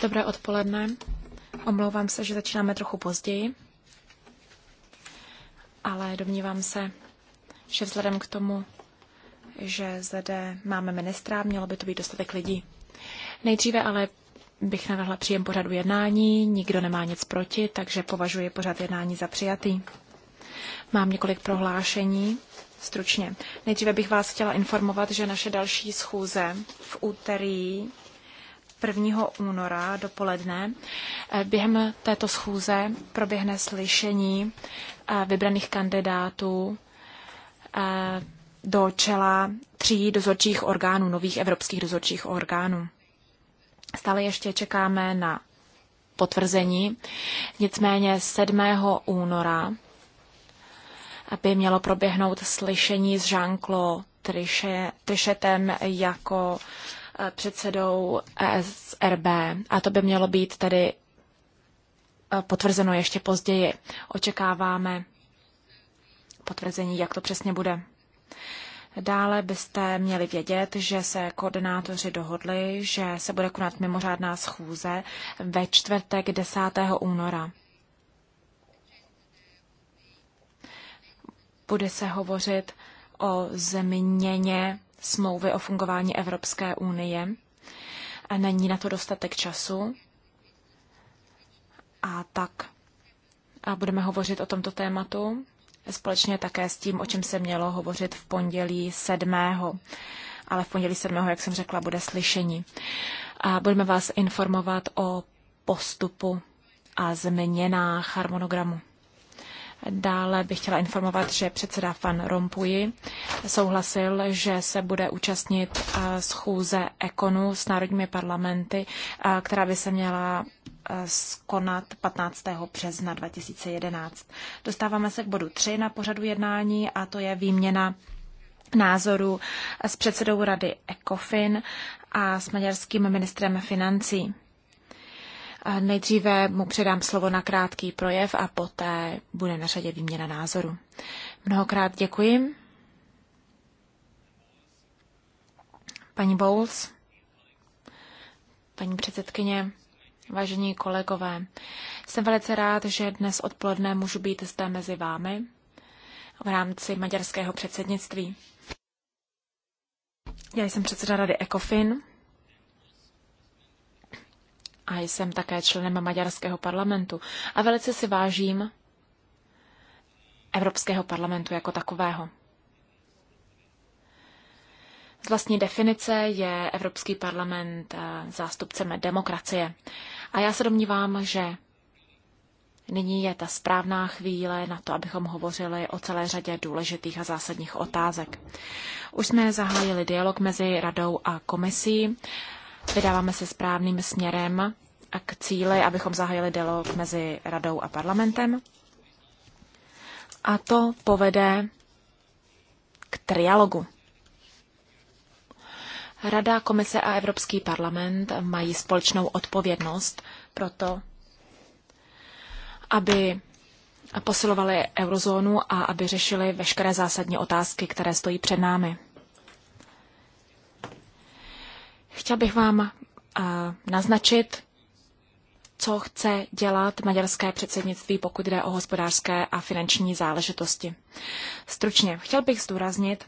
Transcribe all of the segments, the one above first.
Dobré odpoledne. Omlouvám se, že začínáme trochu později, ale domnívám se, že vzhledem k tomu, že zde máme ministra, mělo by to být dostatek lidí. Nejdříve ale bych navrhla příjem pořadu jednání, nikdo nemá nic proti, takže považuji pořad jednání za přijatý. Mám několik prohlášení stručně. Nejdříve bych vás chtěla informovat, že naše další schůze v úterý 1. února dopoledne. Eh, během této schůze proběhne slyšení eh, vybraných kandidátů eh, do čela tří dozorčích orgánů, nových evropských dozorčích orgánů. Stále ještě čekáme na potvrzení. Nicméně 7. února by mělo proběhnout slyšení s Jean-Claude Trichetem jako eh, předsedou ESRB a to by mělo být tedy eh, potvrzeno ještě později. Očekáváme potvrzení, jak to přesně bude. Dále byste měli vědět, že se koordinátoři dohodli, že se bude konat mimořádná schůze ve čtvrtek 10. února. Bude se hovořit o změně smlouvy o fungování Evropské unie. A není na to dostatek času. A tak. A budeme hovořit o tomto tématu společně také s tím, o čem se mělo hovořit v pondělí 7. Ale v pondělí 7. jak jsem řekla, bude slyšení. A budeme vás informovat o postupu a změnách harmonogramu. Dále bych chtěla informovat, že předseda Van Rompuy souhlasil, že se bude účastnit eh, schůze Ekonu s národními parlamenty, eh, která by se měla eh, skonat 15. března 2011. Dostáváme se k bodu 3 na pořadu jednání a to je výměna názoru s předsedou rady ECOFIN a s maďarským ministrem financí. Nejdříve mu předám slovo na krátký projev a poté bude na řadě výměna názoru. Mnohokrát děkuji. Paní Bowles, paní předsedkyně, vážení kolegové, jsem velice rád, že dnes odpoledne můžu být zde mezi vámi v rámci maďarského předsednictví. Já jsem předseda rady ECOFIN a jsem také členem maďarského parlamentu a velice si vážím Evropského parlamentu jako takového. Z vlastní definice je Evropský parlament eh, zástupcem demokracie. A já se domnívám, že nyní je ta správná chvíle na to, abychom hovořili o celé řadě důležitých a zásadních otázek. Už jsme zahájili dialog mezi radou a komisí vydáváme se správným směrem a k cíli, abychom zahájili dialog mezi radou a parlamentem. A to povede k trialogu. Rada, komise a Evropský parlament mají společnou odpovědnost pro to, aby posilovali eurozónu a aby řešili veškeré zásadní otázky, které stojí před námi. Chtěl bych vám eh, naznačit, co chce dělat maďarské předsednictví, pokud jde o hospodářské a finanční záležitosti. Stručně, chtěl bych zdůraznit,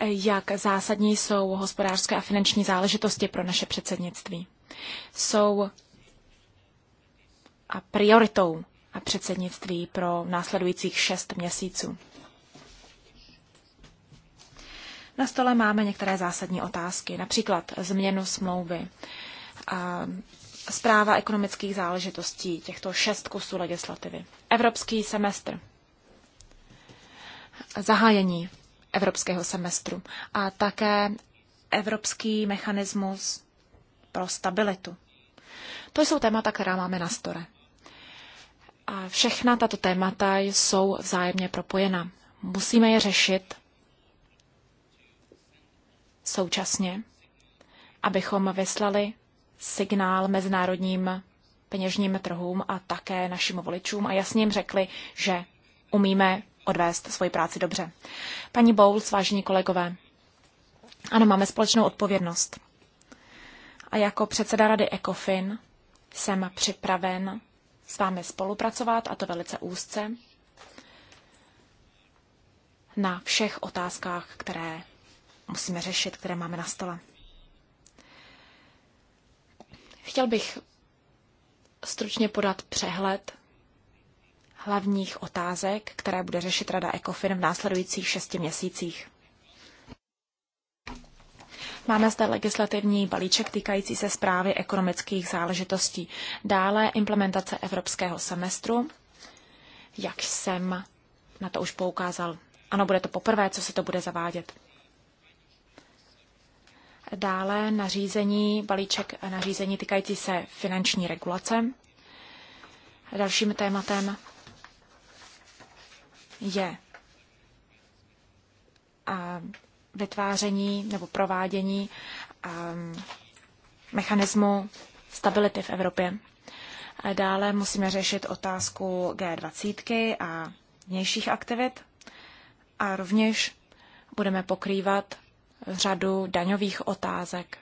jak zásadní jsou hospodářské a finanční záležitosti pro naše předsednictví. Jsou a prioritou a předsednictví pro následujících šest měsíců. Na stole máme některé zásadní otázky, například změnu smlouvy, zpráva ekonomických záležitostí, těchto šest kusů legislativy, evropský semestr, zahájení evropského semestru a také evropský mechanismus pro stabilitu. To jsou témata, která máme na stole. A všechna tato témata jsou vzájemně propojena. Musíme je řešit současně, abychom vyslali signál mezinárodním peněžním trhům a také našim voličům a jasně jim řekli, že umíme odvést svoji práci dobře. Paní Bowles, vážení kolegové, ano, máme společnou odpovědnost. A jako předseda rady ECOFIN jsem připraven s vámi spolupracovat, a to velice úzce, na všech otázkách, které musíme řešit, které máme na stole. Chtěl bych stručně podat přehled hlavních otázek, které bude řešit Rada ECOFIN v následujících šesti měsících. Máme zde legislativní balíček týkající se zprávy ekonomických záležitostí. Dále implementace evropského semestru, jak jsem na to už poukázal. Ano, bude to poprvé, co se to bude zavádět. Dále nařízení, balíček nařízení týkající se finanční regulace. Dalším tématem je vytváření nebo provádění mechanismu stability v Evropě. Dále musíme řešit otázku G20 a vnějších aktivit a rovněž budeme pokrývat řadu daňových otázek.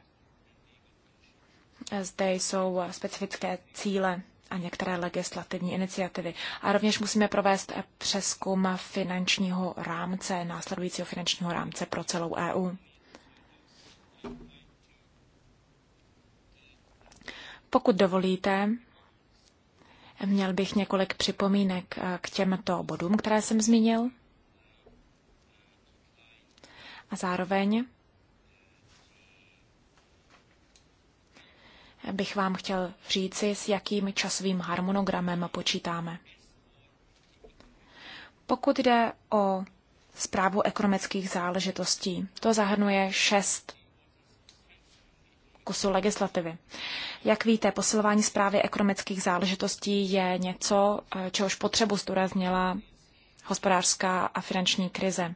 Zde jsou specifické cíle a některé legislativní iniciativy. A rovněž musíme provést přeskum finančního rámce, následujícího finančního rámce pro celou EU. Pokud dovolíte, měl bych několik připomínek k těmto bodům, které jsem zmínil. A zároveň bych vám chtěl říci, s jakým časovým harmonogramem počítáme. Pokud jde o zprávu ekonomických záležitostí, to zahrnuje šest kusu legislativy. Jak víte, posilování zprávy ekonomických záležitostí je něco, eh, čehož potřebu zdůraznila hospodářská a finanční krize.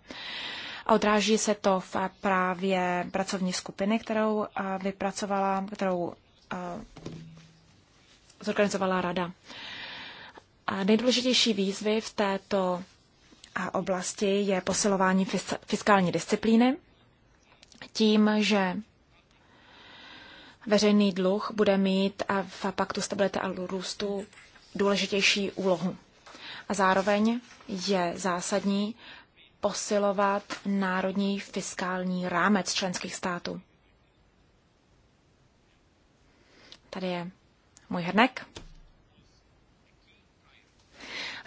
A odráží se to v eh, právě pracovní skupiny, kterou eh, vypracovala, kterou eh, zorganizovala rada. A nejdůležitější výzvy v této oblasti je posilování fiskální disciplíny tím, že veřejný dluh bude mít a v paktu stability a růstu důležitější úlohu. A zároveň je zásadní, posilovat národní fiskální rámec členských států. Tady je můj hrnek.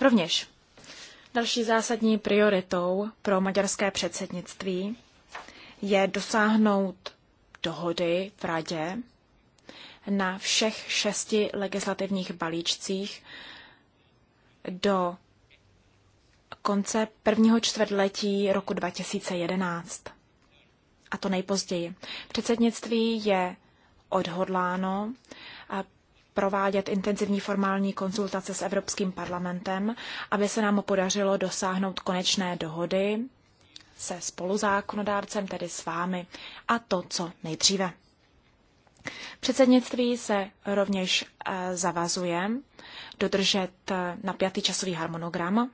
Rovněž další zásadní prioritou pro maďarské předsednictví je dosáhnout dohody v radě na všech šesti legislativních balíčcích do konce prvního čtvrtletí roku 2011. A to nejpozději. Předsednictví je odhodláno provádět intenzivní formální konzultace s Evropským parlamentem, aby se nám podařilo dosáhnout konečné dohody se spoluzákonodárcem, tedy s vámi, a to co nejdříve. Předsednictví se rovněž e, zavazuje dodržet e, napjatý časový harmonogram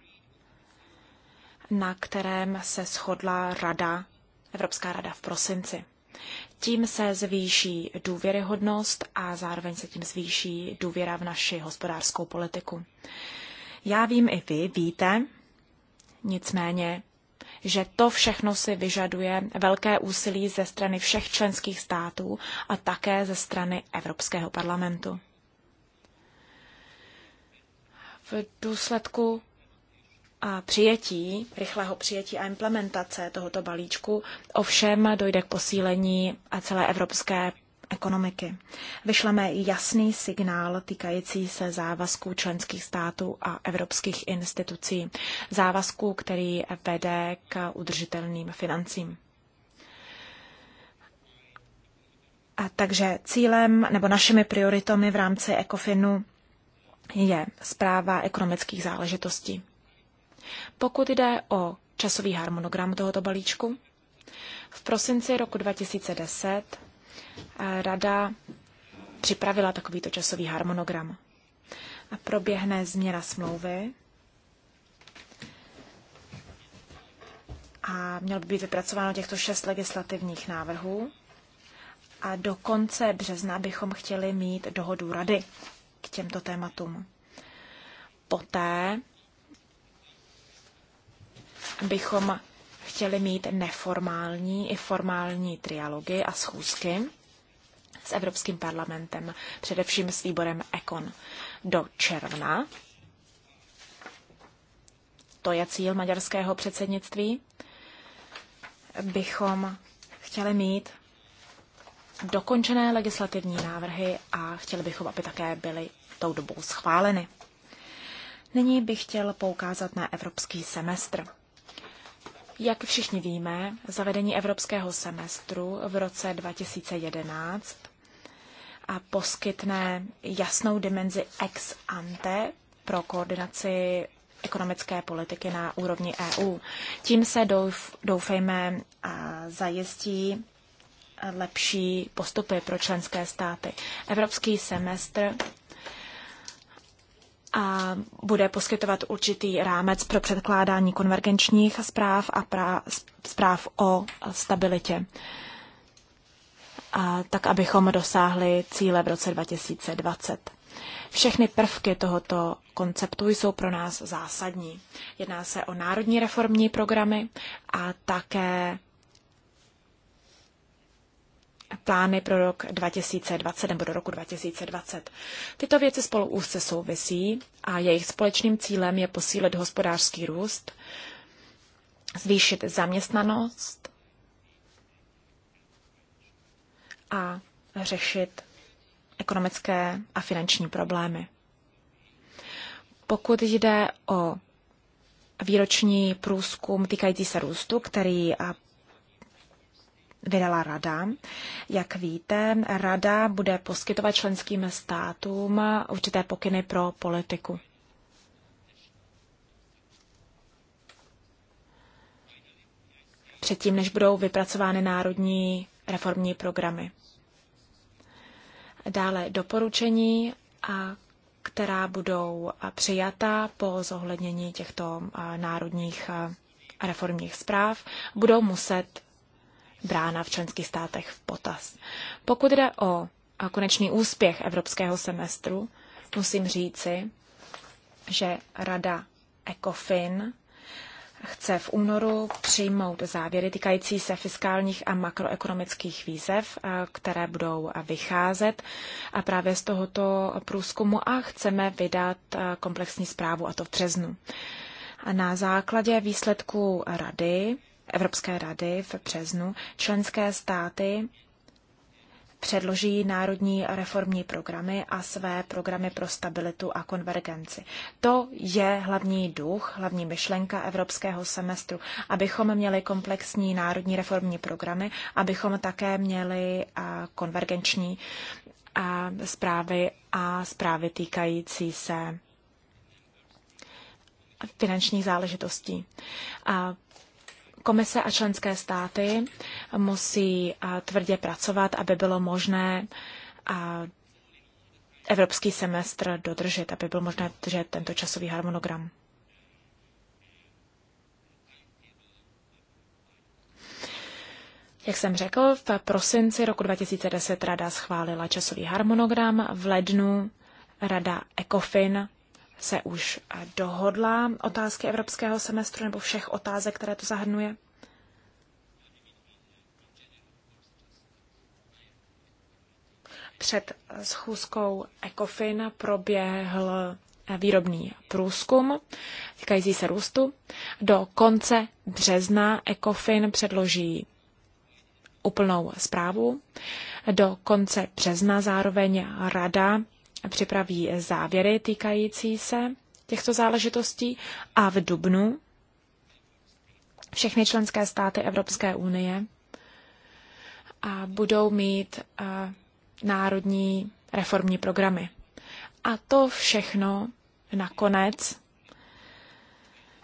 na kterém se shodla rada, Evropská rada v prosinci. Tím se zvýší důvěryhodnost a zároveň se tím zvýší důvěra v naši hospodářskou politiku. Já vím i vy, víte, nicméně, že to všechno si vyžaduje velké úsilí ze strany všech členských států a také ze strany Evropského parlamentu. V důsledku a přijetí, rychlého přijetí a implementace tohoto balíčku ovšem dojde k posílení celé evropské ekonomiky. Vyšleme jasný signál týkající se závazků členských států a evropských institucí, závazků, který vede k udržitelným financím. A takže cílem nebo našimi prioritami v rámci ECOFINu je zpráva ekonomických záležitostí. Pokud jde o časový harmonogram tohoto balíčku, v prosinci roku 2010 eh, Rada připravila takovýto časový harmonogram. A proběhne změna smlouvy a mělo by být vypracováno těchto šest legislativních návrhů. A do konce března bychom chtěli mít dohodu rady k těmto tématům. Poté bychom chtěli mít neformální i formální trialogy a schůzky s Evropským parlamentem, především s výborem ECON do června. To je cíl maďarského předsednictví. Bychom chtěli mít dokončené legislativní návrhy a chtěli bychom, aby také byly tou dobou schváleny. Nyní bych chtěl poukázat na evropský semestr. Jak všichni víme, zavedení evropského semestru v roce 2011 a poskytne jasnou dimenzi ex ante pro koordinaci ekonomické politiky na úrovni EU. Tím se doufejme zajistí lepší postupy pro členské státy. Evropský semestr bude poskytovat určitý rámec pro předkládání konvergenčních zpráv a pra, zpráv o stabilitě, a tak abychom dosáhli cíle v roce 2020. Všechny prvky tohoto konceptu jsou pro nás zásadní. Jedná se o národní reformní programy a také plány pro rok 2020 nebo do roku 2020. Tyto věci spolu úzce souvisí a jejich společným cílem je posílit hospodářský růst, zvýšit zaměstnanost a řešit ekonomické a finanční problémy. Pokud jde o výroční průzkum týkající se růstu, který vydala rada. Jak víte, rada bude poskytovat členským státům určité pokyny pro politiku. Předtím, než budou vypracovány národní reformní programy. Dále doporučení, a která budou přijata po zohlednění těchto národních reformních zpráv, budou muset brána v členských státech v potaz. Pokud jde o konečný úspěch evropského semestru, musím říci, že Rada ECOFIN chce v únoru přijmout závěry týkající se fiskálních a makroekonomických výzev, které budou vycházet a právě z tohoto průzkumu a chceme vydat komplexní zprávu a to v březnu. A na základě výsledků rady Evropské rady v březnu členské státy předloží národní reformní programy a své programy pro stabilitu a konvergenci. To je hlavní duch, hlavní myšlenka evropského semestru, abychom měli komplexní národní reformní programy, abychom také měli konvergenční zprávy a zprávy týkající se finančních záležitostí. A Komise a členské státy musí tvrdě pracovat, aby bylo možné evropský semestr dodržet, aby bylo možné dodržet tento časový harmonogram. Jak jsem řekl, v prosinci roku 2010 Rada schválila časový harmonogram, v lednu Rada ECOFIN se už eh, dohodla otázky evropského semestru nebo všech otázek, které to zahrnuje? Před eh, schůzkou ECOFIN proběhl eh, výrobný průzkum týkající se růstu. Do konce března ECOFIN předloží úplnou zprávu. Do konce března zároveň rada připraví závěry týkající se těchto záležitostí a v dubnu všechny členské státy Evropské unie a budou mít národní reformní programy. A to všechno nakonec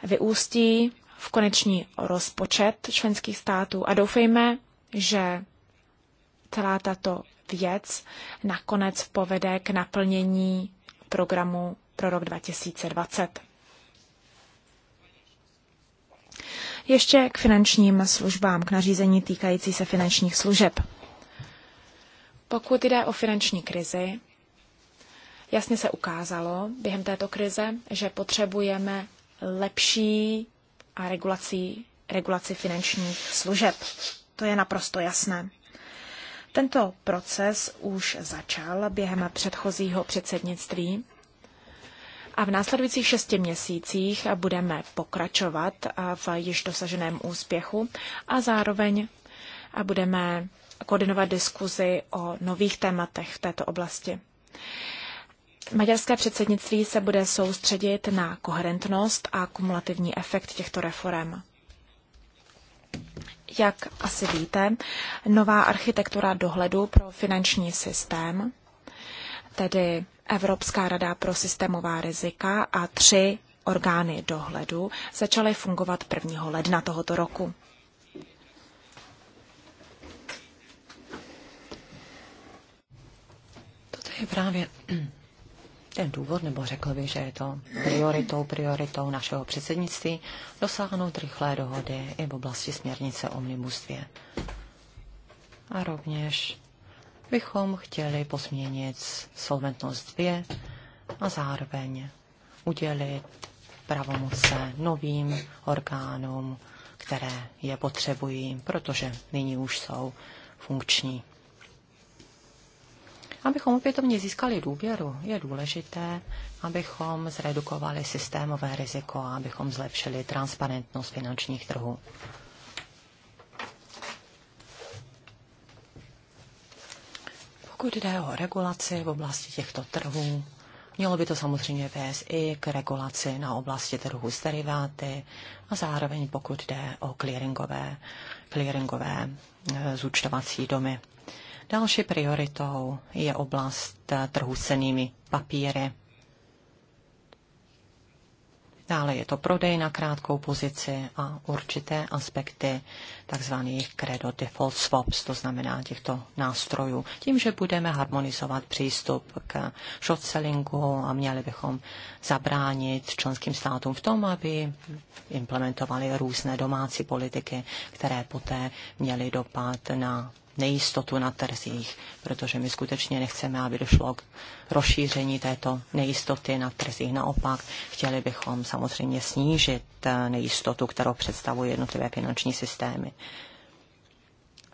vyústí v konečný rozpočet členských států a doufejme, že celá tato věc nakonec povede k naplnění programu pro rok 2020. Ještě k finančním službám, k nařízení týkající se finančních služeb. Pokud jde o finanční krizi, jasně se ukázalo během této krize, že potřebujeme lepší a regulaci, regulaci finančních služeb. To je naprosto jasné. Tento proces už začal během předchozího předsednictví a v následujících šesti měsících budeme pokračovat v již dosaženém úspěchu a zároveň budeme koordinovat diskuzi o nových tématech v této oblasti. Maďarské předsednictví se bude soustředit na koherentnost a kumulativní efekt těchto reform. Jak asi víte, nová architektura dohledu pro finanční systém, tedy Evropská rada pro systémová rizika a tři orgány dohledu, začaly fungovat 1. ledna tohoto roku. Toto je právě ten důvod, nebo řekl bych, že je to prioritou, prioritou našeho předsednictví, dosáhnout rychlé dohody i v oblasti směrnice o 2. A rovněž bychom chtěli posměnit solventnost 2 a zároveň udělit pravomoce novým orgánům, které je potřebují, protože nyní už jsou funkční. Abychom opětovně získali důvěru, je důležité, abychom zredukovali systémové riziko a abychom zlepšili transparentnost finančních trhů. Pokud jde o regulaci v oblasti těchto trhů, Mělo by to samozřejmě vést i k regulaci na oblasti trhu s deriváty a zároveň pokud jde o clearingové, clearingové eh, zúčtovací domy. Další prioritou je oblast eh, trhu cenými papíry. Dále je to prodej na krátkou pozici a určité aspekty tzv. credo default swaps, to znamená těchto nástrojů. Tím, že budeme harmonizovat přístup k short sellingu a měli bychom zabránit členským státům v tom, aby implementovali různé domácí politiky, které poté měly dopad na nejistotu na trzích, protože my skutečně nechceme, aby došlo k rozšíření této nejistoty na trzích. Naopak, chtěli bychom samozřejmě snížit eh, nejistotu, kterou představují jednotlivé finanční systémy.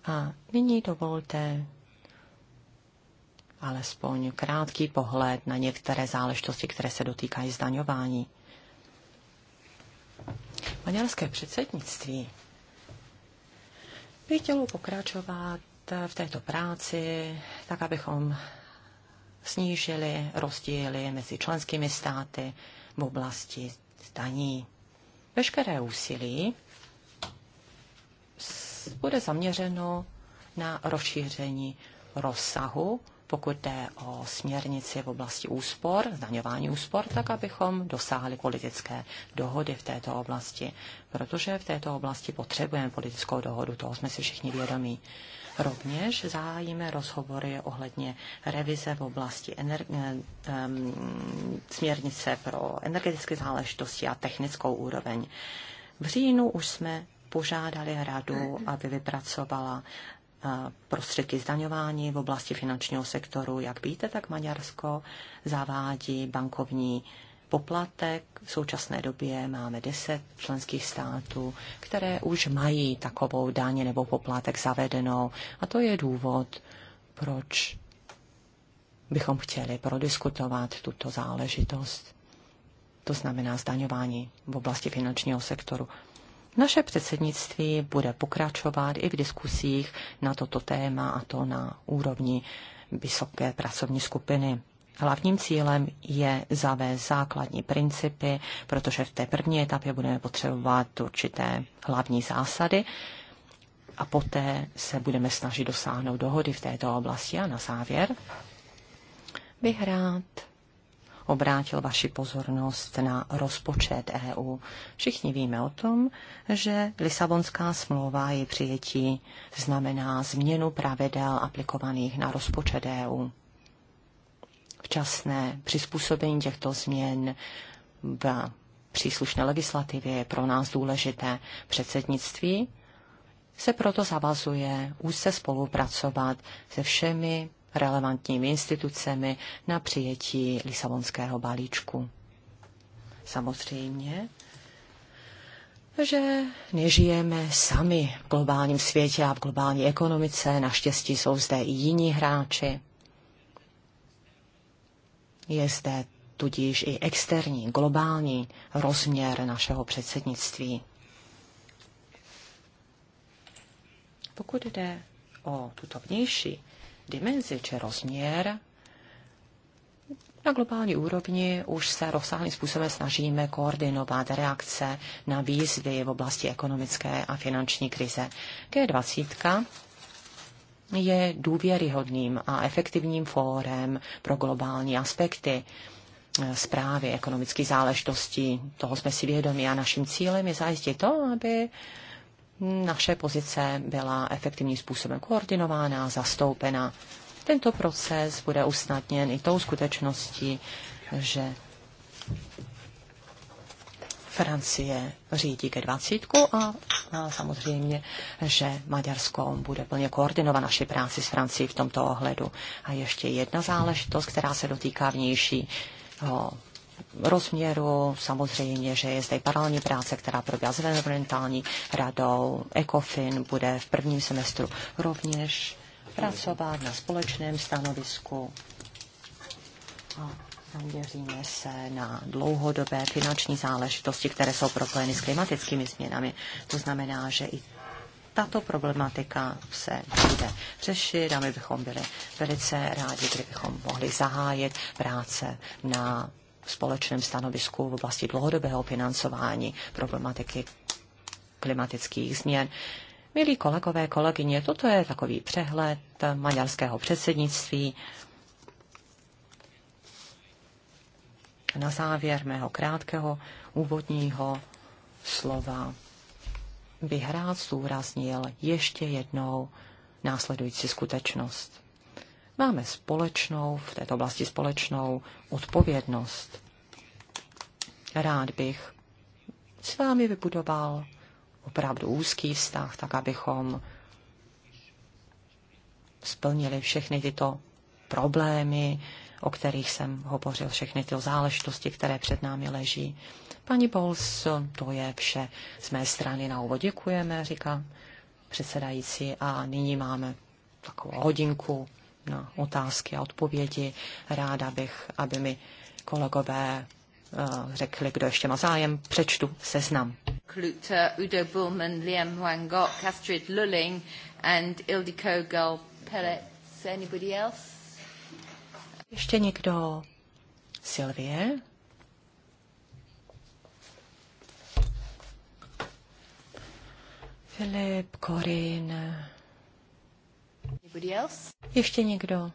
A nyní dovolte alespoň krátký pohled na některé záležitosti, které se dotýkají zdaňování. Maďarské předsednictví by chtělo pokračovat v této práci, tak abychom snížili rozdíly mezi členskými státy v oblasti daní. Veškeré úsilí bude zaměřeno na rozšíření rozsahu, pokud jde o směrnici v oblasti úspor, zdaňování úspor, tak abychom dosáhli politické dohody v této oblasti. Protože v této oblasti potřebujeme politickou dohodu, toho jsme si všichni vědomí. Rovněž zájíme rozhovory ohledně revize v oblasti ener- eh, směrnice pro energetické záležitosti a technickou úroveň. V říjnu už jsme požádali radu, aby vypracovala eh, prostředky zdaňování v oblasti finančního sektoru. Jak víte, tak Maďarsko zavádí bankovní poplatek. V současné době máme 10 členských států, které už mají takovou dáně nebo poplatek zavedenou. A to je důvod, proč bychom chtěli prodiskutovat tuto záležitost. To znamená zdaňování v oblasti finančního sektoru. Naše předsednictví bude pokračovat i v diskusích na toto téma a to na úrovni vysoké pracovní skupiny. Hlavním cílem je zavést základní principy, protože v té první etapě budeme potřebovat určité hlavní zásady a poté se budeme snažit dosáhnout dohody v této oblasti. A na závěr bych rád obrátil vaši pozornost na rozpočet EU. Všichni víme o tom, že Lisabonská smlouva i přijetí znamená změnu pravidel aplikovaných na rozpočet EU včasné přizpůsobení těchto změn v příslušné legislativě je pro nás důležité. Předsednictví se proto zavazuje úzce spolupracovat se všemi relevantními institucemi na přijetí Lisabonského balíčku. Samozřejmě, že nežijeme sami v globálním světě a v globální ekonomice. Naštěstí jsou zde i jiní hráči. Je zde tudíž i externí, globální rozměr našeho předsednictví. Pokud jde o tuto vnější dimenzi či rozměr, na globální úrovni už se rozsáhlým způsobem snažíme koordinovat reakce na výzvy v oblasti ekonomické a finanční krize. G20 je důvěryhodným a efektivním fórem pro globální aspekty eh, zprávy ekonomických záležitostí. Toho jsme si vědomi a naším cílem je zajistit to, aby naše pozice byla efektivním způsobem koordinována a zastoupena. Tento proces bude usnadněn i tou skutečností, že Francie řídí ke 20 a, a samozřejmě, že Maďarsko bude plně koordinovat naši práci s Francií v tomto ohledu. A ještě jedna záležitost, která se dotýká vnějšího rozměru. Samozřejmě, že je zde paralelní práce, která probíhá s environmentální radou. ECOFIN bude v prvním semestru rovněž pracovat na společném stanovisku. A Zaměříme se na dlouhodobé finanční záležitosti, které jsou propojeny s klimatickými změnami. To znamená, že i tato problematika se bude řešit a my bychom byli velice rádi, kdybychom mohli zahájit práce na společném stanovisku v oblasti dlouhodobého financování problematiky klimatických změn. Milí kolegové, kolegyně, toto je takový přehled maďarského předsednictví. na závěr mého krátkého úvodního slova bych rád zdůraznil ještě jednou následující skutečnost. Máme společnou, v této oblasti společnou odpovědnost. Rád bych s vámi vybudoval opravdu úzký vztah, tak abychom splnili všechny tyto problémy, o kterých jsem hovořil, všechny ty záležitosti, které před námi leží. Paní pols, to je vše z mé strany na úvod. Děkujeme, říká předsedající. A nyní máme takovou hodinku na otázky a odpovědi. Ráda bych, aby mi kolegové eh, řekli, kdo ještě má zájem, přečtu seznam. Klute, Udo Bullman, Liam Wangok, Astrid Lulling and Ildiko Gal Pellets. Anybody else? Ještě někdo? Silvie? Filip, Korin. Ještě někdo?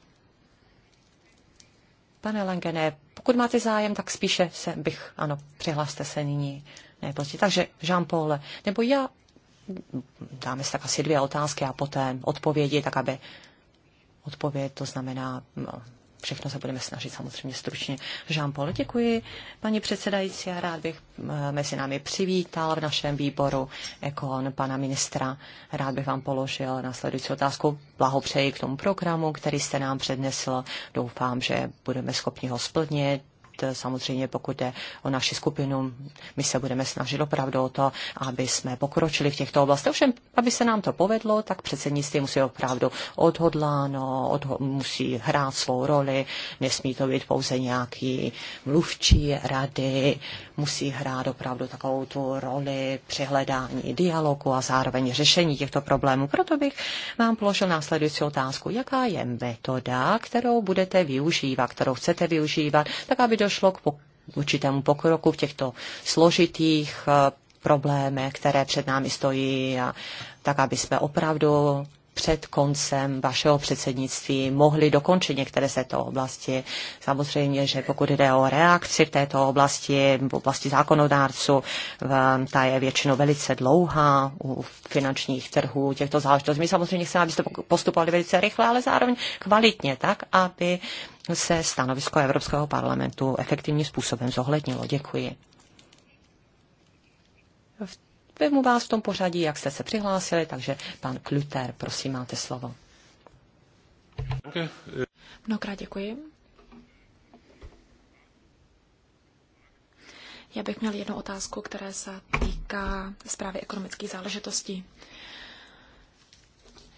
Pane Langené, pokud máte zájem, tak spíše se bych, ano, přihlaste se nyní. Ne, prostě. Takže Jean-Paul, nebo já, dáme si tak asi dvě otázky a poté odpovědi, tak aby odpověď, to znamená, no, všechno se budeme snažit samozřejmě stručně. Jean-Paul, děkuji. Paní předsedající, a rád bych eh, mezi námi přivítal v našem výboru ekon pana ministra. Rád bych vám položil následující otázku. Blahopřeji k tomu programu, který jste nám přednesl. Doufám, že budeme schopni ho splnit Samozřejmě pokud jde o naši skupinu, my se budeme snažit opravdu o to, aby jsme pokročili v těchto oblastech. Ovšem, aby se nám to povedlo, tak předsednictví musí opravdu odhodláno, odho- musí hrát svou roli, nesmí to být pouze nějaký mluvčí rady, musí hrát opravdu takovou tu roli přehledání dialogu a zároveň řešení těchto problémů. Proto bych vám položil následující otázku. Jaká je metoda, kterou budete využívat, kterou chcete využívat, tak aby došlo k určitému pokroku v těchto složitých eh, problémech, které před námi stojí, a tak aby jsme opravdu před koncem vašeho předsednictví mohli dokončit některé z této oblasti. Samozřejmě, že pokud jde o reakci v této oblasti, v oblasti zákonodárců, ta je většinou velice dlouhá u finančních trhů těchto záležitostí. My samozřejmě chceme, abyste postupovali velice rychle, ale zároveň kvalitně, tak, aby se stanovisko Evropského parlamentu efektivním způsobem zohlednilo. Děkuji. Vemu vás v tom pořadí, jak jste se přihlásili, takže pan Kluter, prosím, máte slovo. Mnohokrát děkuji. Já bych měl jednu otázku, která se týká zprávy ekonomických záležitostí.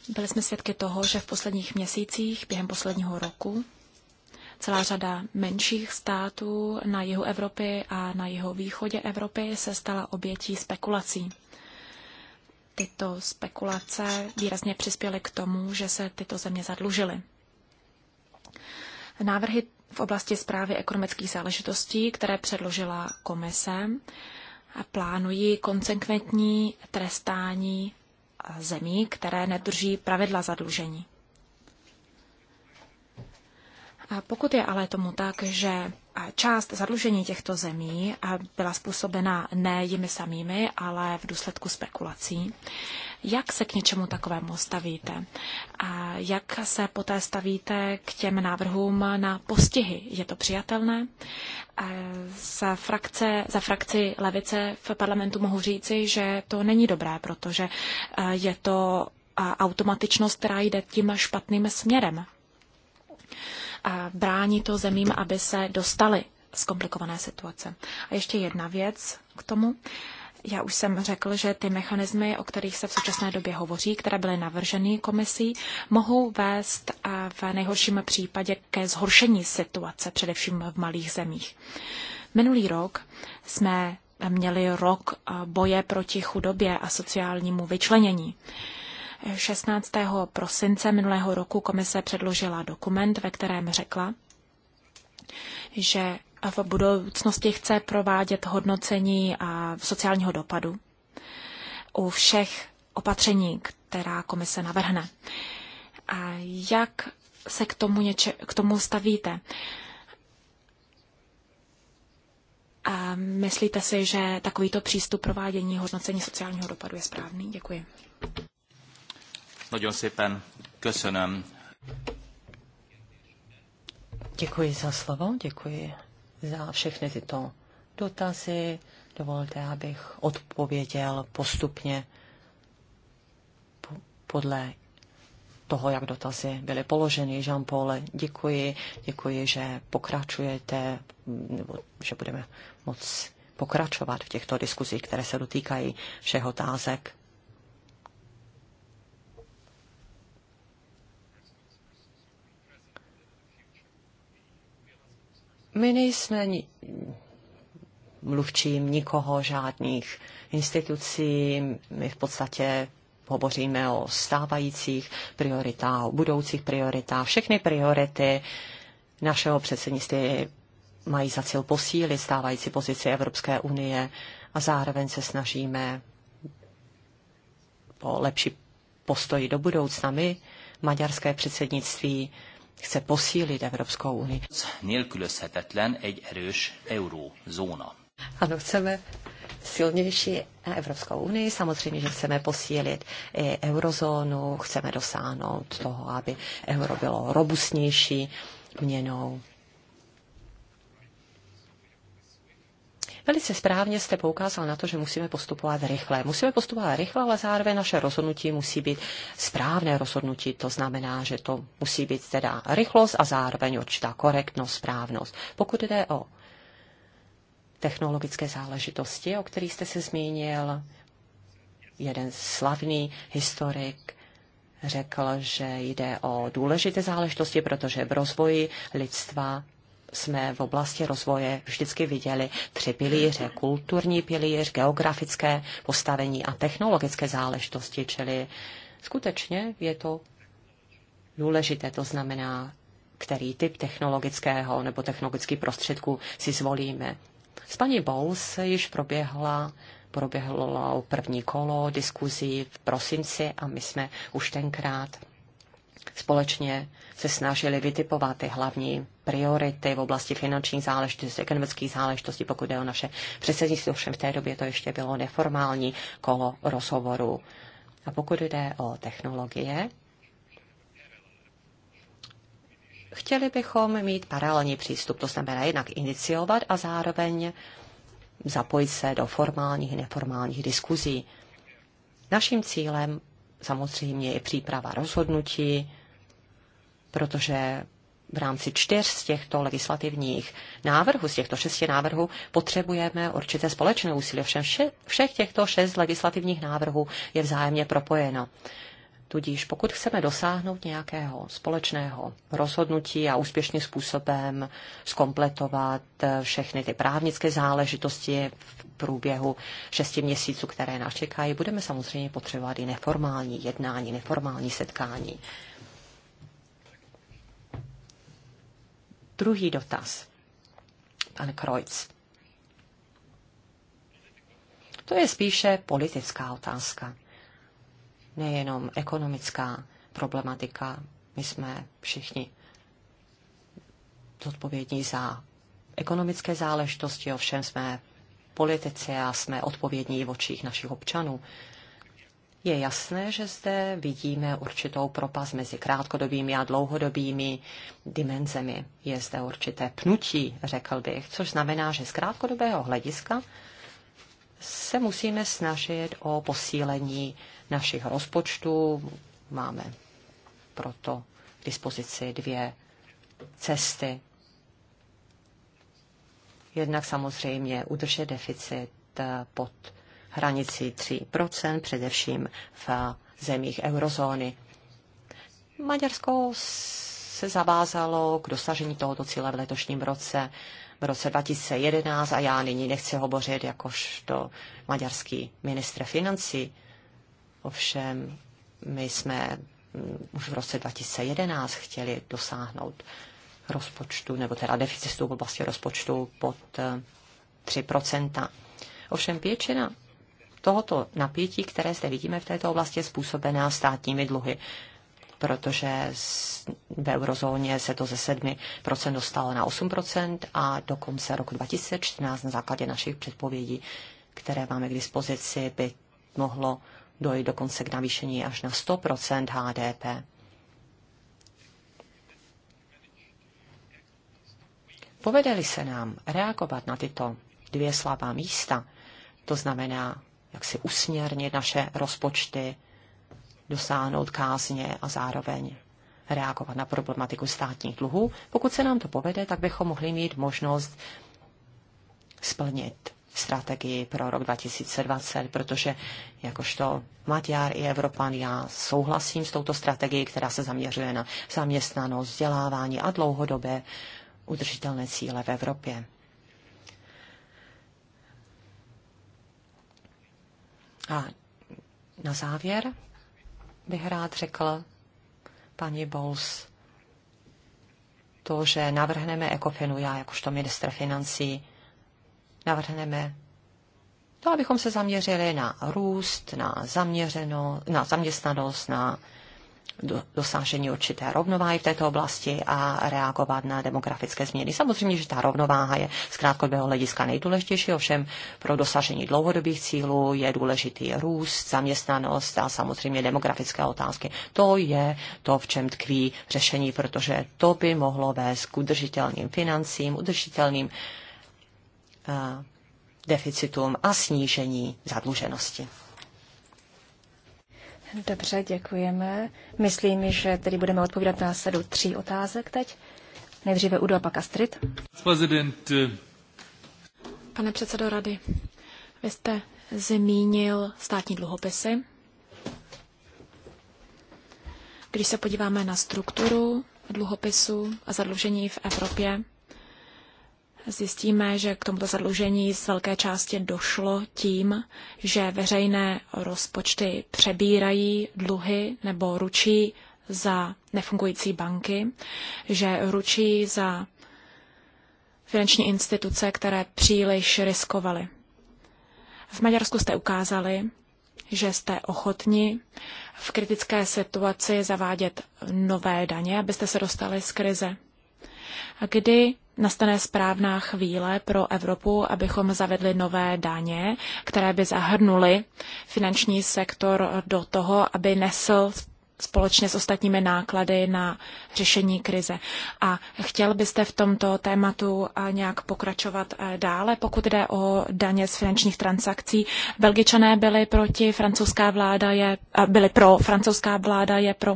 Byli jsme svědky toho, že v posledních měsících, během posledního roku, Celá řada menších států na jihu Evropy a na jihu východě Evropy se stala obětí spekulací. Tyto spekulace výrazně přispěly k tomu, že se tyto země zadlužily. Návrhy v oblasti zprávy ekonomických záležitostí, které předložila komise, plánují konsekventní trestání zemí, které nedrží pravidla zadlužení. Pokud je ale tomu tak, že část zadlužení těchto zemí byla způsobena ne jimi samými, ale v důsledku spekulací, jak se k něčemu takovému stavíte? A jak se poté stavíte k těm návrhům na postihy? Je to přijatelné? Za, frakce, za frakci levice v parlamentu mohu říci, že to není dobré, protože eh, je to automatičnost, která jde tím špatným směrem brání to zemím, aby se dostali z komplikované situace. A ještě jedna věc k tomu. Já už jsem řekl, že ty mechanismy, o kterých se v současné době hovoří, které byly navrženy komisí, mohou vést v nejhorším případě ke zhoršení situace, především v malých zemích. Minulý rok jsme měli rok boje proti chudobě a sociálnímu vyčlenění. 16. prosince minulého roku komise předložila dokument, ve kterém řekla, že v budoucnosti chce provádět hodnocení a sociálního dopadu u všech opatření, která komise navrhne. A jak se k tomu, něče, k tomu stavíte? A myslíte si, že takovýto přístup provádění hodnocení sociálního dopadu je správný? Děkuji. Nagyon szépen köszönöm. Děkuji za slovo, děkuji za všechny tyto dotazy. Dovolte, abych odpověděl postupně podle toho, jak dotazy byly položeny. jean paul děkuji, děkuji, že pokračujete, nebo že budeme moc pokračovat v těchto diskuzích, které se dotýkají všech otázek My nejsme ni- mluvčím nikoho, žádných institucí. My v podstatě hovoříme o stávajících prioritách, o budoucích prioritách. Všechny priority našeho předsednictví mají za cíl posílit stávající pozici Evropské unie a zároveň se snažíme o lepší postoj do budoucna. My, maďarské předsednictví, chce posílit Evropskou unii. Nélkülözhetetlen egy erős eurozóna. Ano, chceme silnější Evropskou unii. Samozřejmě, že chceme posílit i eurozónu, chceme dosáhnout toho, aby euro bylo robustnější měnou. Velice správně jste poukázal na to, že musíme postupovat rychle. Musíme postupovat rychle, ale zároveň naše rozhodnutí musí být správné rozhodnutí. To znamená, že to musí být teda rychlost a zároveň určitá korektnost, správnost. Pokud jde o technologické záležitosti, o kterých jste se zmínil, jeden slavný historik řekl, že jde o důležité záležitosti, protože v rozvoji lidstva jsme v oblasti rozvoje vždycky viděli tři pilíře. Kulturní pilíř, geografické postavení a technologické záležitosti, čili skutečně je to důležité. To znamená, který typ technologického nebo technologických prostředků si zvolíme. S paní Bowles již proběhla proběhlo první kolo diskuzí v prosinci a my jsme už tenkrát společně se snažili vytipovat ty hlavní priority v oblasti finančních záležitostí, ekonomických záležitostí, pokud jde o naše předsednictví. Ovšem v té době to ještě bylo neformální kolo rozhovoru. A pokud jde o technologie, chtěli bychom mít paralelní přístup, to znamená jednak iniciovat a zároveň zapojit se do formálních i neformálních diskuzí. Naším cílem samozřejmě je příprava rozhodnutí, protože v rámci čtyř z těchto legislativních návrhů, z těchto šesti návrhů, potřebujeme určité společné úsilí. Všem vše, všech těchto šest legislativních návrhů je vzájemně propojeno. Tudíž pokud chceme dosáhnout nějakého společného rozhodnutí a úspěšným způsobem skompletovat eh, všechny ty právnické záležitosti v průběhu šesti měsíců, které nás čekají, budeme samozřejmě potřebovat i neformální jednání, neformální setkání. Druhý dotaz. Pan Kreutz. To je spíše politická otázka, nejenom ekonomická problematika. My jsme všichni zodpovědní za ekonomické záležitosti, ovšem jsme politici a jsme odpovědní v očích našich občanů. Je jasné, že zde vidíme určitou propast mezi krátkodobými a dlouhodobými dimenzemi. Je zde určité pnutí, řekl bych, což znamená, že z krátkodobého hlediska se musíme snažit o posílení našich rozpočtů. Máme proto k dispozici dvě cesty. Jednak samozřejmě udržet deficit pod hranici 3%, především v zemích eurozóny. Maďarsko se zavázalo k dosažení tohoto cíle v letošním roce, v roce 2011 a já nyní nechci hovořit jakožto maďarský ministr financí. Ovšem, my jsme mm, už v roce 2011 chtěli dosáhnout rozpočtu, nebo teda deficitu v oblasti rozpočtu pod 3 eh, Ovšem většina tohoto napětí, které zde vidíme v této oblasti, je způsobená státními dluhy protože v eurozóně se to ze 7% dostalo na 8% a do konce roku 2014 na základě našich předpovědí, které máme k dispozici, by mohlo dojít dokonce k navýšení až na 100% HDP. Povedeli se nám reagovat na tyto dvě slabá místa, to znamená jak si usměrnit naše rozpočty, dosáhnout kázně a zároveň reagovat na problematiku státních dluhů. Pokud se nám to povede, tak bychom mohli mít možnost splnit strategii pro rok 2020, protože jakožto Maďar i Evropan já souhlasím s touto strategií, která se zaměřuje na zaměstnanost, vzdělávání a dlouhodobé udržitelné cíle v Evropě. A na závěr bych rád řekl paní Bowles to, že navrhneme ECOFINu, já jakožto ministr financí, navrhneme to, abychom se zaměřili na růst, na zaměřeno, na zaměstnanost, na dosažení určité rovnováhy v této oblasti a reagovat na demografické změny. Samozřejmě, že ta rovnováha je z krátkodobého hlediska nejdůležitější, ovšem pro dosažení dlouhodobých cílů je důležitý růst, zaměstnanost a samozřejmě demografické otázky. To je to, v čem tkví řešení, protože to by mohlo vést k udržitelným financím, udržitelným uh, deficitům a snížení zadluženosti. Dobře, děkujeme. Myslím, že tedy budeme odpovídat na sedu tří otázek teď. Nejdříve Udo a pak Astrid. Eh, Pane předsedo rady, vy jste zmínil státní dluhopisy. Když se podíváme na strukturu dluhopisů a zadlužení v Evropě, zjistíme, že k tomuto zadlužení z velké části došlo tím, že veřejné rozpočty přebírají dluhy nebo ručí za nefungující banky, že ručí za finanční instituce, které příliš riskovaly. V Maďarsku jste ukázali, že jste ochotni v kritické situaci zavádět nové daně, abyste se dostali z krize kdy nastane správná chvíle pro Evropu, abychom zavedli nové daně, které by zahrnuly finanční sektor do toho, aby nesl společně s ostatními náklady na řešení krize. A chtěl byste v tomto tématu nějak pokračovat dále, pokud jde o daně z finančních transakcí. Belgičané byli proti, francouzská vláda je, byli pro, francouzská vláda je pro.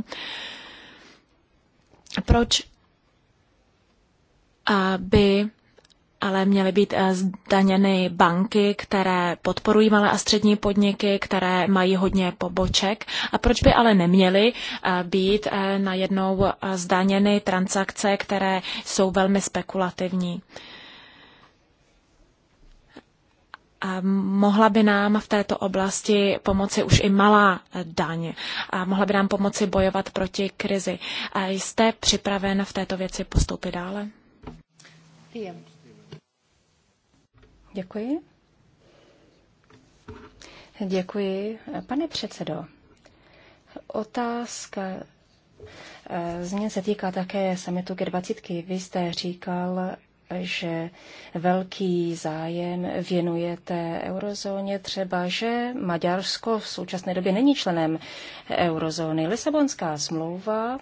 Proč by ale měly být eh, zdaněny banky, které podporují malé a střední podniky, které mají hodně poboček. A proč by ale neměly eh, být eh, najednou zdaněny transakce, které jsou velmi spekulativní? A mohla by nám v této oblasti pomoci už i malá daň. A mohla by nám pomoci bojovat proti krizi. A jste připraven v této věci postoupit dále? Děkuji. Děkuji. Pane předsedo, otázka eh, změn se týká také samitu G20. Vy jste říkal, že velký zájem věnujete eurozóně, třeba že Maďarsko v současné době není členem eurozóny. Lisabonská smlouva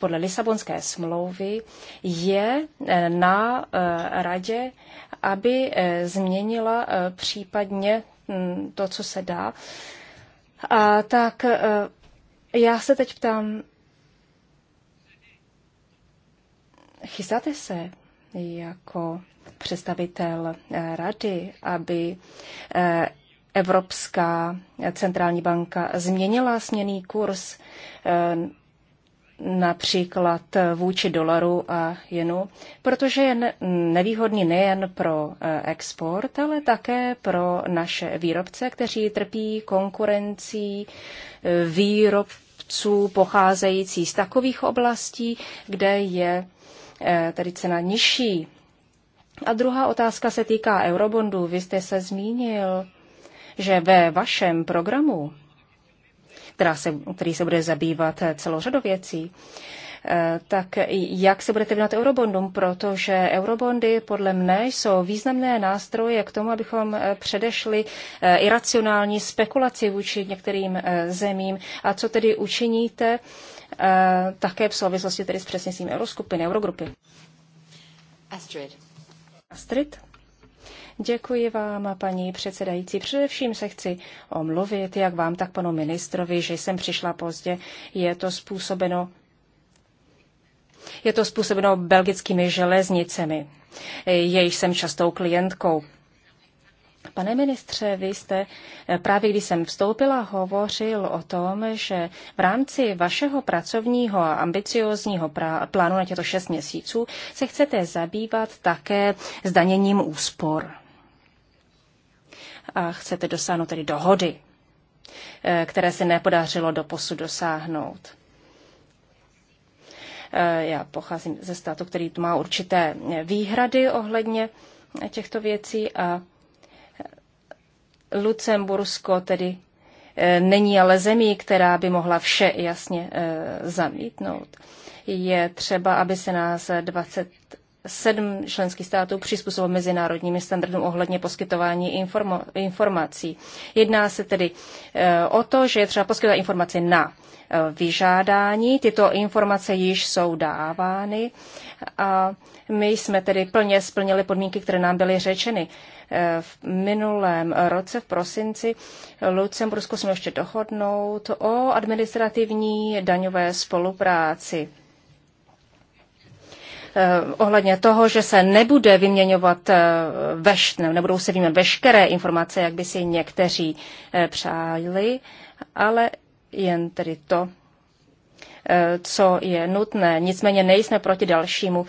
podle Lisabonské smlouvy je e, na e, radě, aby e, změnila případně to, co se dá. A tak já se teď ptám, chystáte se jako představitel rady, aby Evropská centrální banka změnila směný kurz například vůči dolaru a jenu, protože je nevýhodný nejen pro eh, export, ale také pro naše výrobce, kteří trpí konkurencí eh, výrobců pocházející z takových oblastí, kde je eh, tedy cena nižší. A druhá otázka se týká eurobondů. Vy jste se zmínil, že ve vašem programu která se, který se bude zabývat celou řadu věcí, eh, tak jak se budete vnat eurobondům, protože eurobondy podle mne jsou významné nástroje k tomu, abychom eh, předešli eh, iracionální spekulaci vůči některým zemím. A co tedy učiníte také v souvislosti tedy s přesněním euroskupiny, eurogrupy? Astrid. Astrid? Děkuji vám, paní předsedající. Především se chci omluvit, jak vám, tak panu ministrovi, že jsem přišla pozdě. Je to způsobeno je to způsobeno belgickými železnicemi, jejich jsem častou klientkou. Pane ministře, vy jste eh, právě když jsem vstoupila, hovořil o tom, že v rámci vašeho pracovního a ambiciozního plánu na těchto šest měsíců se chcete zabývat také zdaněním úspor a chcete dosáhnout tedy dohody, eh, které se nepodařilo do posud dosáhnout. Eh, já pocházím ze státu, který má určité výhrady ohledně těchto věcí a Lucembursko tedy eh, není ale zemí, která by mohla vše jasně zamítnout. Je třeba, aby se nás 20 sedm členských států přizpůsobilo mezinárodním standardům ohledně poskytování informo- informací. Jedná se tedy eh, o to, že je třeba poskytovat informace na eh, vyžádání. Tyto informace již jsou dávány a my jsme tedy plně splnili podmínky, které nám byly řečeny. Eh, v minulém roce, v prosinci, Lucembursku jsme ještě dohodnout o administrativní daňové spolupráci Eh, ohledně toho, že se nebude vyměňovat eh, veš, ne, nebudou se vyměňovat veškeré informace, jak by si někteří eh, přáli, ale jen tedy to, co je nutné. Nicméně nejsme proti dalšímu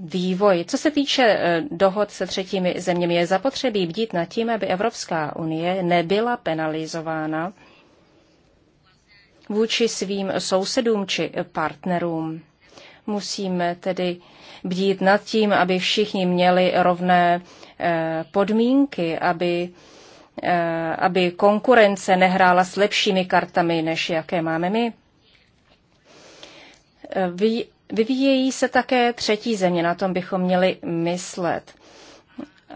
vývoji. Co se týče dohod se třetími zeměmi, je zapotřebí bdít nad tím, aby Evropská unie nebyla penalizována vůči svým sousedům či partnerům Musíme tedy bdít nad tím, aby všichni měli rovné eh, podmínky, aby, eh, aby konkurence nehrála s lepšími kartami, než jaké máme my. Eh, vy, vyvíjejí se také třetí země, na tom bychom měli myslet.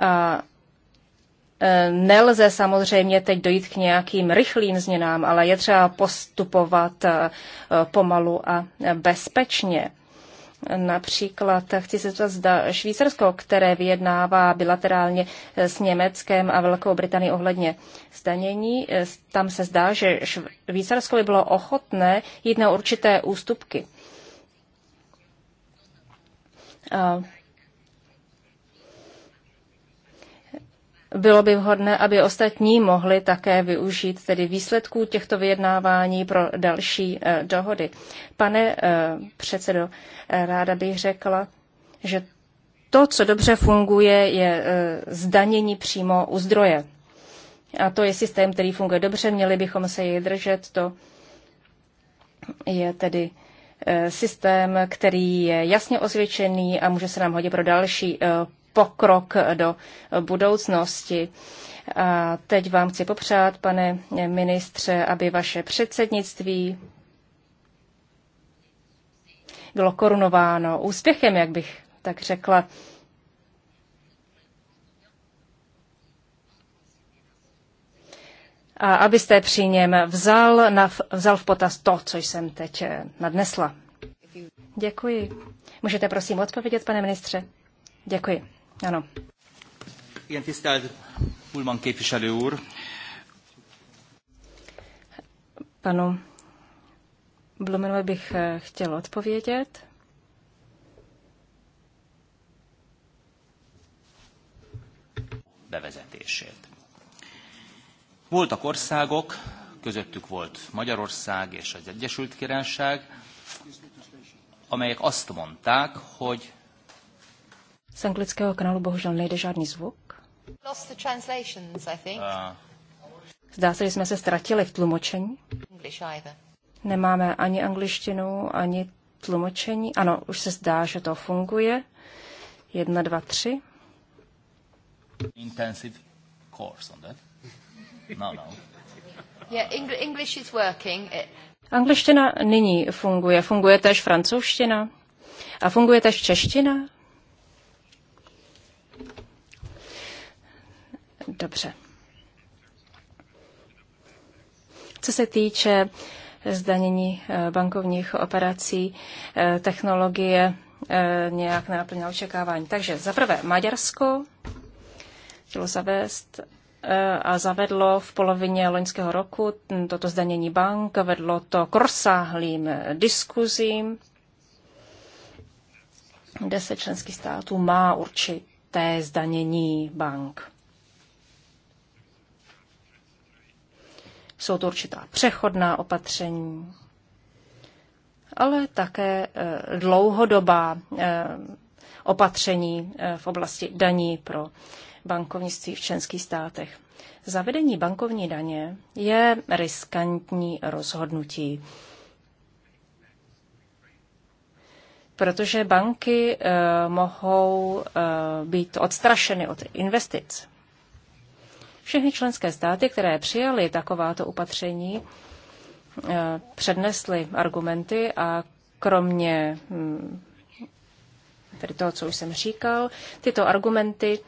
A Nelze samozřejmě teď dojít k nějakým rychlým změnám, ale je třeba postupovat pomalu a bezpečně. Například chci se zeptat, zda Švýcarsko, které vyjednává bilaterálně s Německem a Velkou Británií ohledně zdanění, tam se zdá, že Švýcarsko by bylo ochotné jít na určité ústupky. Bylo by vhodné, aby ostatní mohli také využít tedy výsledků těchto vyjednávání pro další eh, dohody. Pane eh, předsedo, eh, ráda bych řekla, že to, co dobře funguje, je zdanění přímo u zdroje. A to je systém, který funguje dobře, měli bychom se jej držet. To je tedy systém, který je jasně osvědčený a může se nám hodit pro další pokrok do budoucnosti. A teď vám chci popřát, pane ministře, aby vaše předsednictví bylo korunováno úspěchem, jak bych tak řekla. A abyste při něm vzal, na, vzal v potaz to, co jsem teď eh, nadnesla. Děkuji. Můžete prosím odpovědět, pane ministře? Děkuji. Ano. Igen, tisztelt Ulman képviselő úr. Panu Blumenovi bych eh, chtěl odpovědět. bevezetését. Voltak országok, közöttük volt Magyarország és az Egyesült Királyság, amelyek azt mondták, hogy z anglického kanálu bohužel nejde žádný zvuk. Ah. Zdá se, že jsme se ztratili v tlumočení. Nemáme ani angličtinu, ani tlumočení. Ano, už se zdá, že to funguje. Jedna, dva, tři. Intensive course on that. No, no. Yeah, English is working. Angličtina nyní funguje. Funguje též francouzština. A funguje též čeština. Dobře. Co se týče eh, zdanění eh, bankovních operací, eh, technologie nějak náplnila očekávání. Takže za prvé Maďarsko chtělo zavést a zavedlo v polovině loňského roku toto zdanění bank, vedlo to k rozsáhlým diskuzím. Deset členských států má určité zdanění bank. Jsou to určitá přechodná opatření, ale také eh, dlouhodobá eh, opatření eh, v oblasti daní pro bankovnictví v členských státech. Zavedení bankovní daně je riskantní rozhodnutí, protože banky mohou být odstrašeny od investic. Všechny členské státy, které přijaly takováto opatření, eh, přednesly argumenty a kromě hm, tedy toho, co už jsem říkal, tyto argumenty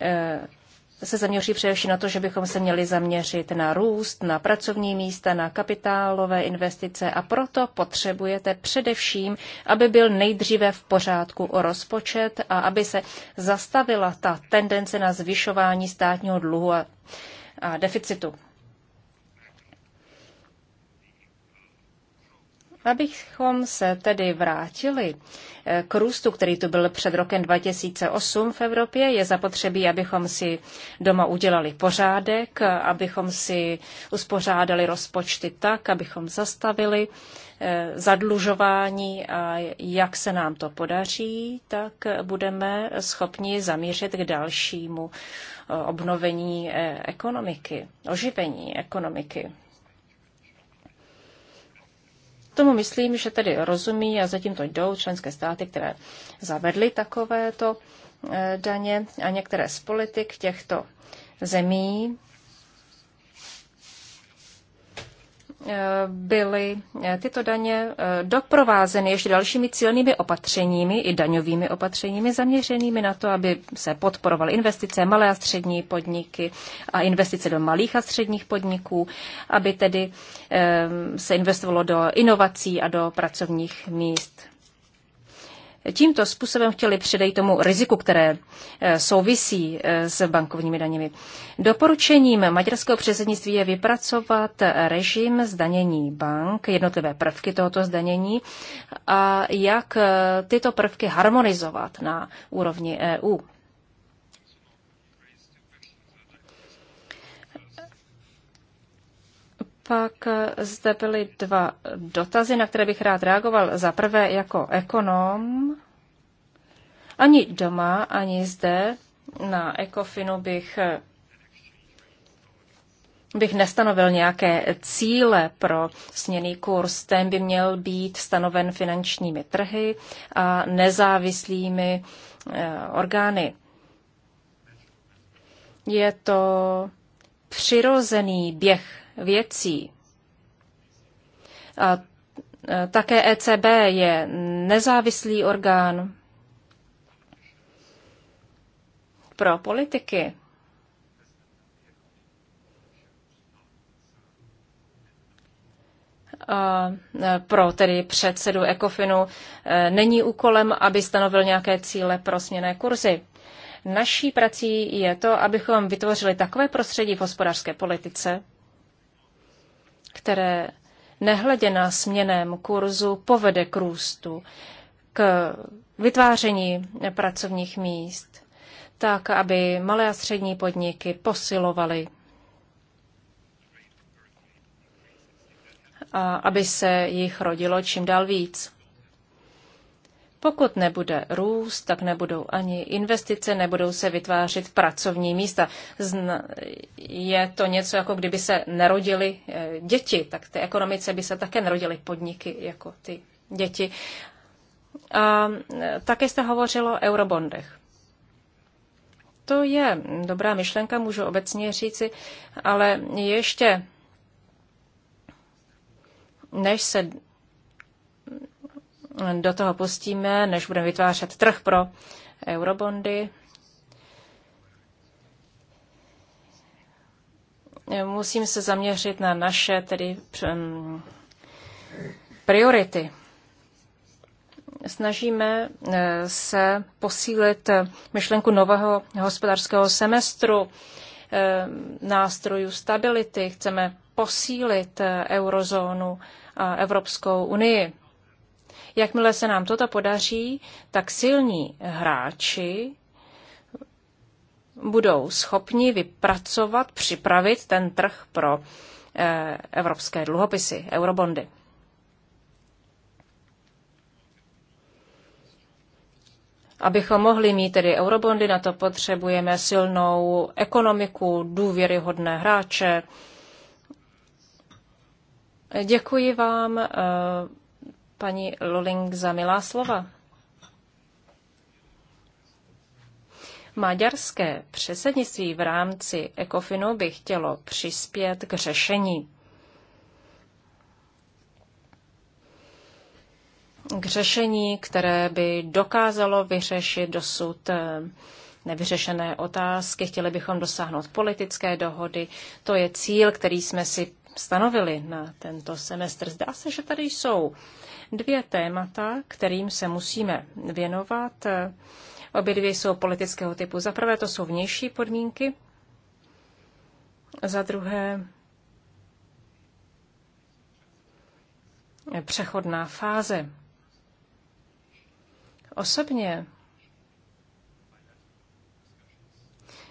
eh, se zaměří především na to, že bychom se měli zaměřit na růst, na pracovní místa, na kapitálové investice a proto potřebujete především, aby byl nejdříve v pořádku o rozpočet a aby se zastavila ta tendence na zvyšování státního dluhu a, a deficitu. Abychom se tedy vrátili eh, k růstu, který tu byl před rokem 2008 v Evropě, je zapotřebí, abychom si doma udělali pořádek, abychom si uspořádali rozpočty tak, abychom zastavili eh, zadlužování a jak se nám to podaří, tak budeme schopni zamířit k dalšímu eh, obnovení ekonomiky, oživení ekonomiky. Tomu myslím, že tedy rozumí a zatím to jdou členské státy, které zavedly takovéto eh, daně a některé z politik těchto zemí Eh, byly eh, tyto daně eh, doprovázeny ještě dalšími cílnými opatřeními i daňovými opatřeními zaměřenými na to, aby se podporovaly investice malé a střední podniky a investice do malých a středních podniků, aby tedy se investovalo do inovací a do pracovních míst tímto způsobem chtěli předejít tomu riziku, které e, souvisí e, s bankovními daněmi. Doporučením maďarského předsednictví je vypracovat režim zdanění bank, jednotlivé prvky tohoto zdanění a jak e, tyto prvky harmonizovat na úrovni EU. Pak eh, zde byly dva dotazy, na které bych rád reagoval. Za prvé jako ekonom. Ani doma, ani zde na ECOFINu bych, eh, bych nestanovil nějaké cíle pro směný kurz. Ten by měl být stanoven finančními trhy a nezávislými eh, orgány. Je to přirozený běh věcí. A e, také ECB je nezávislý orgán pro politiky. A e, pro tedy předsedu Ekofinu e, není úkolem, aby stanovil nějaké cíle pro směné kurzy. Naší prací je to, abychom vytvořili takové prostředí v hospodářské politice, které nehledě na směném kurzu povede k růstu, k vytváření pracovních míst, tak aby malé a střední podniky posilovaly a aby se jich rodilo čím dál víc. Pokud nebude růst, tak nebudou ani investice, nebudou se vytvářet pracovní místa. Je to něco, jako kdyby se nerodily eh, děti, tak té ekonomice by se také nerodily podniky jako ty děti. A eh, také jste hovořilo o eurobondech. To je dobrá myšlenka, můžu obecně říci, ale ještě než se do toho pustíme, než budeme vytvářet trh pro eurobondy. Musím se zaměřit na naše tedy priority. Snažíme eh, se posílit myšlenku nového hospodářského semestru, eh, nástrojů stability, chceme posílit eh, eurozónu a Evropskou unii. Jakmile se nám toto podaří, tak silní hráči budou schopni vypracovat, připravit ten trh pro eh, evropské dluhopisy, eurobondy. Abychom mohli mít tedy eurobondy, na to potřebujeme silnou ekonomiku, důvěryhodné hráče. Děkuji vám eh, paní Luling za milá slova. Maďarské předsednictví v rámci ECOFINu by chtělo přispět k řešení. K řešení, které by dokázalo vyřešit dosud eh, nevyřešené otázky. Chtěli bychom dosáhnout politické dohody. To je cíl, který jsme si stanovili na tento semestr. Zdá se, že tady jsou dvě témata, kterým se musíme věnovat. Obě dvě jsou politického typu. Za prvé to jsou vnější podmínky, za druhé přechodná fáze. Osobně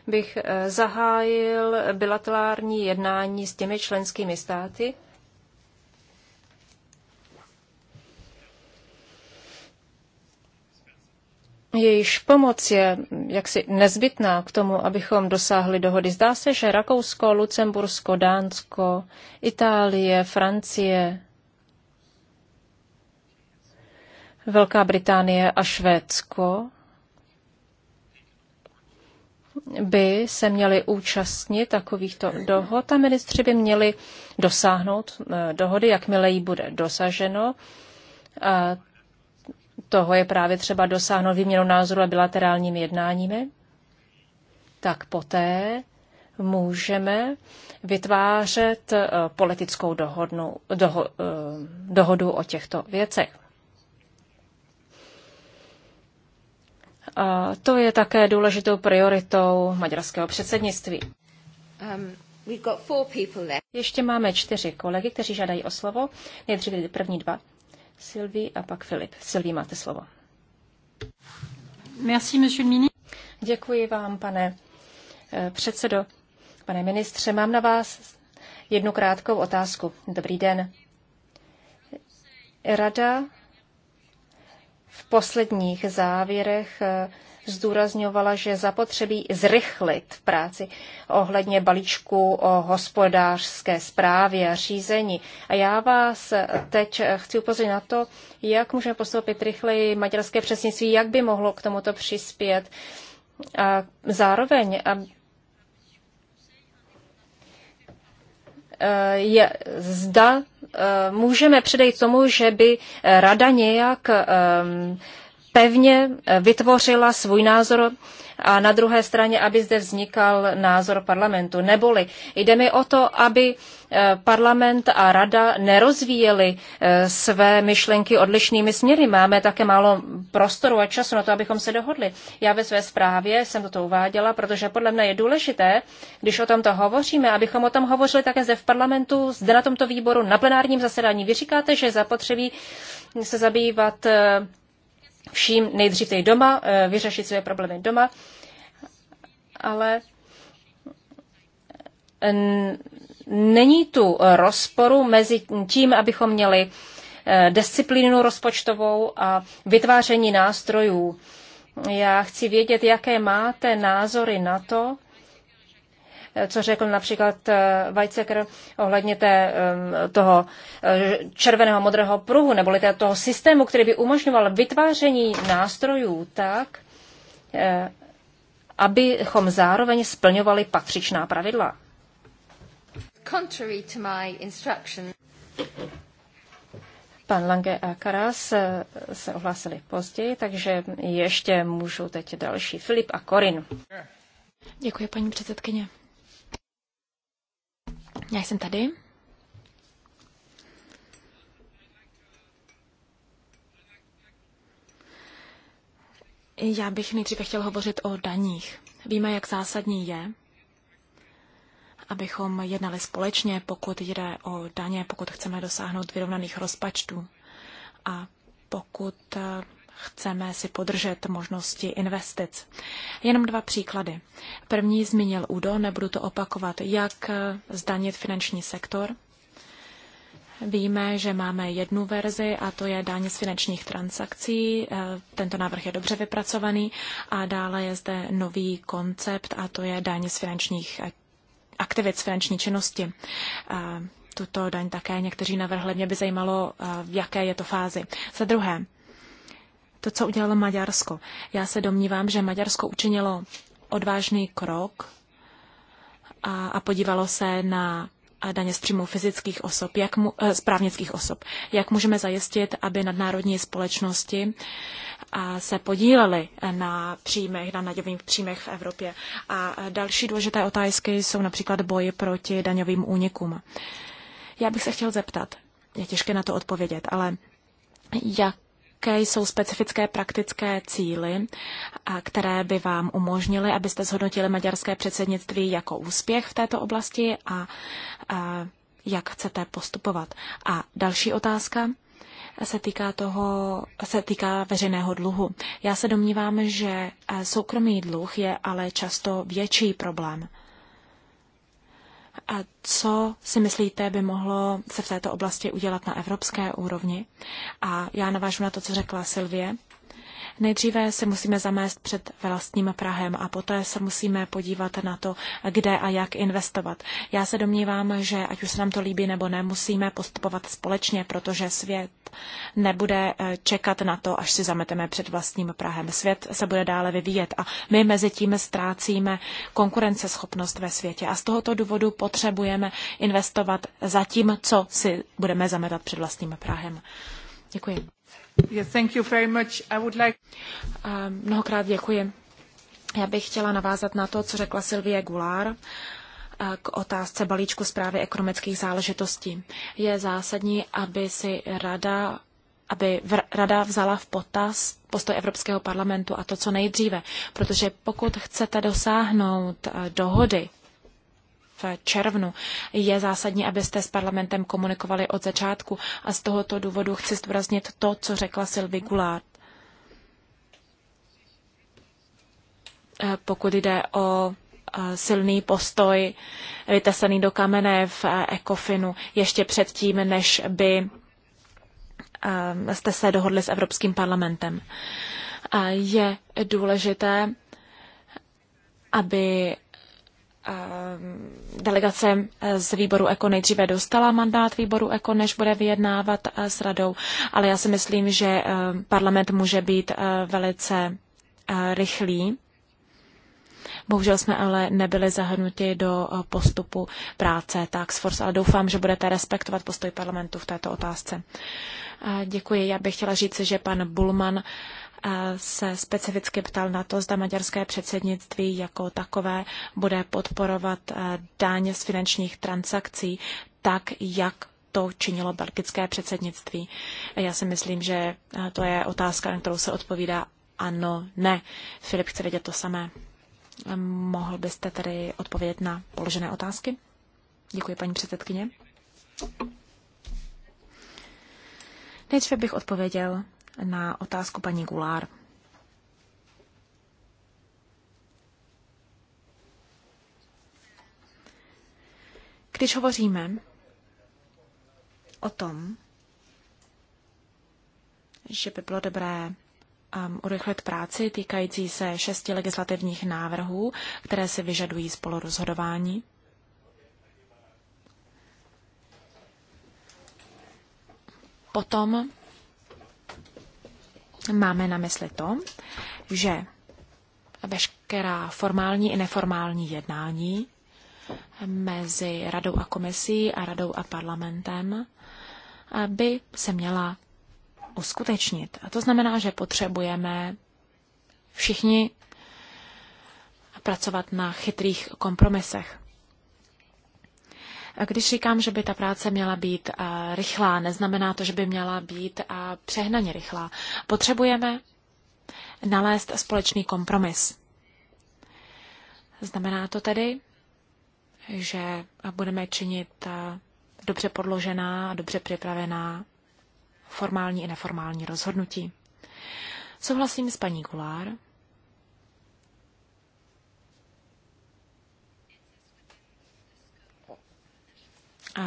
bych zahájil bilaterální jednání s těmi členskými státy, jejíž pomoc je jaksi nezbytná k tomu, abychom dosáhli dohody. Zdá se, že Rakousko, Lucembursko, Dánsko, Itálie, Francie, Velká Británie a Švédsko by se měli účastnit takovýchto dohod a ministři by měli dosáhnout eh, dohody, jakmile jí bude dosaženo. A toho je právě třeba dosáhnout výměnou názoru a bilaterálními jednáními, tak poté můžeme vytvářet eh, politickou dohodnu, doho, eh, dohodu o těchto věcech. A to je také důležitou prioritou maďarského předsednictví. Um, Ještě máme čtyři kolegy, kteří žádají o slovo. Nejdříve první dva. Sylvie a pak Filip. Sylvie, máte slovo. Merci, monsieur le Děkuji vám, pane eh, předsedo. Pane ministře, mám na vás jednu krátkou otázku. Dobrý den. Rada v posledních závěrech eh, zdůrazňovala, že zapotřebí zrychlit práci ohledně balíčku o hospodářské správě a řízení. A já vás teď chci upozornit na to, jak můžeme postoupit rychleji maďarské přesnictví, jak by mohlo k tomuto přispět. A zároveň, a eh, je, zda eh, můžeme předejít tomu, že by rada nějak eh, pevně eh, vytvořila svůj názor a na druhé straně, aby zde vznikal názor parlamentu. Neboli jde mi o to, aby eh, parlament a rada nerozvíjeli eh, své myšlenky odlišnými směry. Máme také málo prostoru a času na to, abychom se dohodli. Já ve své zprávě jsem toto uváděla, protože podle mě je důležité, když o tomto hovoříme, abychom o tom hovořili také zde v parlamentu, zde na tomto výboru, na plenárním zasedání. Vy říkáte, že zapotřebí se zabývat vším nejdřív tady doma, eh, vyřešit své problémy doma, ale eh, není tu rozporu mezi tím, abychom měli eh, disciplínu rozpočtovou a vytváření nástrojů. Já chci vědět, jaké máte názory na to, Eh, co řekl například eh, Weizsäcker ohledně té, eh, toho červeného modrého pruhu, nebo toho systému, který by umožňoval vytváření nástrojů tak, abychom zároveň splňovali patřičná pravidla. Contrary to my instruction. Pan Lange a Karas se ohlásili později, takže ještě můžu teď další. Filip a Korin. Děkuji, paní předsedkyně. Já jsem tady. Já bych nejdříve chtěl hovořit o daních. Víme, jak zásadní je, abychom jednali společně, pokud jde o daně, pokud chceme dosáhnout vyrovnaných rozpačtů. a pokud eh, chceme si podržet možnosti investic. Jenom dva příklady. První zmínil Udo, nebudu to opakovat, jak zdanit finanční sektor. Víme, že máme jednu verzi a to je daň z finančních transakcí. Eh, tento návrh je dobře vypracovaný a dále je zde nový koncept a to je daň z finančních eh, aktivit z finanční činnosti. Eh, tuto daň také někteří navrhli. Mě by zajímalo, v jaké je to fázi. Za druhé, to, co udělalo Maďarsko. Já se domnívám, že Maďarsko učinilo odvážný krok a, a podívalo se na daně z příjmu fyzických osob, jak mu, eh, z právnických osob. Jak můžeme zajistit, aby nadnárodní společnosti se podílely na příjmech, na daňových příjmech v Evropě. A další důležité otázky jsou například boji proti daňovým únikům. Já bych se chtěl zeptat, je těžké na to odpovědět, ale jak jaké jsou specifické praktické cíly, které by vám umožnily, abyste zhodnotili maďarské předsednictví jako úspěch v této oblasti a, a jak chcete postupovat. A další otázka se týká toho, se týká veřejného dluhu. Já se domnívám, že soukromý dluh je ale často větší problém. A co si myslíte, by mohlo se v této oblasti udělat na evropské úrovni? A já navážu na to, co řekla Silvie. Nejdříve se musíme zamést před vlastním Prahem a poté se musíme podívat na to, kde a jak investovat. Já se domnívám, že ať už se nám to líbí nebo ne, musíme postupovat společně, protože svět nebude eh, čekat na to, až si zameteme před vlastním Prahem. Svět se bude dále vyvíjet a my mezi tím ztrácíme konkurenceschopnost ve světě. A z tohoto důvodu potřebujeme investovat za tím, co si budeme zametat před vlastním Prahem. Děkuji. Mnohokrát děkuji. Já bych chtěla navázat na to, co řekla Sylvie Gulár k otázce balíčku zprávy ekonomických záležitostí. Je zásadní, aby si rada aby rada vzala v potaz postoj Evropského parlamentu a to co nejdříve, protože pokud chcete dosáhnout dohody v červnu. Je zásadní, abyste s parlamentem komunikovali od začátku a z tohoto důvodu chci zdůraznit to, co řekla Sylvie Goulart. Eh, pokud jde o eh, silný postoj vytesaný do kamene v eh, ECOFINu ještě předtím, než by jste se dohodli s Evropským parlamentem. Je důležité, aby Ehm, delegace eh, z výboru ECO nejdříve dostala mandát výboru ECO, než bude vyjednávat eh, s radou, ale já si myslím, že ehm, parlament může být eh, velice rychlý. Bohužel jsme ale nebyli zahrnuti do postupu práce Tax Force, ale doufám, že budete respektovat postoj parlamentu v této otázce. Děkuji. Já bych chtěla říct, že pan Bulman se specificky ptal na to, zda maďarské předsednictví jako takové bude podporovat eh, daň z finančních transakcí tak, jak to činilo belgické předsednictví. Já si myslím, že eh, to je otázka, na kterou se odpovídá ano, ne. Filip chce vědět to samé. Mohl byste tedy odpovědět na položené otázky? Děkuji, paní předsedkyně. Nejdříve bych odpověděl na otázku paní Gulár. Když hovoříme o tom, že by bylo dobré um, urychlit práci týkající se šesti legislativních návrhů, které si vyžadují spolurozhodování. Potom máme na mysli to, že veškerá formální i neformální jednání mezi radou a komisí a radou a parlamentem by se měla uskutečnit. A to znamená, že potřebujeme všichni pracovat na chytrých kompromisech. Když říkám, že by ta práce měla být eh, rychlá, neznamená to, že by měla být eh, přehnaně rychlá. Potřebujeme nalézt společný kompromis. Znamená to tedy, že budeme činit eh, dobře podložená a dobře připravená formální i neformální rozhodnutí. Souhlasím s paní Gulár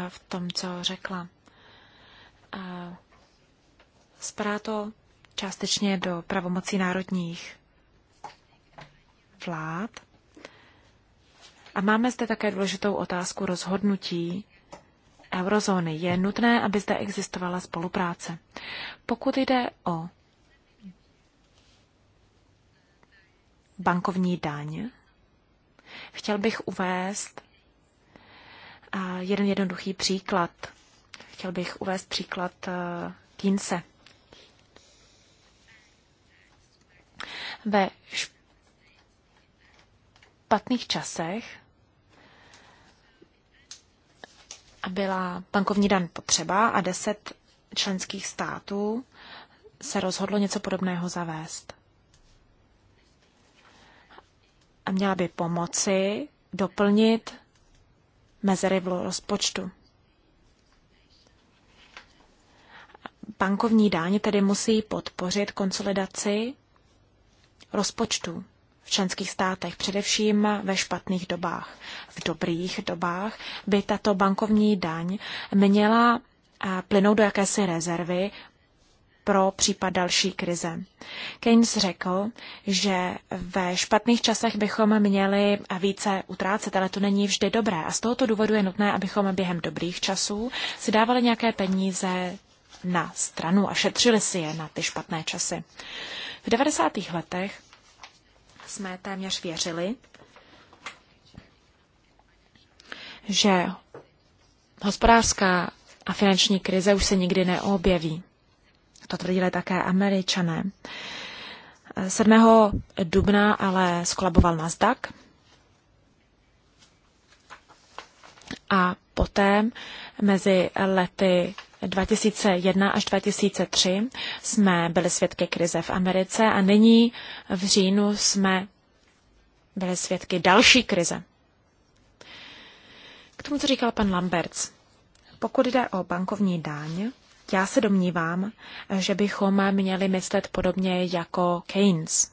v tom, co řekla. Spadá to částečně do pravomocí národních vlád. A máme zde také důležitou otázku rozhodnutí eurozóny. Je nutné, aby zde existovala spolupráce. Pokud jde o bankovní daň, chtěl bych uvést jeden jednoduchý příklad. Chtěl bych uvést příklad eh, Kince. Ve špatných časech byla bankovní dan potřeba a deset členských států se rozhodlo něco podobného zavést. A měla by pomoci doplnit mezery v rozpočtu. Bankovní dáň tedy musí podpořit konsolidaci rozpočtu v členských státech, především ve špatných dobách. V dobrých dobách by tato bankovní daň měla eh, plynout do jakési rezervy pro případ další krize. Keynes řekl, že ve špatných časech bychom měli více utrácet, ale to není vždy dobré. A z tohoto důvodu je nutné, abychom během dobrých časů si dávali nějaké peníze na stranu a šetřili si je na ty špatné časy. V 90. letech jsme téměř věřili, že hospodářská a finanční krize už se nikdy neobjeví. To tvrdili také američané. 7. dubna ale skolaboval Nasdaq a poté mezi lety 2001 až 2003 jsme byli svědky krize v Americe a nyní v říjnu jsme byli svědky další krize. K tomu, co říkal pan Lamberts, pokud jde o bankovní dáň, já se domnívám, že bychom měli myslet podobně jako Keynes.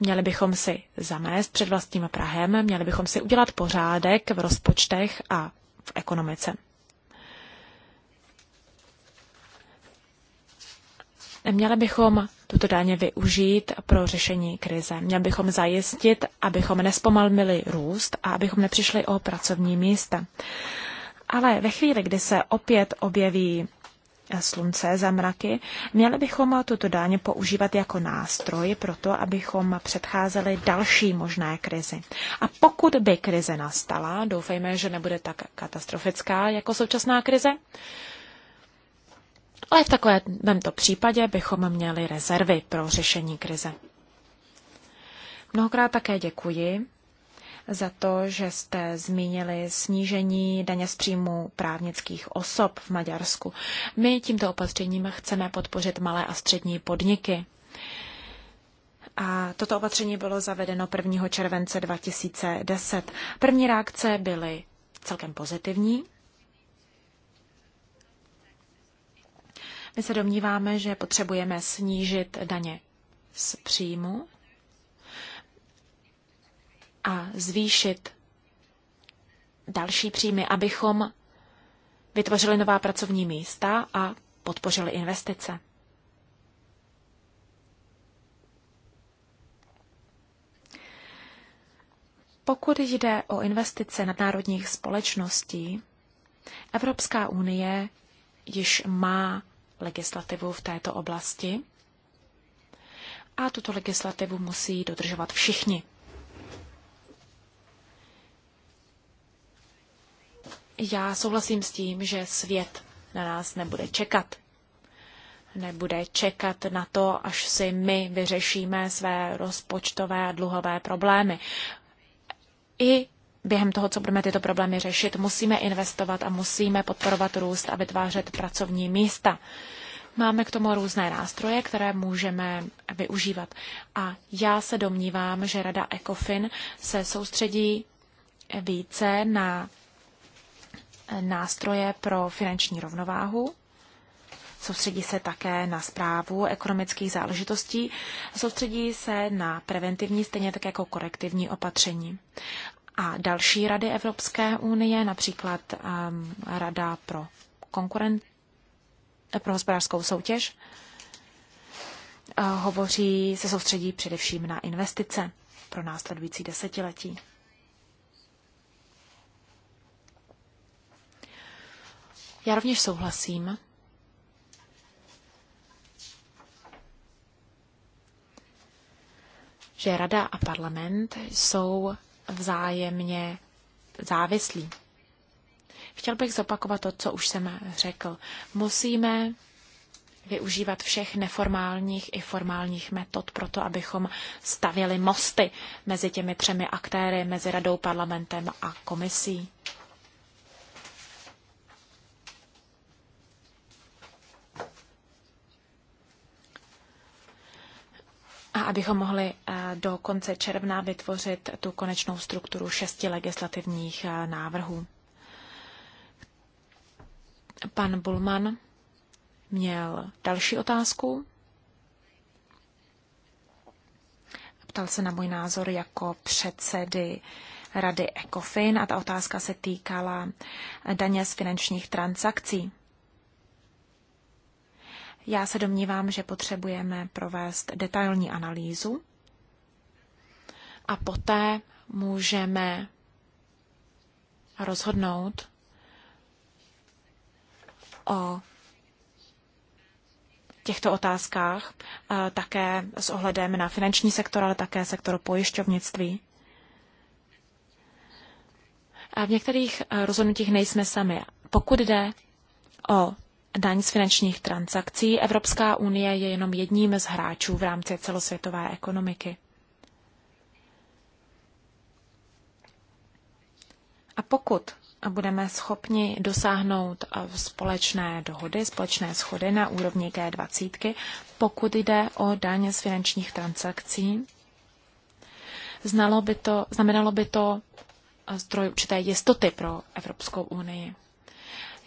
Měli bychom si zamést před vlastním Prahem, měli bychom si udělat pořádek v rozpočtech a v ekonomice. Měli bychom tuto daně využít pro řešení krize. Měli bychom zajistit, abychom nespomalili růst a abychom nepřišli o pracovní místa. Ale ve chvíli, kdy se opět objeví slunce za mraky, měli bychom tuto daň používat jako nástroj pro to, abychom předcházeli další možné krizi. A pokud by krize nastala, doufejme, že nebude tak katastrofická jako současná krize, ale v takovémto případě bychom měli rezervy pro řešení krize. Mnohokrát také děkuji za to, že jste zmínili snížení daně z příjmu právnických osob v Maďarsku. My tímto opatřením chceme podpořit malé a střední podniky. A toto opatření bylo zavedeno 1. července 2010. První reakce byly celkem pozitivní. My se domníváme, že potřebujeme snížit daně z příjmu a zvýšit další příjmy, abychom vytvořili nová pracovní místa a podpořili investice. Pokud jde o investice nadnárodních společností, Evropská unie již má legislativu v této oblasti a tuto legislativu musí dodržovat všichni. Já souhlasím s tím, že svět na nás nebude čekat. Nebude čekat na to, až si my vyřešíme své rozpočtové a dluhové problémy. I během toho, co budeme tyto problémy řešit, musíme investovat a musíme podporovat růst a vytvářet pracovní místa. Máme k tomu různé nástroje, které můžeme využívat. A já se domnívám, že Rada ECOFIN se soustředí více na nástroje pro finanční rovnováhu, soustředí se také na zprávu ekonomických záležitostí, soustředí se na preventivní, stejně tak jako korektivní opatření. A další rady Evropské unie, například um, Rada pro, konkurent, pro hospodářskou soutěž, eh, hovoří, se soustředí především na investice pro následující desetiletí. Já rovněž souhlasím. že rada a parlament jsou vzájemně závislí. Chtěl bych zopakovat to, co už jsem řekl. Musíme využívat všech neformálních i formálních metod pro to, abychom stavěli mosty mezi těmi třemi aktéry, mezi radou, parlamentem a komisí. a abychom mohli eh, do konce června vytvořit tu konečnou strukturu šesti legislativních eh, návrhů. Pan Bulman měl další otázku. Ptal se na můj názor jako předsedy Rady ECOFIN a ta otázka se týkala daně z finančních transakcí. Já se domnívám, že potřebujeme provést detailní analýzu a poté můžeme rozhodnout o těchto otázkách, eh, také s ohledem na finanční sektor, ale také sektor pojišťovnictví. A v některých eh, rozhodnutích nejsme sami. Pokud jde o daň z finančních transakcí, Evropská unie je jenom jedním z hráčů v rámci celosvětové ekonomiky. A pokud budeme schopni dosáhnout eh, společné dohody, společné schody na úrovni G20, pokud jde o daň z finančních transakcí, znalo by to, znamenalo by to eh, zdroj určité jistoty pro Evropskou unii.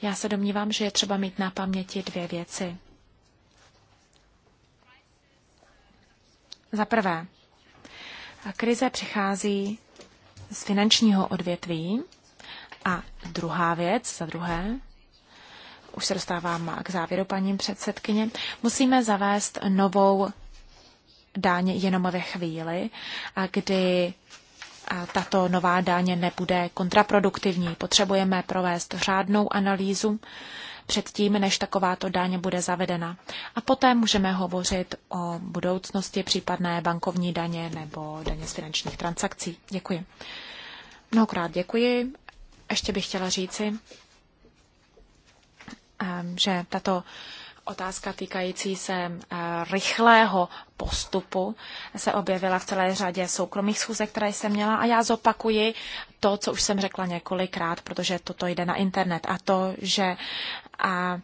Já se domnívám, že je třeba mít na paměti dvě věci. Za prvé, krize přichází z finančního odvětví a druhá věc, za druhé, už se dostávám k závěru, paní předsedkyně, musíme zavést novou dáně jenom ve chvíli, a kdy tato nová daň nebude kontraproduktivní. Potřebujeme provést řádnou analýzu předtím, než takováto daň bude zavedena. A poté můžeme hovořit o budoucnosti případné bankovní daně nebo daně z finančních transakcí. Děkuji. Mnohokrát děkuji. Ještě bych chtěla říci, eh, že tato Otázka týkající se eh, rychlého postupu se objevila v celé řadě soukromých schůzek, které jsem měla a já zopakuji to, co už jsem řekla několikrát, protože toto jde na internet a to, že a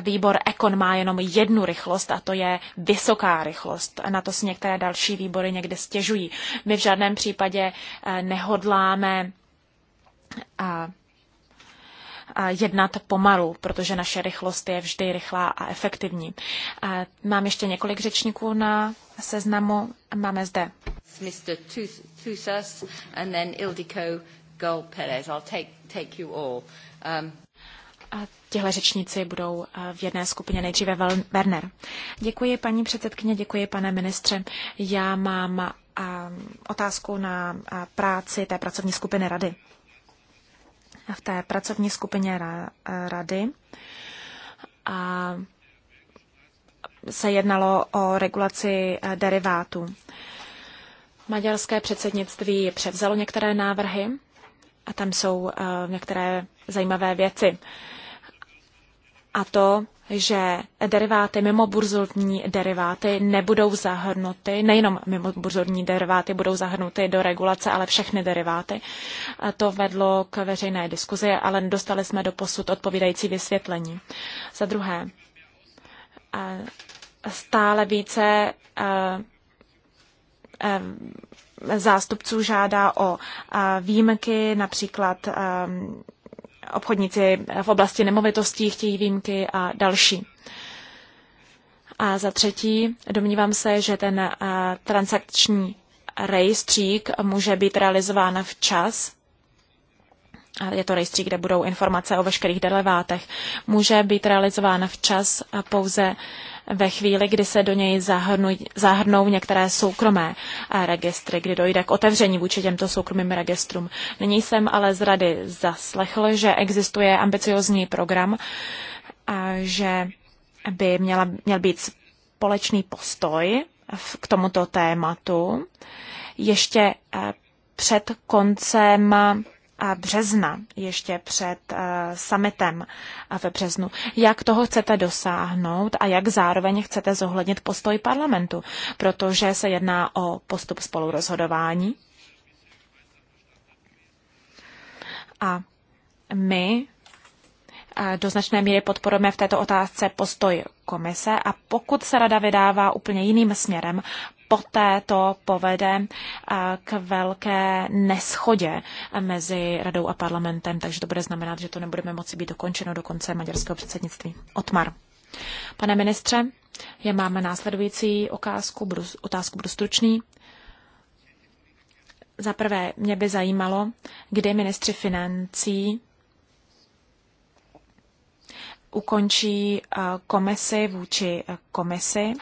výbor Ekon má jenom jednu rychlost a to je vysoká rychlost. Na to si některé další výbory někde stěžují. My v žádném případě eh, nehodláme a jednat pomalu, protože naše rychlost je vždy rychlá a efektivní. Mám ještě několik řečníků na seznamu. Máme zde. Mr. Tusas and then Ildiko Gol Perez. I'll take, take you all. Um... A těhle řečníci budou eh, v jedné skupině nejdříve Werner. Děkuji, paní předsedkyně, děkuji, pane ministře. Já mám eh, otázku na eh, práci té pracovní skupiny rady v té pracovní skupině eh, rady. A se jednalo o regulaci eh, derivátů. Maďarské předsednictví převzalo některé návrhy a tam jsou eh, některé zajímavé věci. A to že deriváty mimo burzovní deriváty nebudou zahrnuty, nejenom mimo burzovní deriváty budou zahrnuty do regulace, ale všechny deriváty. A to vedlo k veřejné diskuzi, ale dostali jsme do posud odpovídající vysvětlení. Za druhé, stále více zástupců žádá o výjimky, například obchodníci v oblasti nemovitostí chtějí výjimky a další. A za třetí, domnívám se, že ten eh, transakční rejstřík může být realizován včas. Je to rejstřík, kde budou informace o veškerých derivátech. Může být realizován včas a pouze ve chvíli, kdy se do něj zahrnuj, zahrnou některé soukromé eh, registry, kdy dojde k otevření vůči těmto soukromým registrům. Nyní jsem ale z rady zaslechl, že existuje ambiciozní program, a že by měla, měl být společný postoj k tomuto tématu ještě eh, před koncem března, ještě před eh, summitem ve březnu. Jak toho chcete dosáhnout a jak zároveň chcete zohlednit postoj parlamentu, protože se jedná o postup spolurozhodování? A my eh, do značné míry podporujeme v této otázce postoj komise a pokud se rada vydává úplně jiným směrem, poté to povede k velké neschodě mezi radou a parlamentem, takže to bude znamenat, že to nebudeme moci být dokončeno do konce maďarského předsednictví. Otmar. Pane ministře, já máme následující okázku, budu, otázku, budu stručný. Za prvé, mě by zajímalo, kdy ministři financí ukončí komisi vůči komisi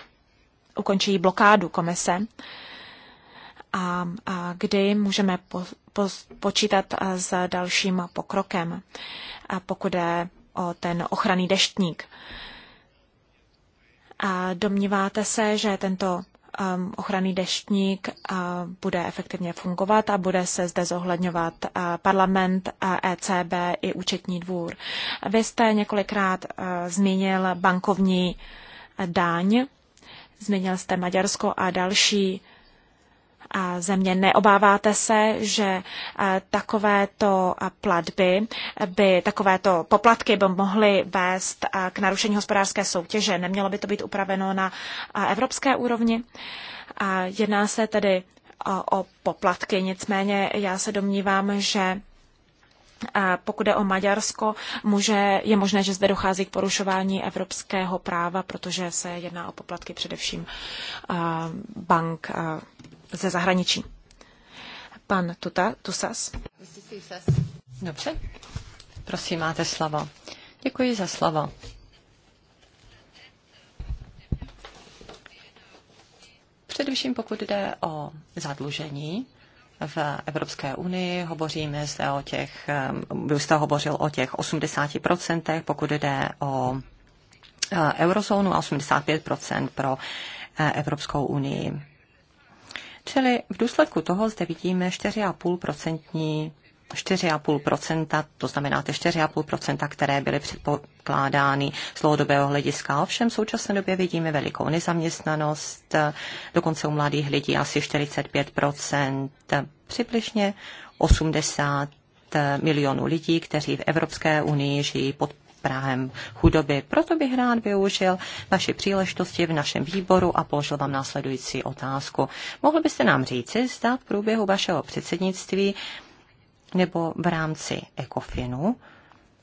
ukončí blokádu komise a, a kdy můžeme po, po, počítat s dalším pokrokem, a pokud je o ten ochranný deštník. A domníváte se, že tento um, ochranný deštník uh, bude efektivně fungovat a bude se zde zohledňovat uh, parlament, uh, ECB i účetní dvůr. Vy jste několikrát uh, zmínil bankovní daň Zmínil jste Maďarsko a další a země. Neobáváte se, že eh, takovéto eh, platby by, takovéto poplatky by mohly vést eh, k narušení hospodářské soutěže? Nemělo by to být upraveno na evropské úrovni? A jedná se tedy o poplatky, nicméně já se domnívám, že pokud je o Maďarsko, může, je možné, že zde dochází k porušování evropského práva, protože se jedná o poplatky především bank ze zahraničí. Pan Tuta, Tusas. Dobře. Prosím, máte slovo. Děkuji za slovo. Především pokud jde o zadlužení, v Evropské unii. Hovoříme zde o těch, byl um, jste hovořil o těch 80%, pokud jde o eh, eurozónu a 85% pro eh, Evropskou unii. Čili v důsledku toho zde vidíme 4,5% 4,5%, to znamená ty 4,5%, které byly předpokládány z dlouhodobého hlediska. Ovšem v současné době vidíme velikou nezaměstnanost, dokonce u mladých lidí asi 45%, přibližně 80 milionů lidí, kteří v Evropské unii žijí pod Prahem chudoby. Proto bych rád využil vaše příležitosti v našem výboru a položil vám následující otázku. Mohl byste nám říci, zda v průběhu vašeho předsednictví nebo v rámci ECOFINu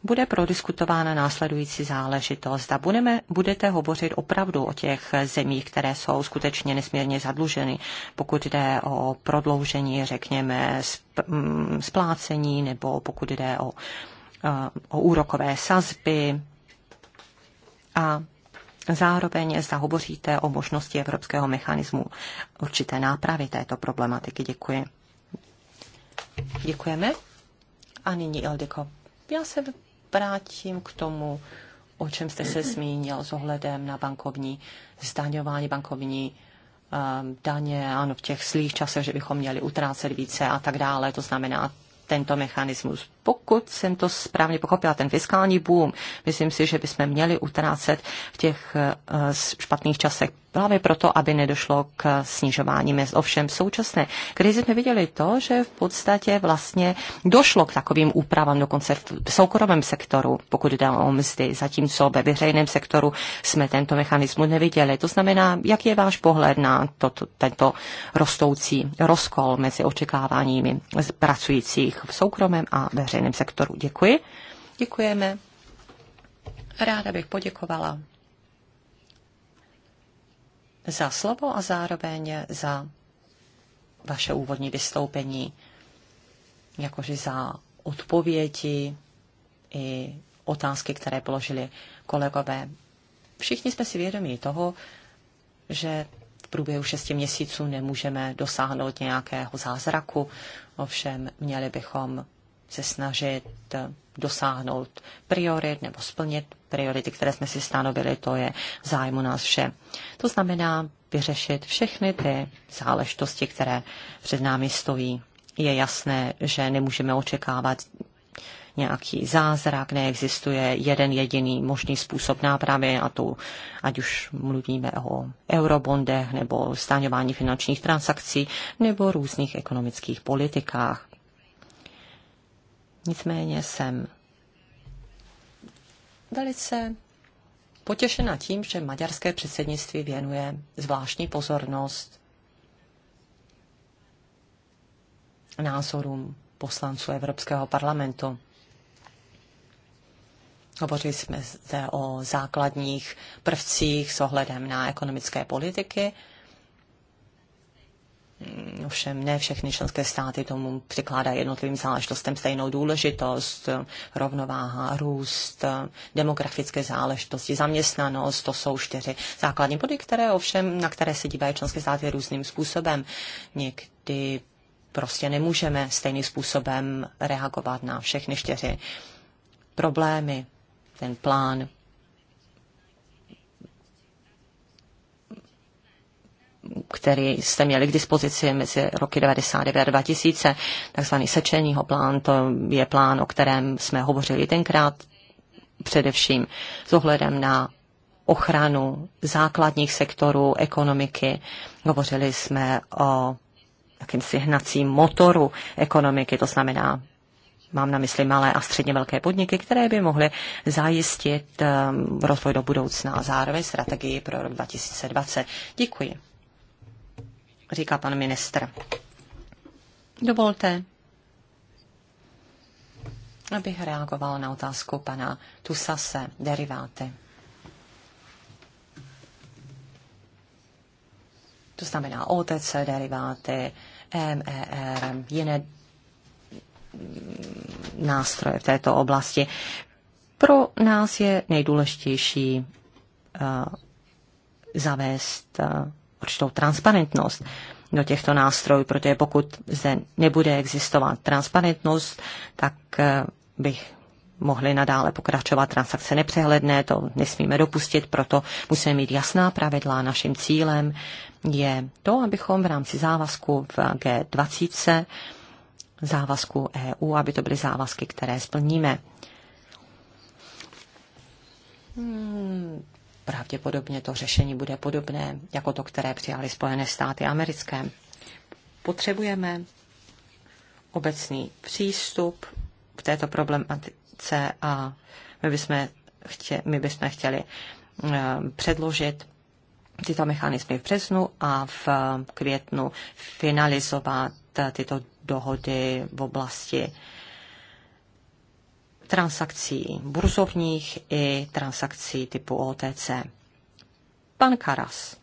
bude prodiskutována následující záležitost. A budeme, budete hovořit opravdu o těch zemích, které jsou skutečně nesmírně zadluženy, pokud jde o prodloužení, řekněme, mm, splácení nebo pokud jde o, eh, o úrokové sazby. A zároveň zahovoříte o možnosti evropského mechanismu určité nápravy této problematiky. Děkuji. Děkujeme. A nyní Ildiko. Já se vrátím k tomu, o čem jste se zmínil s ohledem na bankovní zdaňování, bankovní um, daně, ano, v těch slých časech, že bychom měli utrácet více a tak dále. To znamená, tento mechanismus pokud jsem to správně pochopila, ten fiskální boom, myslím si, že bychom měli utrácet v těch eh, špatných časech právě proto, aby nedošlo k snižování mest. Ovšem v současné krizi jsme viděli to, že v podstatě vlastně došlo k takovým úpravám dokonce v soukromém sektoru, pokud jde o mzdy, zatímco ve veřejném sektoru jsme tento mechanismus neviděli. To znamená, jak je váš pohled na to, to, tento rostoucí rozkol mezi očekáváními pracujících v soukromém a veřejném veřejném sektoru. Děkuji. Děkujeme. Ráda bych poděkovala za slovo a zároveň za vaše úvodní vystoupení, jakože za odpovědi i otázky, které položili kolegové. Všichni jsme si vědomí toho, že v průběhu šesti měsíců nemůžeme dosáhnout nějakého zázraku, ovšem měli bychom se snažit eh, dosáhnout priorit nebo splnit priority, které jsme si stanovili, to je zájmu nás vše. To znamená vyřešit všechny ty záležitosti, které před námi stojí. Je jasné, že nemůžeme očekávat nějaký zázrak, neexistuje jeden jediný možný způsob nápravy, a to ať už mluvíme o eurobondech nebo stáňování finančních transakcí nebo různých ekonomických politikách. Nicméně jsem velice potěšena tím, že maďarské předsednictví věnuje zvláštní pozornost názorům poslanců Evropského parlamentu. Hovořili jsme zde o základních prvcích s ohledem na ekonomické politiky Mm, ovšem ne všechny členské státy tomu přikládají jednotlivým záležitostem stejnou důležitost, rovnováha, růst, demografické záležitosti, zaměstnanost, to jsou čtyři základní body, které ovšem, na které se dívají členské státy různým způsobem. Někdy prostě nemůžeme stejným způsobem reagovat na všechny čtyři problémy, ten plán který jste měli k dispozici mezi roky 99 a 2000, takzvaný sečeního plán, to je plán, o kterém jsme hovořili tenkrát, především s ohledem na ochranu základních sektorů ekonomiky. Hovořili jsme o jakýmsi hnacím motoru ekonomiky, to znamená Mám na mysli malé a středně velké podniky, které by mohly zajistit um, rozvoj do budoucna a zároveň strategii pro rok 2020. Děkuji říká pan ministr. Dovolte, abych reagoval na otázku pana Tusase, deriváty. To znamená OTC deriváty, MER, jiné nástroje v této oblasti. Pro nás je nejdůležitější eh, zavést eh, určitou transparentnost do těchto nástrojů, protože pokud zde nebude existovat transparentnost, tak eh, bych mohly nadále pokračovat transakce nepřehledné, to nesmíme dopustit, proto musíme mít jasná pravidla. Naším cílem je to, abychom v rámci závazku v G20 závazku EU, aby to byly závazky, které splníme. Hmm, pravděpodobně to řešení bude podobné jako to, které přijali Spojené státy americké. Potřebujeme obecný přístup k této problematice a my bychom, chtěli, my bychom chtěli eh, předložit tyto mechanismy v březnu a v květnu finalizovat tyto dohody v oblasti transakcí burzovních i transakcí typu OTC. Pan Karas.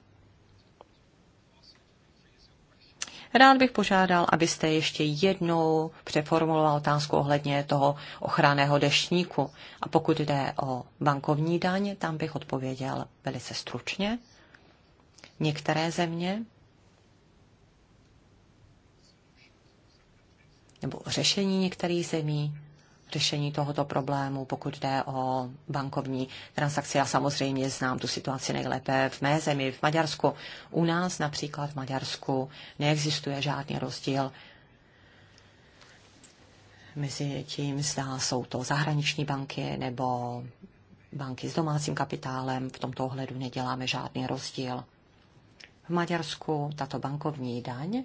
Rád bych požádal, abyste ještě jednou přeformuloval otázku ohledně toho ochranného deštníku. A pokud jde o bankovní daň, tam bych odpověděl velice stručně. Některé země nebo řešení některých zemí řešení tohoto problému, pokud jde o bankovní transakce. Já samozřejmě znám tu situaci nejlépe v mé zemi, v Maďarsku. U nás například v Maďarsku neexistuje žádný rozdíl mezi tím, zda jsou to zahraniční banky nebo banky s domácím kapitálem. V tomto ohledu neděláme žádný rozdíl. V Maďarsku tato bankovní daň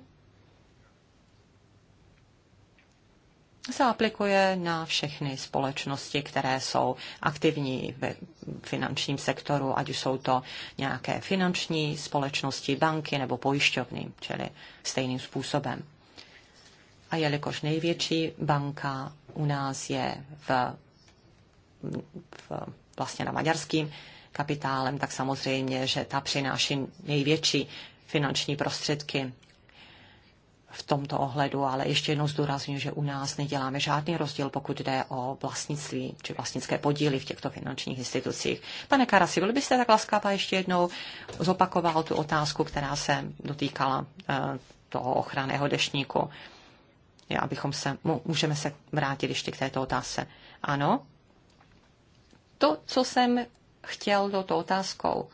se aplikuje na všechny společnosti, které jsou aktivní ve finančním sektoru, ať už jsou to nějaké finanční společnosti, banky nebo pojišťovny, čili stejným způsobem. A jelikož největší banka u nás je v, v, vlastně na maďarským kapitálem, tak samozřejmě, že ta přináší největší finanční prostředky v tomto ohledu, ale ještě jednou zdůraznuju, že u nás neděláme žádný rozdíl, pokud jde o vlastnictví či vlastnické podíly v těchto finančních institucích. Pane Karasi, byl byste tak laskáva a ještě jednou zopakoval tu otázku, která se dotýkala eh, toho ochranného dešníku. Já, abychom se, můžeme se vrátit ještě k této otázce. Ano, to, co jsem chtěl do toho otázkou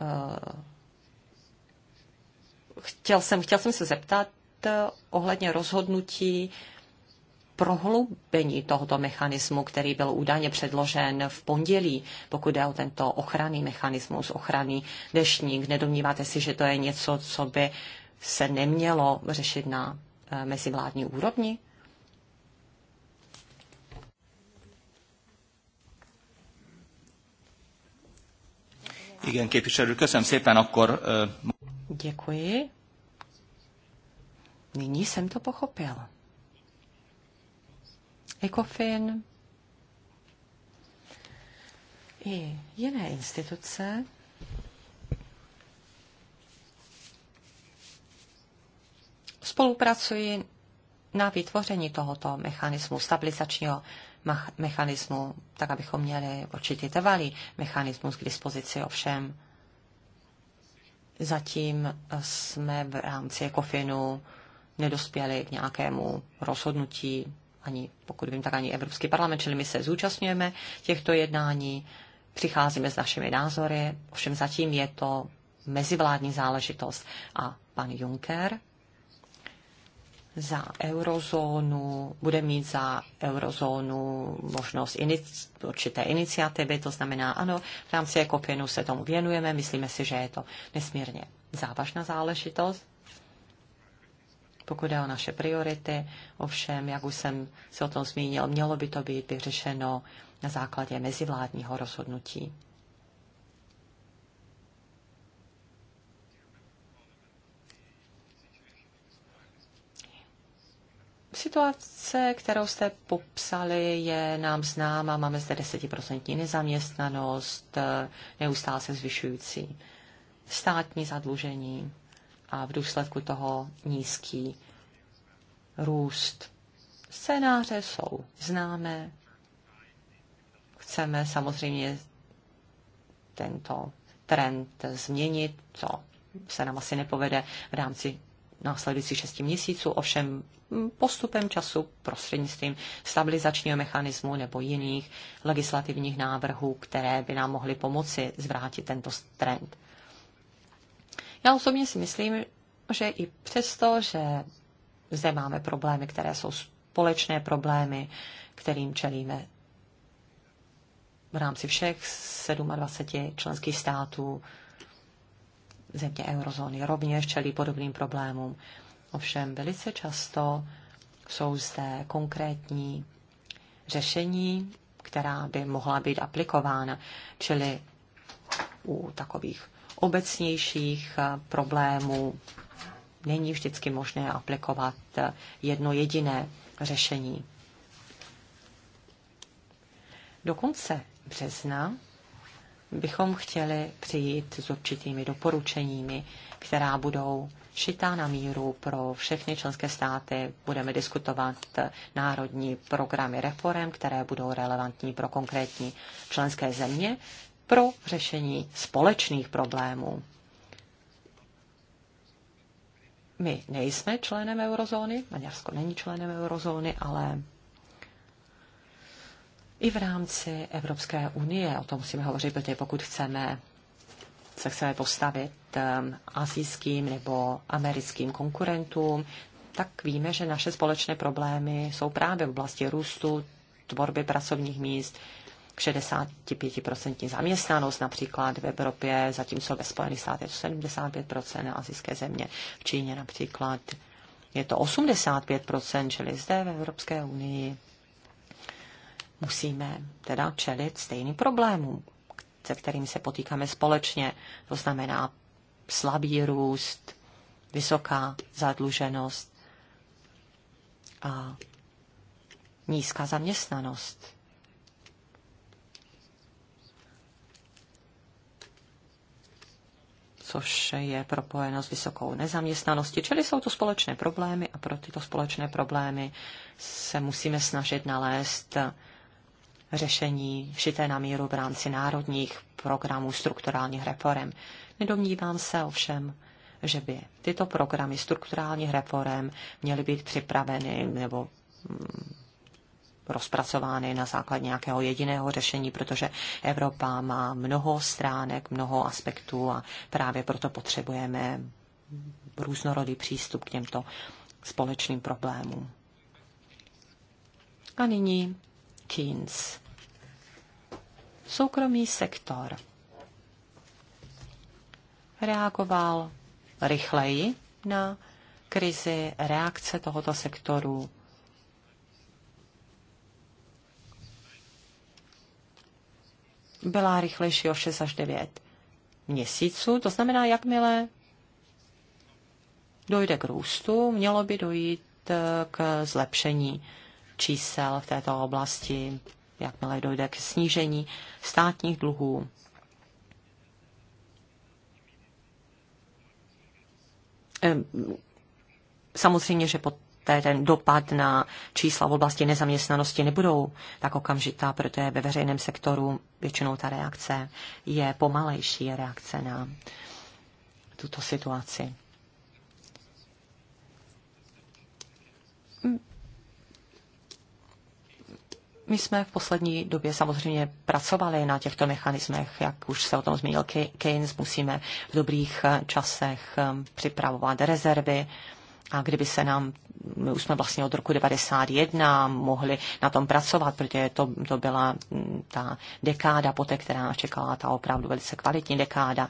eh, chtěl jsem, chtěl jsem se zeptat eh, ohledně rozhodnutí prohloubení tohoto mechanismu, který byl údajně předložen v pondělí, pokud jde o tento ochranný mechanismus, ochranný dešník. Nedomníváte si, že to je něco, co by se nemělo řešit na eh, mezivládní úrovni? Igen, képviselő, köszönöm szépen, akkor... Eh, Děkuji. Nyní jsem to pochopil. ECOFIN i jiné instituce spolupracují na vytvoření tohoto mechanismu, stabilizačního mechanismu, tak abychom měli určitý trvalý mechanismus k dispozici ovšem Zatím eh, jsme v rámci Ekofinu nedospěli k nějakému rozhodnutí, ani pokud vím, tak ani Evropský parlament, čili my se zúčastňujeme těchto jednání, přicházíme s našimi názory, ovšem zatím je to mezivládní záležitost. A pan Juncker za eurozónu, bude mít za eurozónu možnost inic, určité iniciativy, to znamená, ano, v rámci Ekofinu se tomu věnujeme, myslíme si, že je to nesmírně závažná záležitost. Pokud je o naše priority, ovšem, jak už jsem se o tom zmínil, mělo by to být vyřešeno na základě mezivládního rozhodnutí. Situace, kterou jste popsali, je nám známa. Máme zde desetiprocentní nezaměstnanost, neustále se zvyšující státní zadlužení a v důsledku toho nízký růst. Scénáře jsou známé. Chceme samozřejmě tento trend změnit, co se nám asi nepovede v rámci následujících šesti měsíců, ovšem mm, postupem času prostřednictvím stabilizačního mechanismu nebo jiných legislativních návrhů, které by nám mohly pomoci zvrátit tento trend. Já osobně si myslím, že i přesto, že zde máme problémy, které jsou společné problémy, kterým čelíme v rámci všech 27 členských států, země eurozóny rovněž čelí podobným problémům. Ovšem velice často jsou zde konkrétní řešení, která by mohla být aplikována, čili u takových obecnějších eh, problémů není vždycky možné aplikovat eh, jedno jediné řešení. Do konce března bychom chtěli přijít s určitými doporučeními, která budou šitá na míru pro všechny členské státy. Budeme diskutovat národní programy reform, které budou relevantní pro konkrétní členské země pro řešení společných problémů. My nejsme členem eurozóny, Maďarsko není členem eurozóny, ale i v rámci Evropské unie. O tom musíme hovořit, protože pokud chceme se chceme postavit ehm, asijským nebo americkým konkurentům, tak víme, že naše společné problémy jsou právě v oblasti růstu, tvorby pracovních míst, 65% zaměstnanost například v Evropě, zatímco ve Spojených státech 75% na azijské země, v Číně například je to 85%, čili zde v Evropské unii musíme teda čelit stejným problémům, se kterým se potýkáme společně. To znamená slabý růst, vysoká zadluženost a nízká zaměstnanost. což je propojeno s vysokou nezaměstnaností, čili jsou to společné problémy a pro tyto společné problémy se musíme snažit nalézt řešení šité na míru v rámci národních programů strukturálních reform. Nedomnívám se ovšem, že by tyto programy strukturálních reform měly být připraveny nebo mm, rozpracovány na základě nějakého jediného řešení, protože Evropa má mnoho stránek, mnoho aspektů a právě proto potřebujeme různorodý přístup k těmto společným problémům. A nyní Keynes. Soukromý sektor reagoval rychleji na krizi, reakce tohoto sektoru byla rychlejší o 6 až 9 měsíců. To znamená, jakmile dojde k růstu, mělo by dojít eh, k zlepšení čísel v této oblasti jakmile dojde k snížení státních dluhů, samozřejmě, že poté ten dopad na čísla v oblasti nezaměstnanosti nebudou tak okamžitá, protože ve veřejném sektoru většinou ta reakce je pomalejší reakce na tuto situaci. My jsme v poslední době samozřejmě pracovali na těchto mechanismech, jak už se o tom zmínil Keynes, musíme v dobrých eh, časech eh, připravovat rezervy. A kdyby se nám, my už jsme vlastně od roku 1991 mohli na tom pracovat, protože to, to byla mm, ta dekáda poté, která nás čekala, ta opravdu velice kvalitní dekáda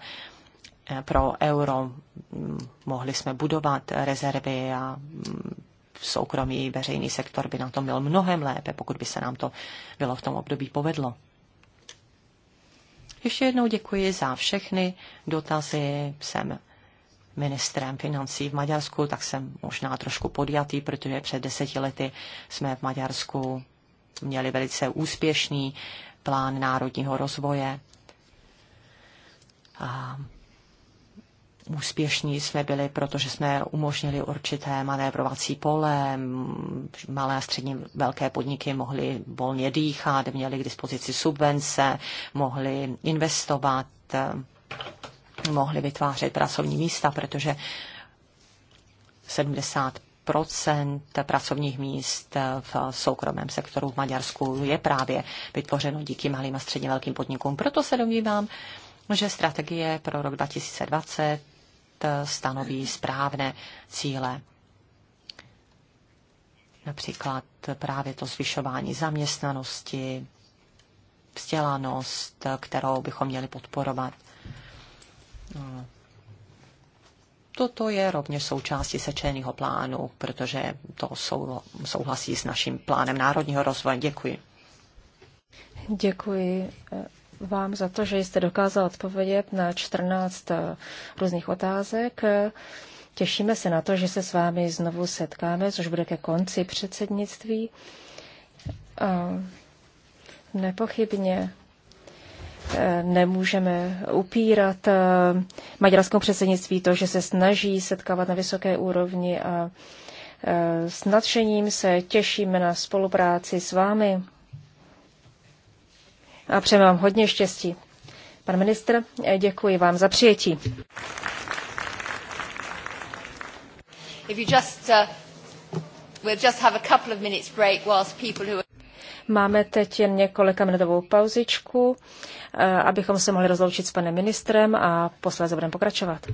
eh, pro euro. Mm, mohli jsme budovat rezervy a mm, soukromý veřejný sektor by na tom měl mnohem lépe, pokud by se nám to bylo v tom období povedlo. Ještě jednou děkuji za všechny dotazy. Jsem ministrem financí v Maďarsku, tak jsem možná trošku podjatý, protože před deseti lety jsme v Maďarsku měli velice úspěšný plán národního rozvoje. A úspěšní jsme byli, protože jsme umožnili určité manévrovací pole, malé a střední velké podniky mohly volně dýchat, měly k dispozici subvence, mohly investovat, mohly vytvářet pracovní místa, protože 70 pracovních míst v soukromém sektoru v Maďarsku je právě vytvořeno díky malým a středně velkým podnikům. Proto se domnívám, že strategie pro rok 2020 Eh, stanoví správné cíle. Například právě to zvyšování zaměstnanosti, vzdělanost, eh, kterou bychom měli podporovat. No. Toto je rovněž součástí sečeného plánu, protože to souhlasí s naším plánem národního rozvoje. Děkuji. Děkuji eh, vám za to, že jste dokázal odpovědět na 14 eh, různých otázek. Těšíme se na to, že se s vámi znovu setkáme, což bude ke konci předsednictví. Nepochybně eh, nemůžeme upírat eh, maďarskému předsednictví to, že se snaží setkávat na vysoké úrovni a s nadšením se těšíme na spolupráci s vámi a přejeme vám hodně štěstí. Pan ministr, děkuji vám za přijetí. Uh, Máme teď jen několika minutovou pauzičku, eh, abychom se mohli rozloučit s panem ministrem a posléze budeme pokračovat.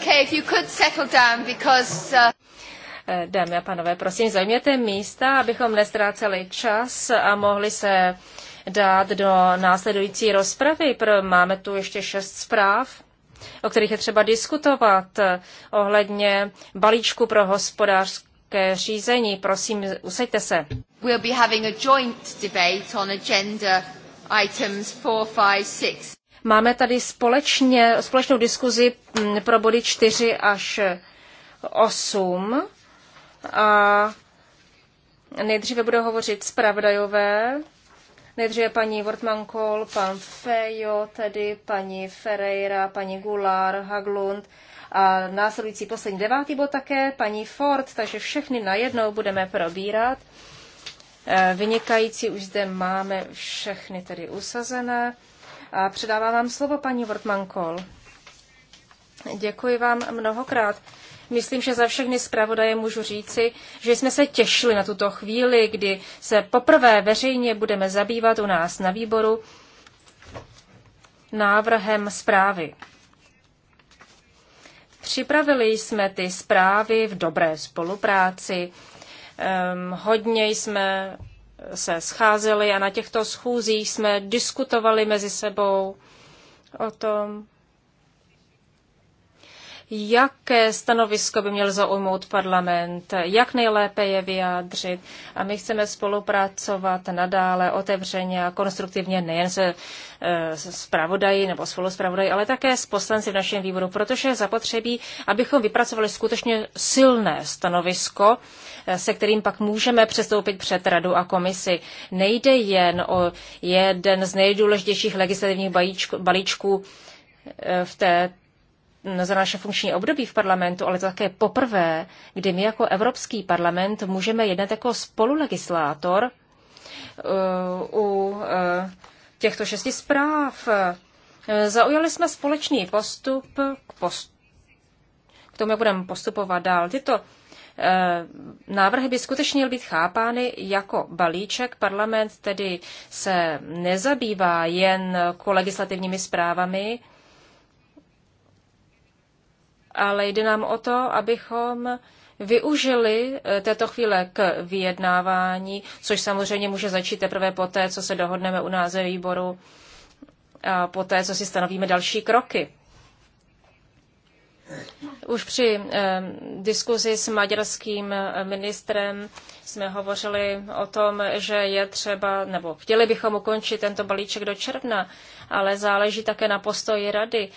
Okay, if you could settle down because, uh... Dámy a pánové, prosím, zajměte místa, abychom nestráceli čas a mohli se dát do následující rozpravy. Máme tu ještě šest zpráv, o kterých je třeba diskutovat eh, ohledně balíčku pro hospodářské řízení. Prosím, usaďte se. We'll be having a joint debate on agenda items 4, 5, 6. Máme tady společně, společnou diskuzi mm, pro body 4 až 8. A nejdříve budou hovořit zpravodajové, nejdříve paní Wortmankol, pan Fejo, tedy paní Ferreira, paní Gular, Haglund a následující poslední devátý bod také paní Ford, takže všechny najednou budeme probírat. E, vynikající už zde máme všechny tedy usazené. A předávám vám slovo, paní Wortmann-Kohl. Děkuji vám mnohokrát. Myslím, že za všechny zpravodaje můžu říci, že jsme se těšili na tuto chvíli, kdy se poprvé veřejně budeme zabývat u nás na výboru návrhem zprávy. Připravili jsme ty zprávy v dobré spolupráci. Um, hodně jsme se scházeli a na těchto schůzích jsme diskutovali mezi sebou o tom, jaké stanovisko by měl zaujmout parlament, jak nejlépe je vyjádřit. A my chceme spolupracovat nadále otevřeně a konstruktivně nejen se eh, zpravodají nebo spoluzpravodají, ale také s poslanci v našem výboru, protože je zapotřebí, abychom vypracovali skutečně silné stanovisko, eh, se kterým pak můžeme přestoupit před radu a komisi. Nejde jen o jeden z nejdůležitějších legislativních balíčků, balíčků eh, v té za naše funkční období v parlamentu, ale to také poprvé, kdy my jako Evropský parlament můžeme jednat jako spolulegislátor eh, u eh, těchto šesti zpráv. Zaujali jsme společný postup k, post- k tomu, jak budeme postupovat dál. Tyto eh, návrhy by skutečně měly být chápány jako balíček. Parlament tedy se nezabývá jen kolegislativními zprávami, ale jde nám o to, abychom využili eh, této chvíle k vyjednávání, což samozřejmě může začít teprve poté, co se dohodneme u nás ve výboru, a poté, co si stanovíme další kroky. Už při eh, diskuzi s maďarským eh, ministrem jsme hovořili o tom, že je třeba, nebo chtěli bychom ukončit tento balíček do června, ale záleží také na postoji rady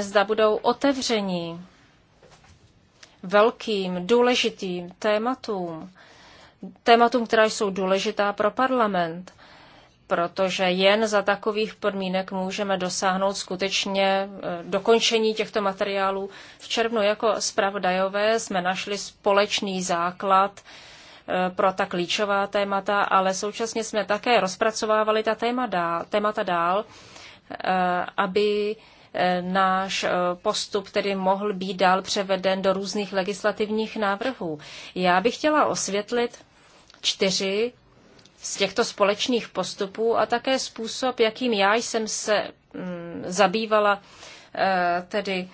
zda budou otevření velkým, důležitým tématům, tématům, která jsou důležitá pro parlament, protože jen za takových podmínek můžeme dosáhnout skutečně eh, dokončení těchto materiálů. V červnu jako zpravodajové jsme našli společný základ eh, pro ta klíčová témata, ale současně jsme také rozpracovávali ta téma dál, témata dál, eh, aby E, náš e, postup tedy mohl být dál převeden do různých legislativních návrhů. Já bych chtěla osvětlit čtyři z těchto společných postupů a také způsob, jakým já jsem se mm, zabývala e, tedy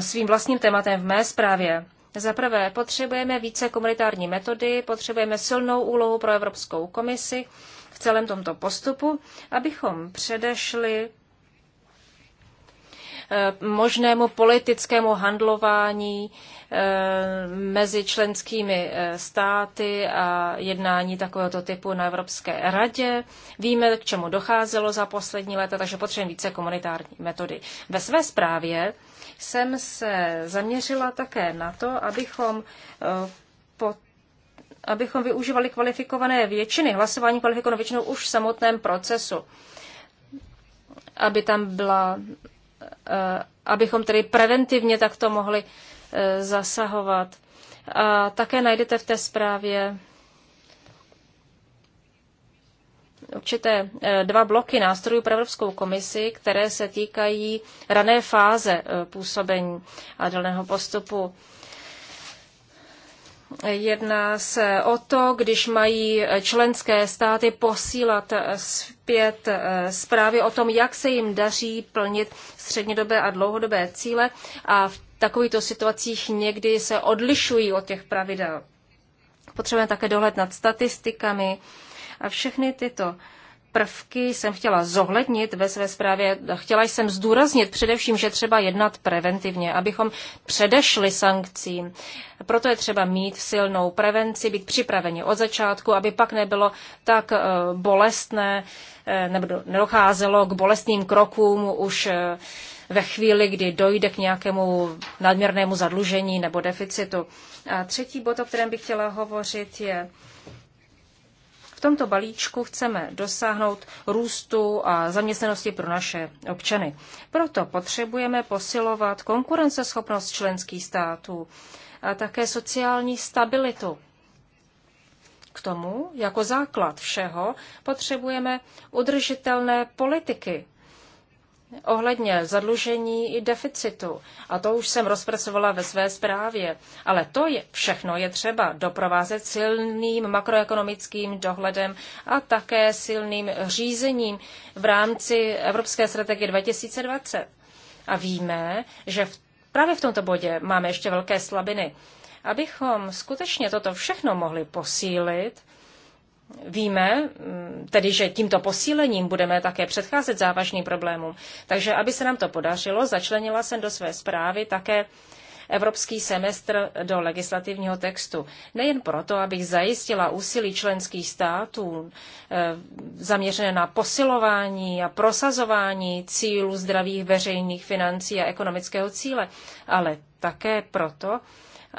svým vlastním tématem v mé zprávě. Za prvé, potřebujeme více komunitární metody, potřebujeme silnou úlohu pro Evropskou komisi v celém tomto postupu, abychom předešli Eh, možnému politickému handlování eh, mezi členskými eh, státy a jednání takovéhoto typu na Evropské radě. Víme, k čemu docházelo za poslední léta, takže potřebujeme více komunitární metody. Ve své zprávě jsem se zaměřila také na to, abychom po abychom využívali kvalifikované většiny, hlasování kvalifikovanou většinou už v samotném procesu, aby tam byla Eh, abychom tedy preventivně takto mohli eh, zasahovat. A také najdete v té zprávě určité eh, dva bloky nástrojů pro Evropskou komisi, které se týkají rané fáze působení a daného postupu. Jedná se o to, když mají členské státy posílat zpět eh, zprávy o tom, jak se jim daří plnit střednědobé a dlouhodobé cíle a v takovýchto situacích někdy se odlišují od těch pravidel. Potřebujeme také dohled nad statistikami a všechny tyto prvky jsem chtěla zohlednit ve své zprávě. Chtěla jsem zdůraznit především, že třeba jednat preventivně, abychom předešli sankcím. Proto je třeba mít silnou prevenci, být připraveni od začátku, aby pak nebylo tak eh, bolestné, eh, nebo nedocházelo k bolestným krokům už eh, ve chvíli, kdy dojde k nějakému nadměrnému zadlužení nebo deficitu. A třetí bod, o kterém bych chtěla hovořit, je tomto balíčku chceme dosáhnout růstu a zaměstnanosti pro naše občany. Proto potřebujeme posilovat konkurenceschopnost členských států a také sociální stabilitu. K tomu, jako základ všeho, potřebujeme udržitelné politiky ohledně zadlužení i deficitu. A to už jsem rozpracovala ve své zprávě. Ale to je všechno je třeba doprovázet silným makroekonomickým dohledem a také silným řízením v rámci Evropské strategie 2020. A víme, že v, právě v tomto bodě máme ještě velké slabiny. Abychom skutečně toto všechno mohli posílit, Víme mm, tedy, že tímto posílením budeme také předcházet závažným problémům. Takže aby se nám to podařilo, začlenila jsem do své zprávy také evropský semestr do legislativního textu. Nejen proto, abych zajistila úsilí členských států e, zaměřené na posilování a prosazování cílů zdravých veřejných financí a ekonomického cíle, ale také proto,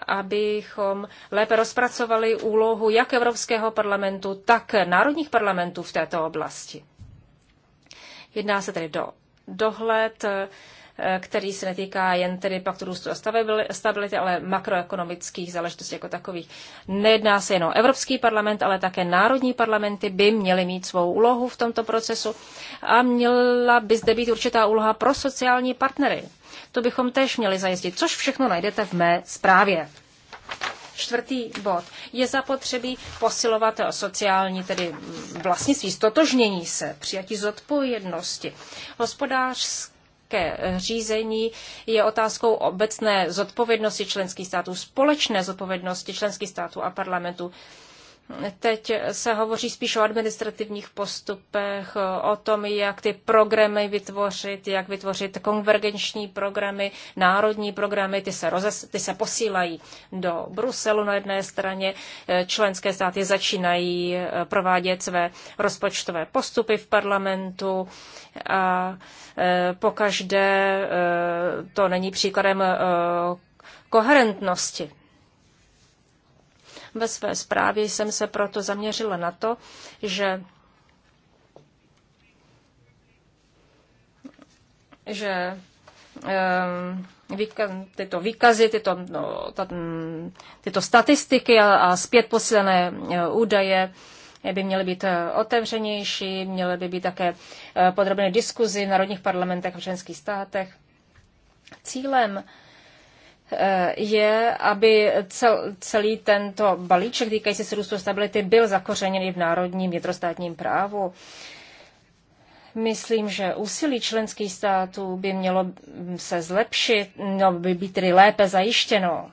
abychom lépe rozpracovali úlohu jak Evropského parlamentu, tak národních parlamentů v této oblasti. Jedná se tedy do dohled, eh, který se netýká jen tedy paktu růstu a stability, ale makroekonomických záležitostí jako takových. Nejedná se jen o Evropský parlament, ale také národní parlamenty by měly mít svou úlohu v tomto procesu a měla by zde být určitá úloha pro sociální partnery to bychom též měli zajistit, což všechno najdete v mé zprávě. Čtvrtý bod. Je zapotřebí posilovat sociální, tedy vlastnictví, stotožnění se, přijatí zodpovědnosti. Hospodářské řízení je otázkou obecné zodpovědnosti členských států, společné zodpovědnosti členských států a parlamentu. Teď se hovoří spíš o administrativních postupech, o tom, jak ty programy vytvořit, jak vytvořit konvergenční programy, národní programy, ty se, rozes, ty se posílají do Bruselu na jedné straně. Eh, členské státy začínají eh, provádět své rozpočtové postupy v parlamentu a eh, pokaždé to není příkladem koherentnosti ve své zprávě jsem se proto zaměřila na to, že že ehm, Výka, tyto výkazy, tyto, no, ta, mm, tyto statistiky a, a zpět posílené e, údaje by měly být e, otevřenější, měly by být také e, podrobné diskuzi v národních parlamentech a v členských státech. Cílem Eh, je, aby cel, celý tento balíček týkající se růstu stability byl zakořeněný v národním vnitrostátním právu. Myslím, že úsilí členských států by mělo se zlepšit, no, by být tedy lépe zajištěno.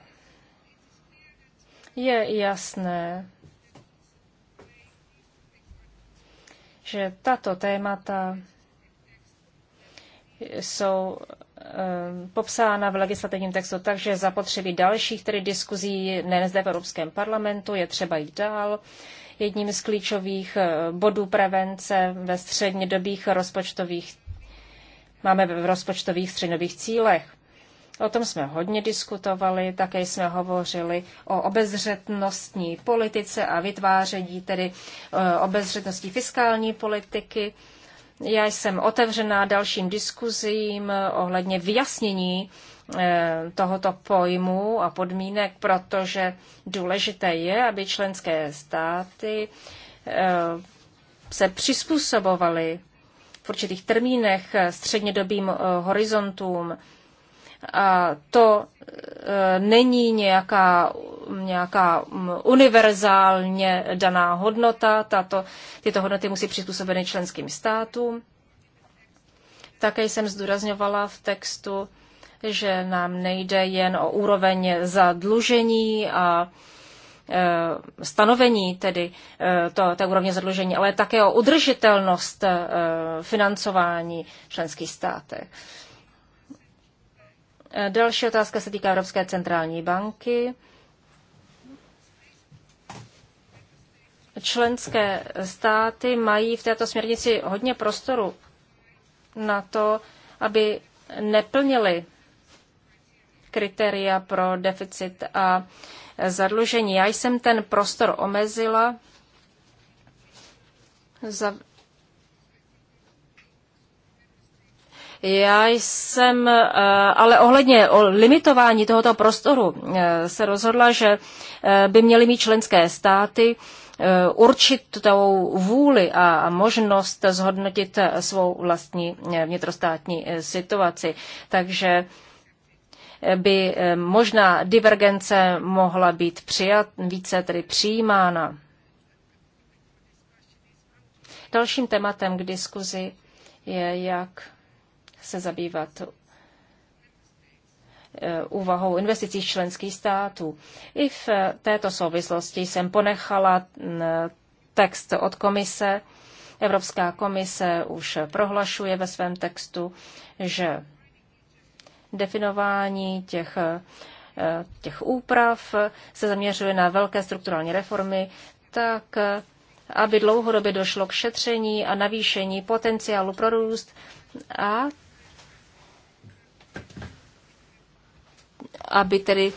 Je jasné, že tato témata jsou Eh, popsána v legislativním textu, takže zapotřebí dalších tedy diskuzí ne zde v Evropském parlamentu, je třeba jít dál. Jedním z klíčových eh, bodů prevence ve střednědobých rozpočtových máme v rozpočtových střednědobých cílech. O tom jsme hodně diskutovali, také jsme hovořili o obezřetnostní politice a vytváření tedy eh, obezřetnosti fiskální politiky. Já jsem otevřená dalším diskuzím ohledně vyjasnění eh, tohoto pojmu a podmínek, protože důležité je, aby členské státy eh, se přizpůsobovaly v určitých termínech eh, střednědobým horizontům to e, není nějaká, nějaká univerzálně daná hodnota. Tato, tyto hodnoty musí přizpůsobeny členským státům. Také jsem zdůrazňovala v textu, že nám nejde jen o úroveň zadlužení a e, stanovení tedy e, to, té úrovně zadlužení, ale také o udržitelnost financování členských státech. Eh, další otázka se týká Evropské centrální banky. Členské státy mají v této směrnici hodně prostoru na to, aby neplnili kritéria pro deficit a zadlužení. Já jsem ten prostor omezila, Já jsem eh, ale ohledně o limitování tohoto prostoru eh, se rozhodla, že eh, by měly mít členské státy určitou vůli a možnost zhodnotit svou vlastní vnitrostátní situaci. Takže by možná divergence mohla být přijat, více tedy přijímána. Dalším tématem k diskuzi je, jak se zabývat eh, úvahou investicí členských států. I v eh, této souvislosti jsem ponechala mm, text od komise. Evropská komise už prohlašuje ve svém textu, že definování těch, eh, těch úprav se zaměřuje na velké strukturální reformy, tak aby dlouhodobě došlo k šetření a navýšení potenciálu pro růst a aby tedy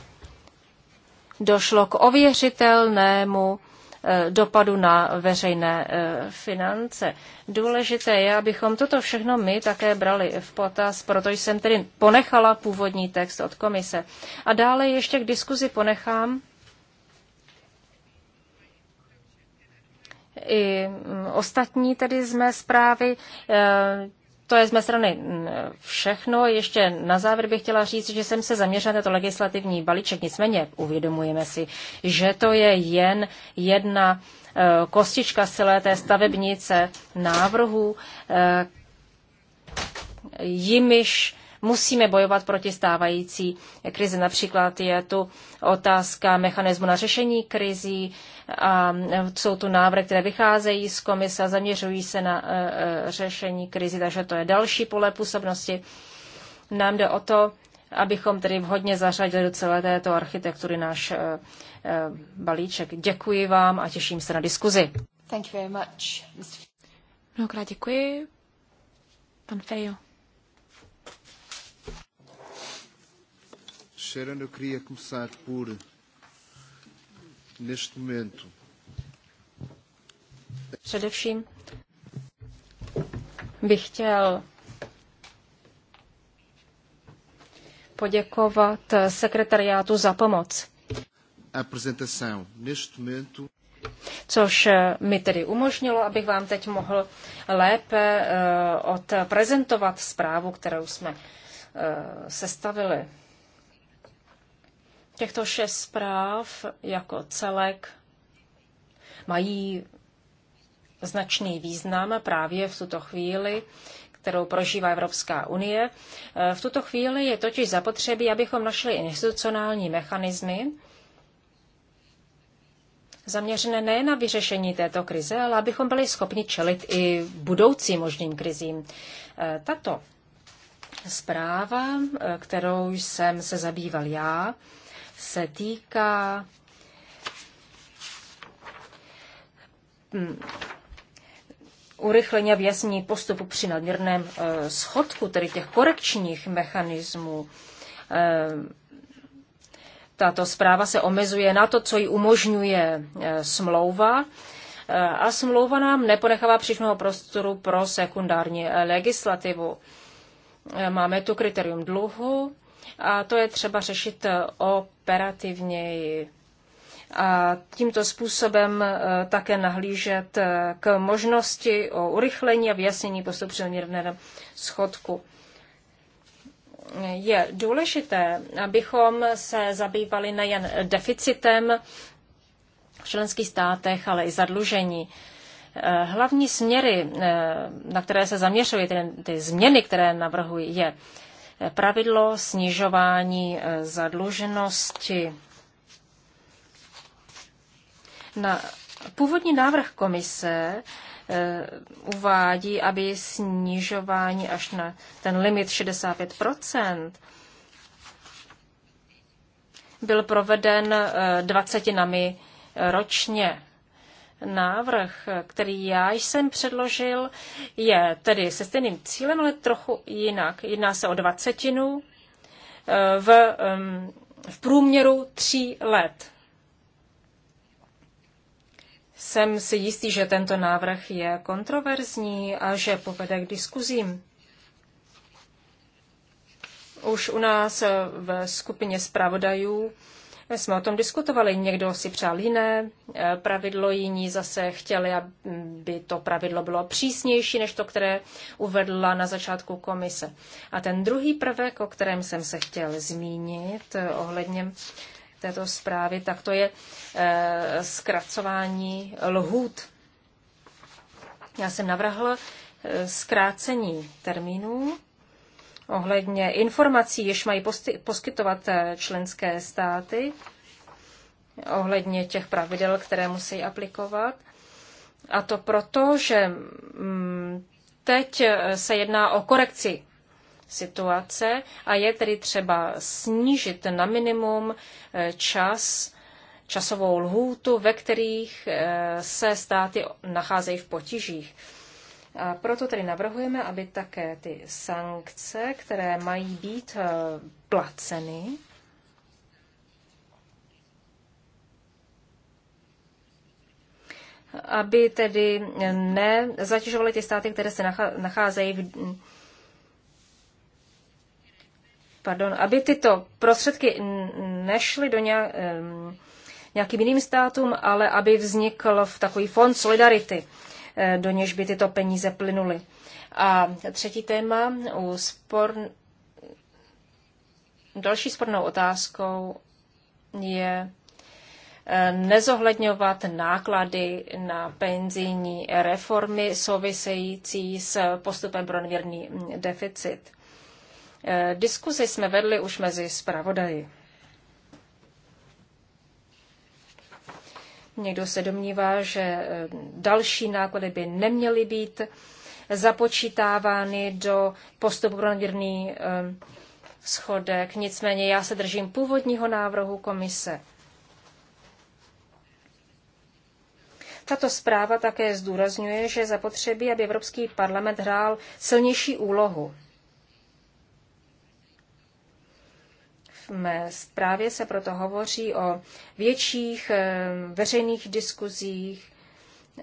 došlo k ověřitelnému eh, dopadu na veřejné eh, finance. Důležité je, abychom toto všechno my také brali v potaz, Protože jsem tedy ponechala původní text od komise. A dále ještě k diskuzi ponechám i mm, ostatní tedy z mé zprávy, eh, to je z mé strany mm, všechno. Ještě na závěr bych chtěla říct, že jsem se zaměřila na to legislativní balíček, nicméně uvědomujeme si, že to je jen jedna eh, kostička z celé té stavebnice návrhů, eh, jimiž musíme bojovat proti stávající krizi. Například je tu otázka mechanismu na řešení krizí, a e, jsou tu návrhy, které vycházejí z komise a zaměřují se na e, e, řešení krizi, takže to je další pole působnosti. Nám jde o to, abychom tedy vhodně zařadili do celé této architektury náš balíček. Děkuji vám a těším se na diskuzi. Thank you very much. Mnohokrát děkuji. Pan Fejo. Sharon, eu queria começar por neste momento. Především bych chtěl poděkovat sekretariátu za pomoc. Což mi tedy umožnilo, abych vám teď mohl lépe eh, odprezentovat zprávu, kterou jsme eh, sestavili. Těchto šest zpráv jako celek mají značný význam právě v tuto chvíli, kterou prožívá Evropská unie. V tuto chvíli je totiž zapotřebí, abychom našli institucionální mechanismy zaměřené nejen na vyřešení této krize, ale abychom byli schopni čelit i budoucím možným krizím. Tato zpráva, kterou jsem se zabýval já, se týká hmm, urychlení a vyjasnění postupu při nadměrném eh, schodku, tedy těch korekčních mechanismů. Eh, tato zpráva se omezuje na to, co ji umožňuje eh, smlouva a smlouva nám neponechává příšného prostoru pro sekundární legislativu. Máme tu kritérium dluhu, a to je třeba řešit eh, operativněji. A tímto způsobem eh, také nahlížet eh, k možnosti o urychlení a vyjasnění postupu přeměrného schodku je důležité, abychom se zabývali nejen deficitem v členských státech, ale i zadlužení. Hlavní směry, na které se zaměřují, ty, ty změny, které navrhují, je pravidlo snižování eh, zadluženosti. Na původní návrh komise eh, uvádí, aby snižování až na ten limit 65 byl proveden eh, dvacetinami ročně návrh, který já jsem předložil, je tedy se stejným cílem, ale trochu jinak. Jedná se o dvacetinu eh, v, v průměru tří let. Jsem si jistý, že tento návrh je kontroverzní a že povede k diskuzím. Už u nás eh, v skupině zpravodajů my jsme o tom diskutovali. Někdo si přál jiné eh, pravidlo, jiní zase chtěli, aby to pravidlo bylo přísnější než to, které uvedla na začátku komise. A ten druhý prvek, o kterém jsem se chtěl zmínit eh, ohledně této zprávy, tak to je eh, zkracování lhůt. Já jsem navrhl zkrácení termínů ohledně informací, jež mají poskytovat eh, členské státy, ohledně těch pravidel, které musí aplikovat. A to proto, že mm, teď eh, se jedná o korekci situace a je tedy třeba snížit na minimum eh, čas, časovou lhůtu, ve kterých se státy nacházejí v potížích. A proto tedy navrhujeme, aby také ty sankce, které mají být eh, placeny, aby tedy nezatěžovaly ty státy, které se nacházejí v pardon, aby tyto prostředky nešly do nějak, nějakým jiným státům, ale aby vznikl v takový fond solidarity Eh, do něž by tyto peníze plynuly. A třetí téma, u spor... další spornou otázkou je eh, nezohledňovat náklady na penzijní reformy související s postupem pro nadměrný deficit. Eh, diskuzi jsme vedli už mezi zpravodaji. Někdo se domnívá, že eh, další náklady by neměly být započítávány do postupu pro nadměrný eh, schodek. Nicméně já se držím původního návrhu komise. Tato zpráva také zdůrazňuje, že zapotřebí, aby Evropský parlament hrál silnější úlohu mé zprávě se proto hovoří o větších eh, veřejných diskuzích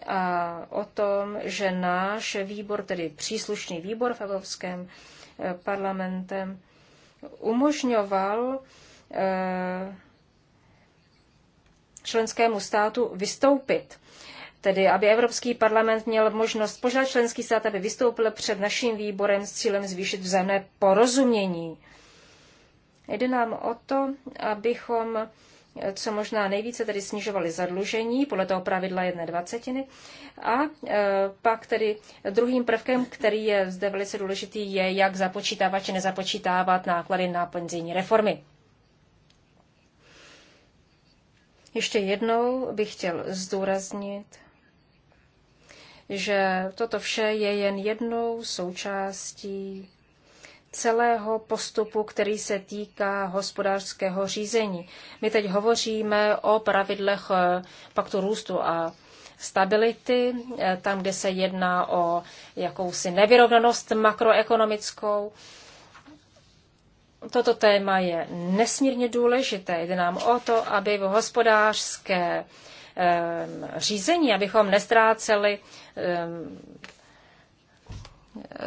a o tom, že náš výbor, tedy příslušný výbor v Evropském eh, parlamentem, umožňoval eh, členskému státu vystoupit. Tedy, aby Evropský parlament měl možnost požádat členský stát, aby vystoupil před naším výborem s cílem zvýšit vzájemné porozumění Jde nám o to, abychom co možná nejvíce tedy snižovali zadlužení podle toho pravidla jedné dvacetiny. A e, pak tedy druhým prvkem, který je zde velice důležitý, je, jak započítávat či nezapočítávat náklady na penzijní reformy. Ještě jednou bych chtěl zdůraznit, že toto vše je jen jednou součástí celého postupu, který se týká hospodářského řízení. My teď hovoříme o pravidlech eh, paktu růstu a stability, eh, tam, kde se jedná o jakousi nevyrovnanost makroekonomickou. Toto téma je nesmírně důležité. Jde nám o to, aby v hospodářské eh, řízení, abychom nestráceli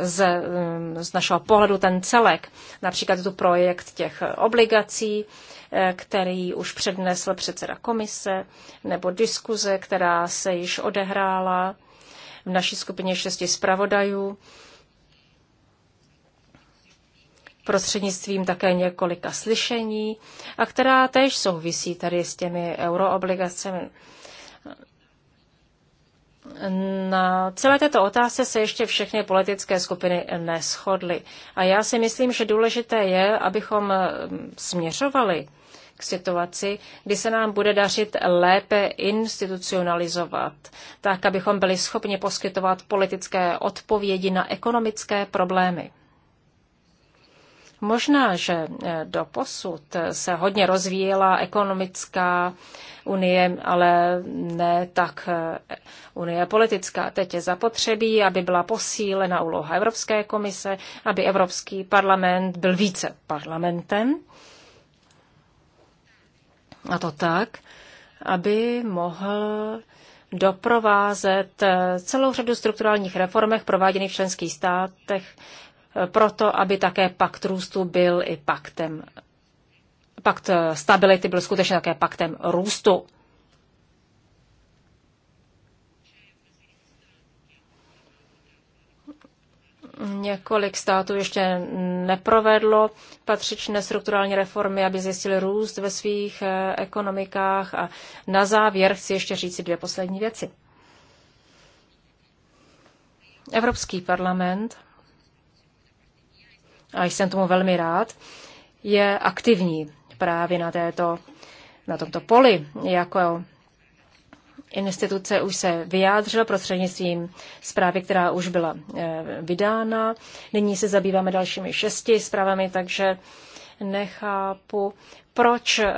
z, mm, z našeho pohledu ten celek, například tu projekt těch obligací, eh, který už přednesl předseda komise, nebo diskuze, která se již odehrála v naší skupině šesti zpravodajů, prostřednictvím také několika slyšení, a která též souvisí tady s těmi euroobligacemi na celé této otázce se ještě všechny politické skupiny neschodly. A já si myslím, že důležité je, abychom eh, směřovali k situaci, kdy se nám bude dařit lépe institucionalizovat, tak abychom byli schopni poskytovat politické odpovědi na ekonomické problémy. Možná, že eh, do posud se hodně rozvíjela ekonomická unie, ale ne tak eh, unie politická. Teď je zapotřebí, aby byla posílena úloha Evropské komise, aby Evropský parlament byl více parlamentem. A to tak, aby mohl doprovázet eh, celou řadu strukturálních reformech prováděných v členských státech, eh, proto aby také pakt růstu byl i paktem pakt eh, stability byl skutečně také paktem růstu. Několik států ještě neprovedlo patřičné strukturální reformy, aby zjistili růst ve svých eh, ekonomikách. A na závěr chci ještě říct si dvě poslední věci. Evropský parlament, a jsem tomu velmi rád, je aktivní právě na, této, na tomto poli. Jako instituce už se vyjádřila prostřednictvím zprávy, která už byla eh, vydána. Nyní se zabýváme dalšími šesti zprávami, takže nechápu, proč eh,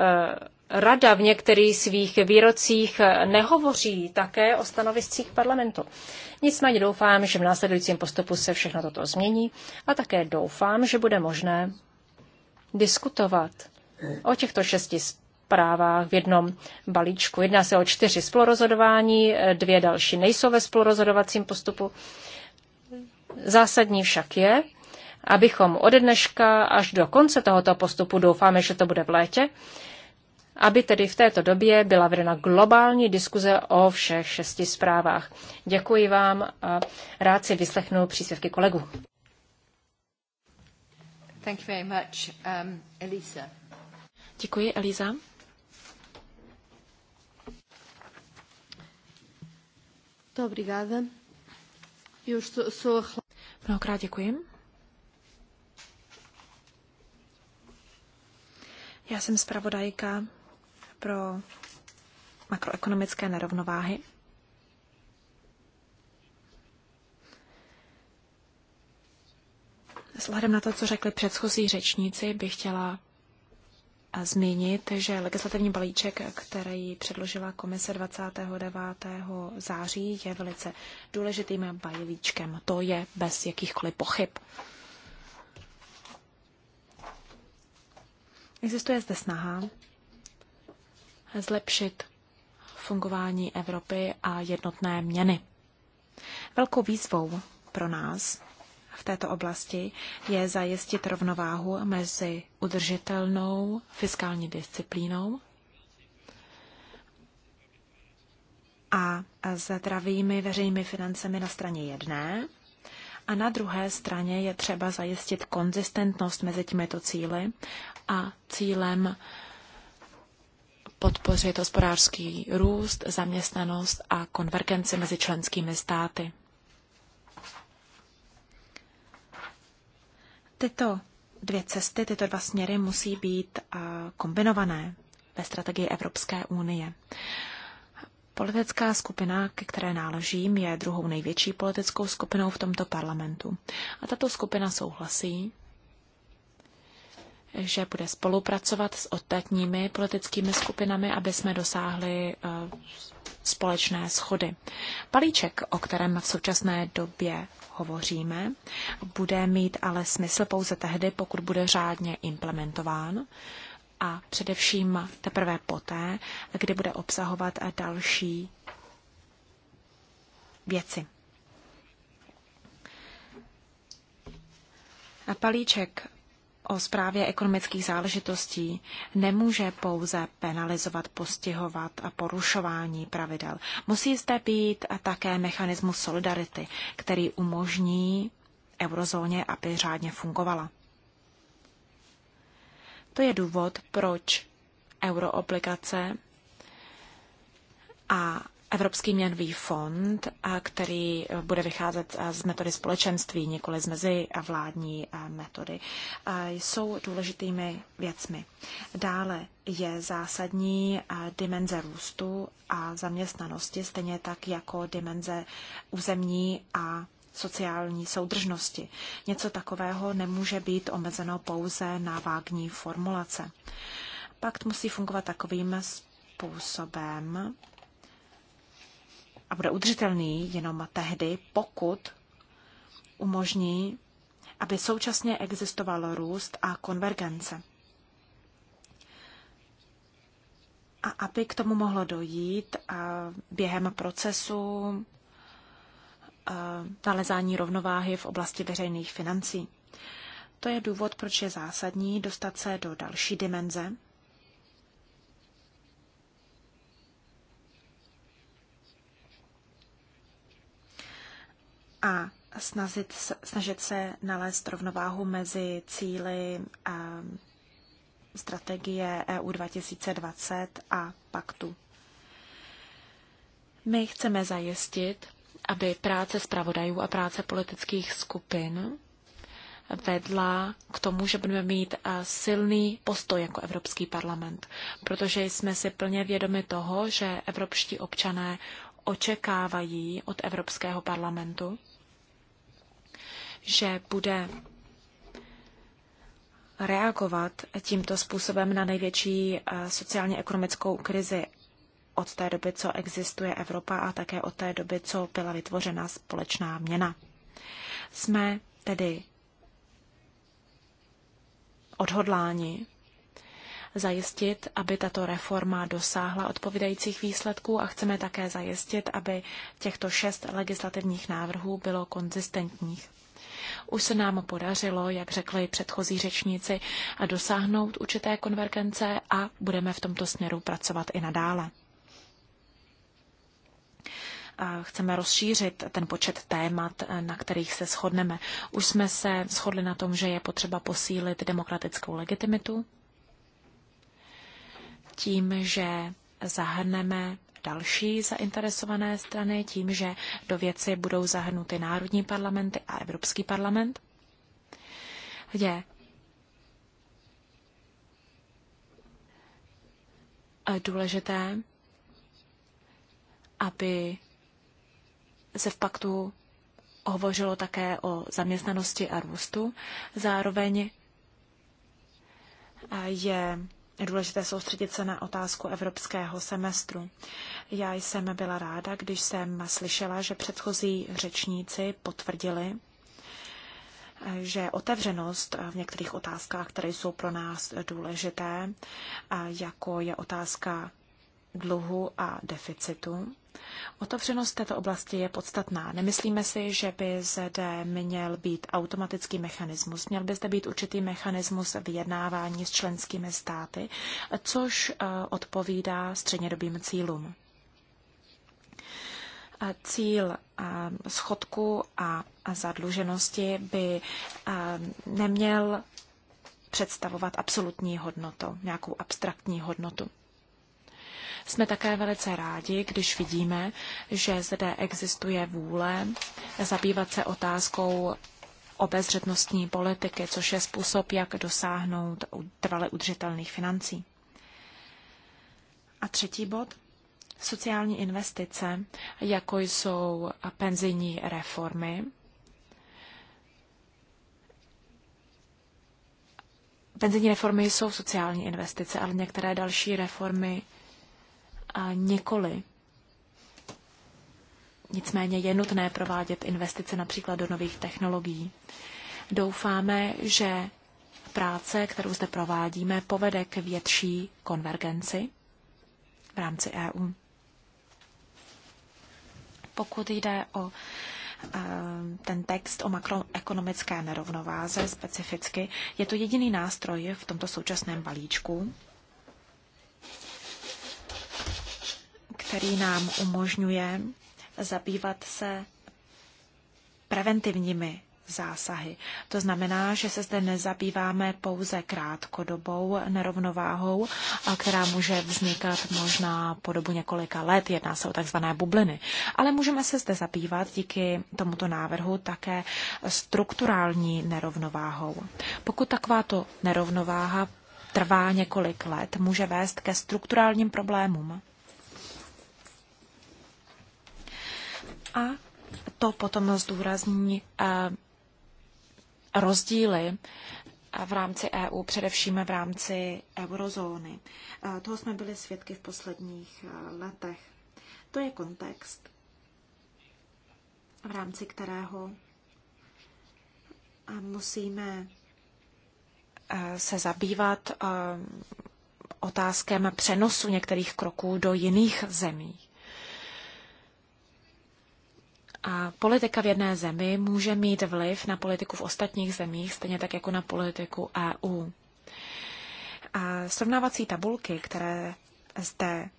Rada v některých svých výrocích eh, nehovoří také o stanoviscích parlamentu. Nicméně doufám, že v následujícím postupu se všechno toto změní a také doufám, že bude možné diskutovat o těchto šesti zprávách v jednom balíčku. Jedná se o čtyři spolurozhodování, dvě další nejsou ve spolurozhodovacím postupu. Zásadní však je, abychom ode dneška až do konce tohoto postupu, doufáme, že to bude v létě, aby tedy v této době byla vedena globální diskuze o všech šesti zprávách. Děkuji vám a rád si vyslechnu příspěvky kolegů. Thank you very much, um, Elisa. Děkuji, Eliza. Mnohokrát děkuji. Já jsem zpravodajka pro makroekonomické nerovnováhy. Vzhledem na to, co řekli předchozí řečníci, bych chtěla zmínit, že legislativní balíček, který předložila komise 29. září, je velice důležitým balíčkem. To je bez jakýchkoliv pochyb. Existuje zde snaha zlepšit fungování Evropy a jednotné měny. Velkou výzvou pro nás v této oblasti je zajistit rovnováhu mezi udržitelnou fiskální disciplínou a zdravými veřejnými financemi na straně jedné a na druhé straně je třeba zajistit konzistentnost mezi těmito cíly a cílem podpořit hospodářský růst, zaměstnanost a konvergenci mezi členskými státy. Tyto dvě cesty, tyto dva směry musí být eh, kombinované ve strategii Evropské unie. Politická skupina, ke které náležím, je druhou největší politickou skupinou v tomto parlamentu. A tato skupina souhlasí, že bude spolupracovat s ostatními politickými skupinami, aby jsme dosáhli eh, společné schody. Palíček, o kterém v současné době hovoříme, bude mít ale smysl pouze tehdy, pokud bude řádně implementován a především teprve poté, kdy bude obsahovat další věci. A palíček o zprávě ekonomických záležitostí nemůže pouze penalizovat, postihovat a porušování pravidel. Musí zde být také mechanismus solidarity, který umožní eurozóně, aby řádně fungovala. To je důvod, proč euroobligace a Evropský měnový fond, a který eh, bude vycházet eh, z metody společenství, nikoli z eh, vládní metody, jsou důležitými věcmi. Dále je zásadní dimenze růstu a zaměstnanosti, stejně tak jako dimenze územní a sociální soudržnosti. Něco takového nemůže být omezeno pouze na vágní formulace. Pakt musí fungovat takovým způsobem, a bude udržitelný jenom tehdy, pokud umožní, aby současně existoval růst a konvergence. A aby k tomu mohlo dojít a během procesu nalezání rovnováhy v oblasti veřejných financí. To je důvod, proč je zásadní dostat se do další dimenze, a snažit se, snažit se nalézt rovnováhu mezi cíly ehm, strategie EU 2020 a paktu. My chceme zajistit, aby práce zpravodajů a práce politických skupin vedla k tomu, že budeme mít eh, silný postoj jako Evropský parlament, protože jsme si plně vědomi toho, že evropští občané očekávají od Evropského parlamentu, že bude reagovat tímto způsobem na největší eh, sociálně ekonomickou krizi od té doby, co existuje Evropa a také od té doby, co byla vytvořena společná měna. Jsme tedy odhodláni zajistit, aby tato reforma dosáhla odpovídajících výsledků a chceme také zajistit, aby těchto šest legislativních návrhů bylo konzistentních. Už se nám podařilo, jak řekli předchozí řečníci, dosáhnout určité konvergence a budeme v tomto směru pracovat i nadále. Chceme rozšířit ten počet témat, na kterých se shodneme. Už jsme se shodli na tom, že je potřeba posílit demokratickou legitimitu tím, že zahrneme další zainteresované strany tím, že do věci budou zahrnuty národní parlamenty a Evropský parlament. Je důležité, aby se v paktu hovořilo také o zaměstnanosti a růstu. Zároveň je důležité soustředit se na otázku evropského semestru. Já jsem byla ráda, když jsem slyšela, že předchozí řečníci potvrdili, že otevřenost v některých otázkách, které jsou pro nás důležité, jako je otázka dluhu a deficitu, Otevřenost této oblasti je podstatná. Nemyslíme si, že by zde měl být automatický mechanismus. Měl by zde být určitý mechanismus vyjednávání s členskými státy, což eh, odpovídá střednědobým cílům. Eh, cíl eh, schodku a zadluženosti by neměl představovat absolutní hodnotu, nějakou abstraktní hodnotu. Jsme také velice rádi, když vidíme, že zde existuje vůle zabývat se otázkou obezřetnostní politiky, což je způsob, jak dosáhnout trvale udržitelných financí. A třetí bod. Sociální investice, jako jsou penzijní reformy, Penzijní reformy jsou sociální investice, ale některé další reformy nikoli. Nicméně je nutné provádět investice například do nových technologií. Doufáme, že práce, kterou zde provádíme, povede k větší konvergenci v rámci EU. Pokud jde o eh, ten text o makroekonomické nerovnováze specificky, je to jediný nástroj v tomto současném balíčku, který nám umožňuje zabývat se preventivními zásahy. To znamená, že se zde nezabýváme pouze krátkodobou nerovnováhou, která může vznikat možná po dobu několika let, jedná se o takzvané bubliny. Ale můžeme se zde zabývat díky tomuto návrhu také strukturální nerovnováhou. Pokud takováto nerovnováha trvá několik let, může vést ke strukturálním problémům. A to potom zdůrazní eh, rozdíly eh, v rámci EU, především v rámci eurozóny. Eh, toho jsme byli svědky v posledních letech. To je kontext, v rámci kterého musíme se zabývat otázkem přenosu některých kroků do jiných zemí politika v jedné zemi může mít vliv na politiku v ostatních zemích, stejně tak jako na politiku EU. A srovnávací tabulky, které zde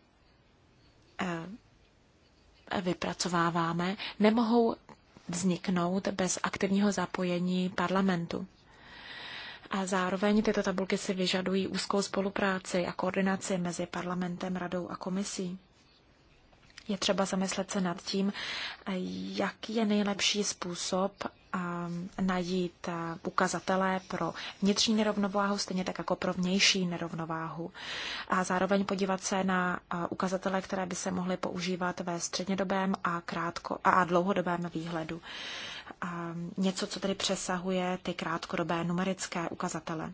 eh, vypracováváme, nemohou vzniknout bez aktivního zapojení parlamentu. A zároveň tyto tabulky si vyžadují úzkou spolupráci a koordinaci mezi parlamentem, radou a komisí. Je třeba zamyslet se nad tím, jak je nejlepší způsob najít ukazatele pro vnitřní nerovnováhu, stejně tak jako pro vnější nerovnováhu. A zároveň podívat se na ukazatele, které by se mohly používat ve střednědobém a, krátko, a dlouhodobém výhledu. A něco, co tedy přesahuje ty krátkodobé numerické ukazatele.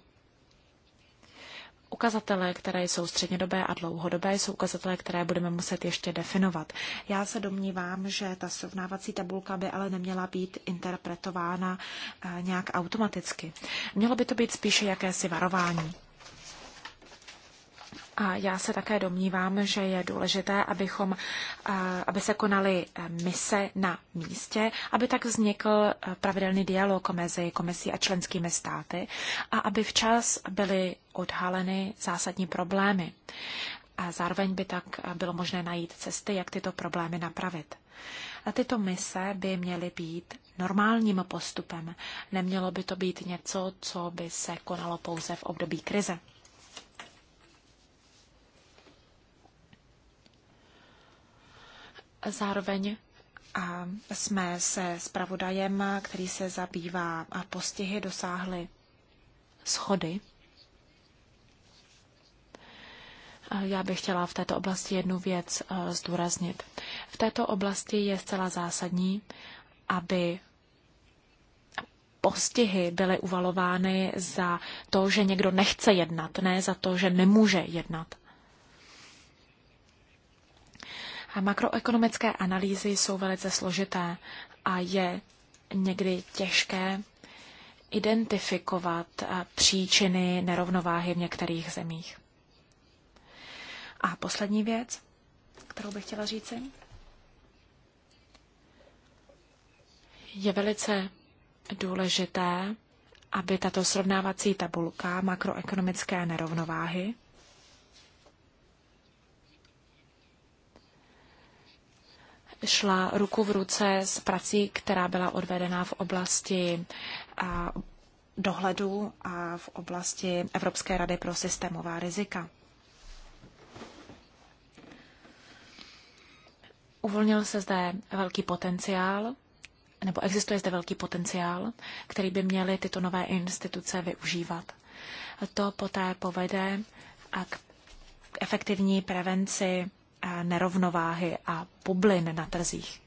Ukazatele, které jsou střednědobé a dlouhodobé, jsou ukazatele, které budeme muset ještě definovat. Já se domnívám, že ta srovnávací tabulka by ale neměla být interpretována eh, nějak automaticky. Mělo by to být spíše jakési varování. A já se také domnívám, že je důležité, abychom, eh, aby se konaly eh, mise na místě, aby tak vznikl eh, pravidelný dialog mezi komisí a členskými státy a aby včas byly odhaleny zásadní problémy. A zároveň by tak bylo možné najít cesty, jak tyto problémy napravit. A tyto mise by měly být normálním postupem. Nemělo by to být něco, co by se konalo pouze v období krize. Zároveň a jsme se zpravodajem, který se zabývá a postihy, dosáhli schody. Já bych chtěla v této oblasti jednu věc e, zdůraznit. V této oblasti je zcela zásadní, aby postihy byly uvalovány za to, že někdo nechce jednat, ne za to, že nemůže jednat. Makroekonomické analýzy jsou velice složité a je někdy těžké identifikovat eh, příčiny nerovnováhy v některých zemích. A poslední věc, kterou bych chtěla říci, je velice důležité, aby tato srovnávací tabulka makroekonomické nerovnováhy šla ruku v ruce s prací, která byla odvedena v oblasti dohledu a v oblasti Evropské rady pro systémová rizika. Uvolnil se zde velký potenciál, nebo existuje zde velký potenciál, který by měly tyto nové instituce využívat. To poté povede a k efektivní prevenci nerovnováhy a bublin na trzích.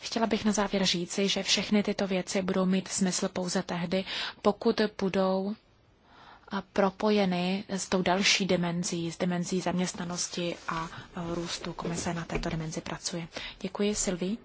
Chtěla bych na závěr říci, že všechny tyto věci budou mít smysl pouze tehdy, pokud budou propojeny s tou další dimenzí, s dimenzí zaměstnanosti a e, růstu. Komise na této dimenzi pracuje. Děkuji, Sylvie.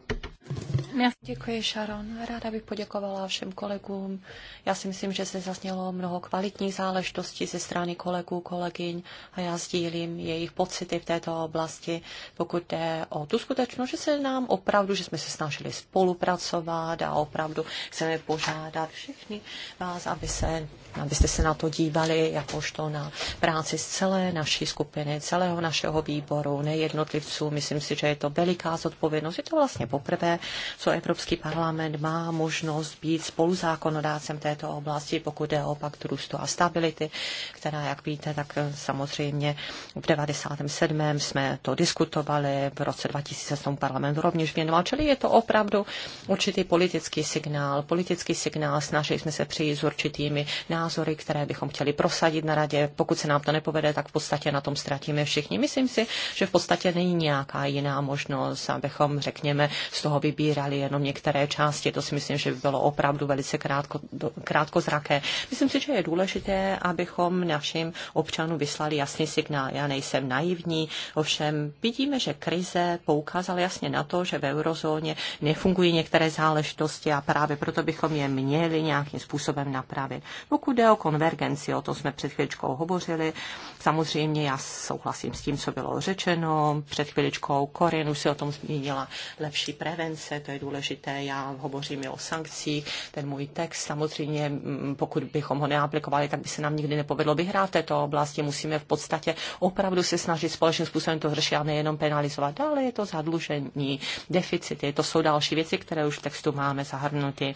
Děkuji, Sharon. Ráda bych poděkovala všem kolegům. Já si myslím, že se zaznělo mnoho kvalitních záležitostí ze strany kolegů, kolegyň a já sdílím jejich pocity v této oblasti, pokud jde o tu skutečnost, že se nám opravdu, že jsme se snažili spolupracovat a opravdu chceme požádat všechny vás, aby se, abyste se na to dívali jakožto na práci z celé naší skupiny, celého našeho výboru, nejednotlivců. Myslím si, že je to veliká zodpovědnost. Je to vlastně poprvé, co Evropský parlament má možnost být spoluzákonodácem této oblasti, pokud je o pakt růstu a stability, která, jak víte, tak samozřejmě v 97. jsme to diskutovali, v roce 2007 parlament rovněž věnoval, čili je to opravdu určitý politický signál, politický signál, snažili jsme se přijít s určitými názory, které bychom chtěli prosadit na radě. Pokud se nám to nepovede, tak v podstatě na tom ztratíme všichni. Myslím si, že v podstatě není nějaká jiná možnost, abychom, řekněme, z toho vybírali jenom některé části. To si myslím, že by bylo opravdu velice krátko, krátkozraké. Myslím si, že je důležité, abychom našim občanům vyslali jasný signál. Já nejsem naivní, ovšem vidíme, že krize poukázala jasně na to, že v eurozóně nefungují některé záležitosti a právě proto bychom je měli nějakým způsobem napravit. Pokud jde o konvergenci, o tom jsme před chvíličkou hovořili, samozřejmě já souhlasím s tím, co bylo řečeno, před chvíličkou Korin už se o tom zmínila, lepší prevenci prevence, to je důležité, já hovořím i o sankcích, ten můj text samozřejmě, pokud bychom ho neaplikovali, tak by se nám nikdy nepovedlo vyhrát v této oblasti, musíme v podstatě opravdu se snažit společným způsobem to řešit a nejenom penalizovat. ale je to zadlužení, deficity, to jsou další věci, které už v textu máme zahrnuty.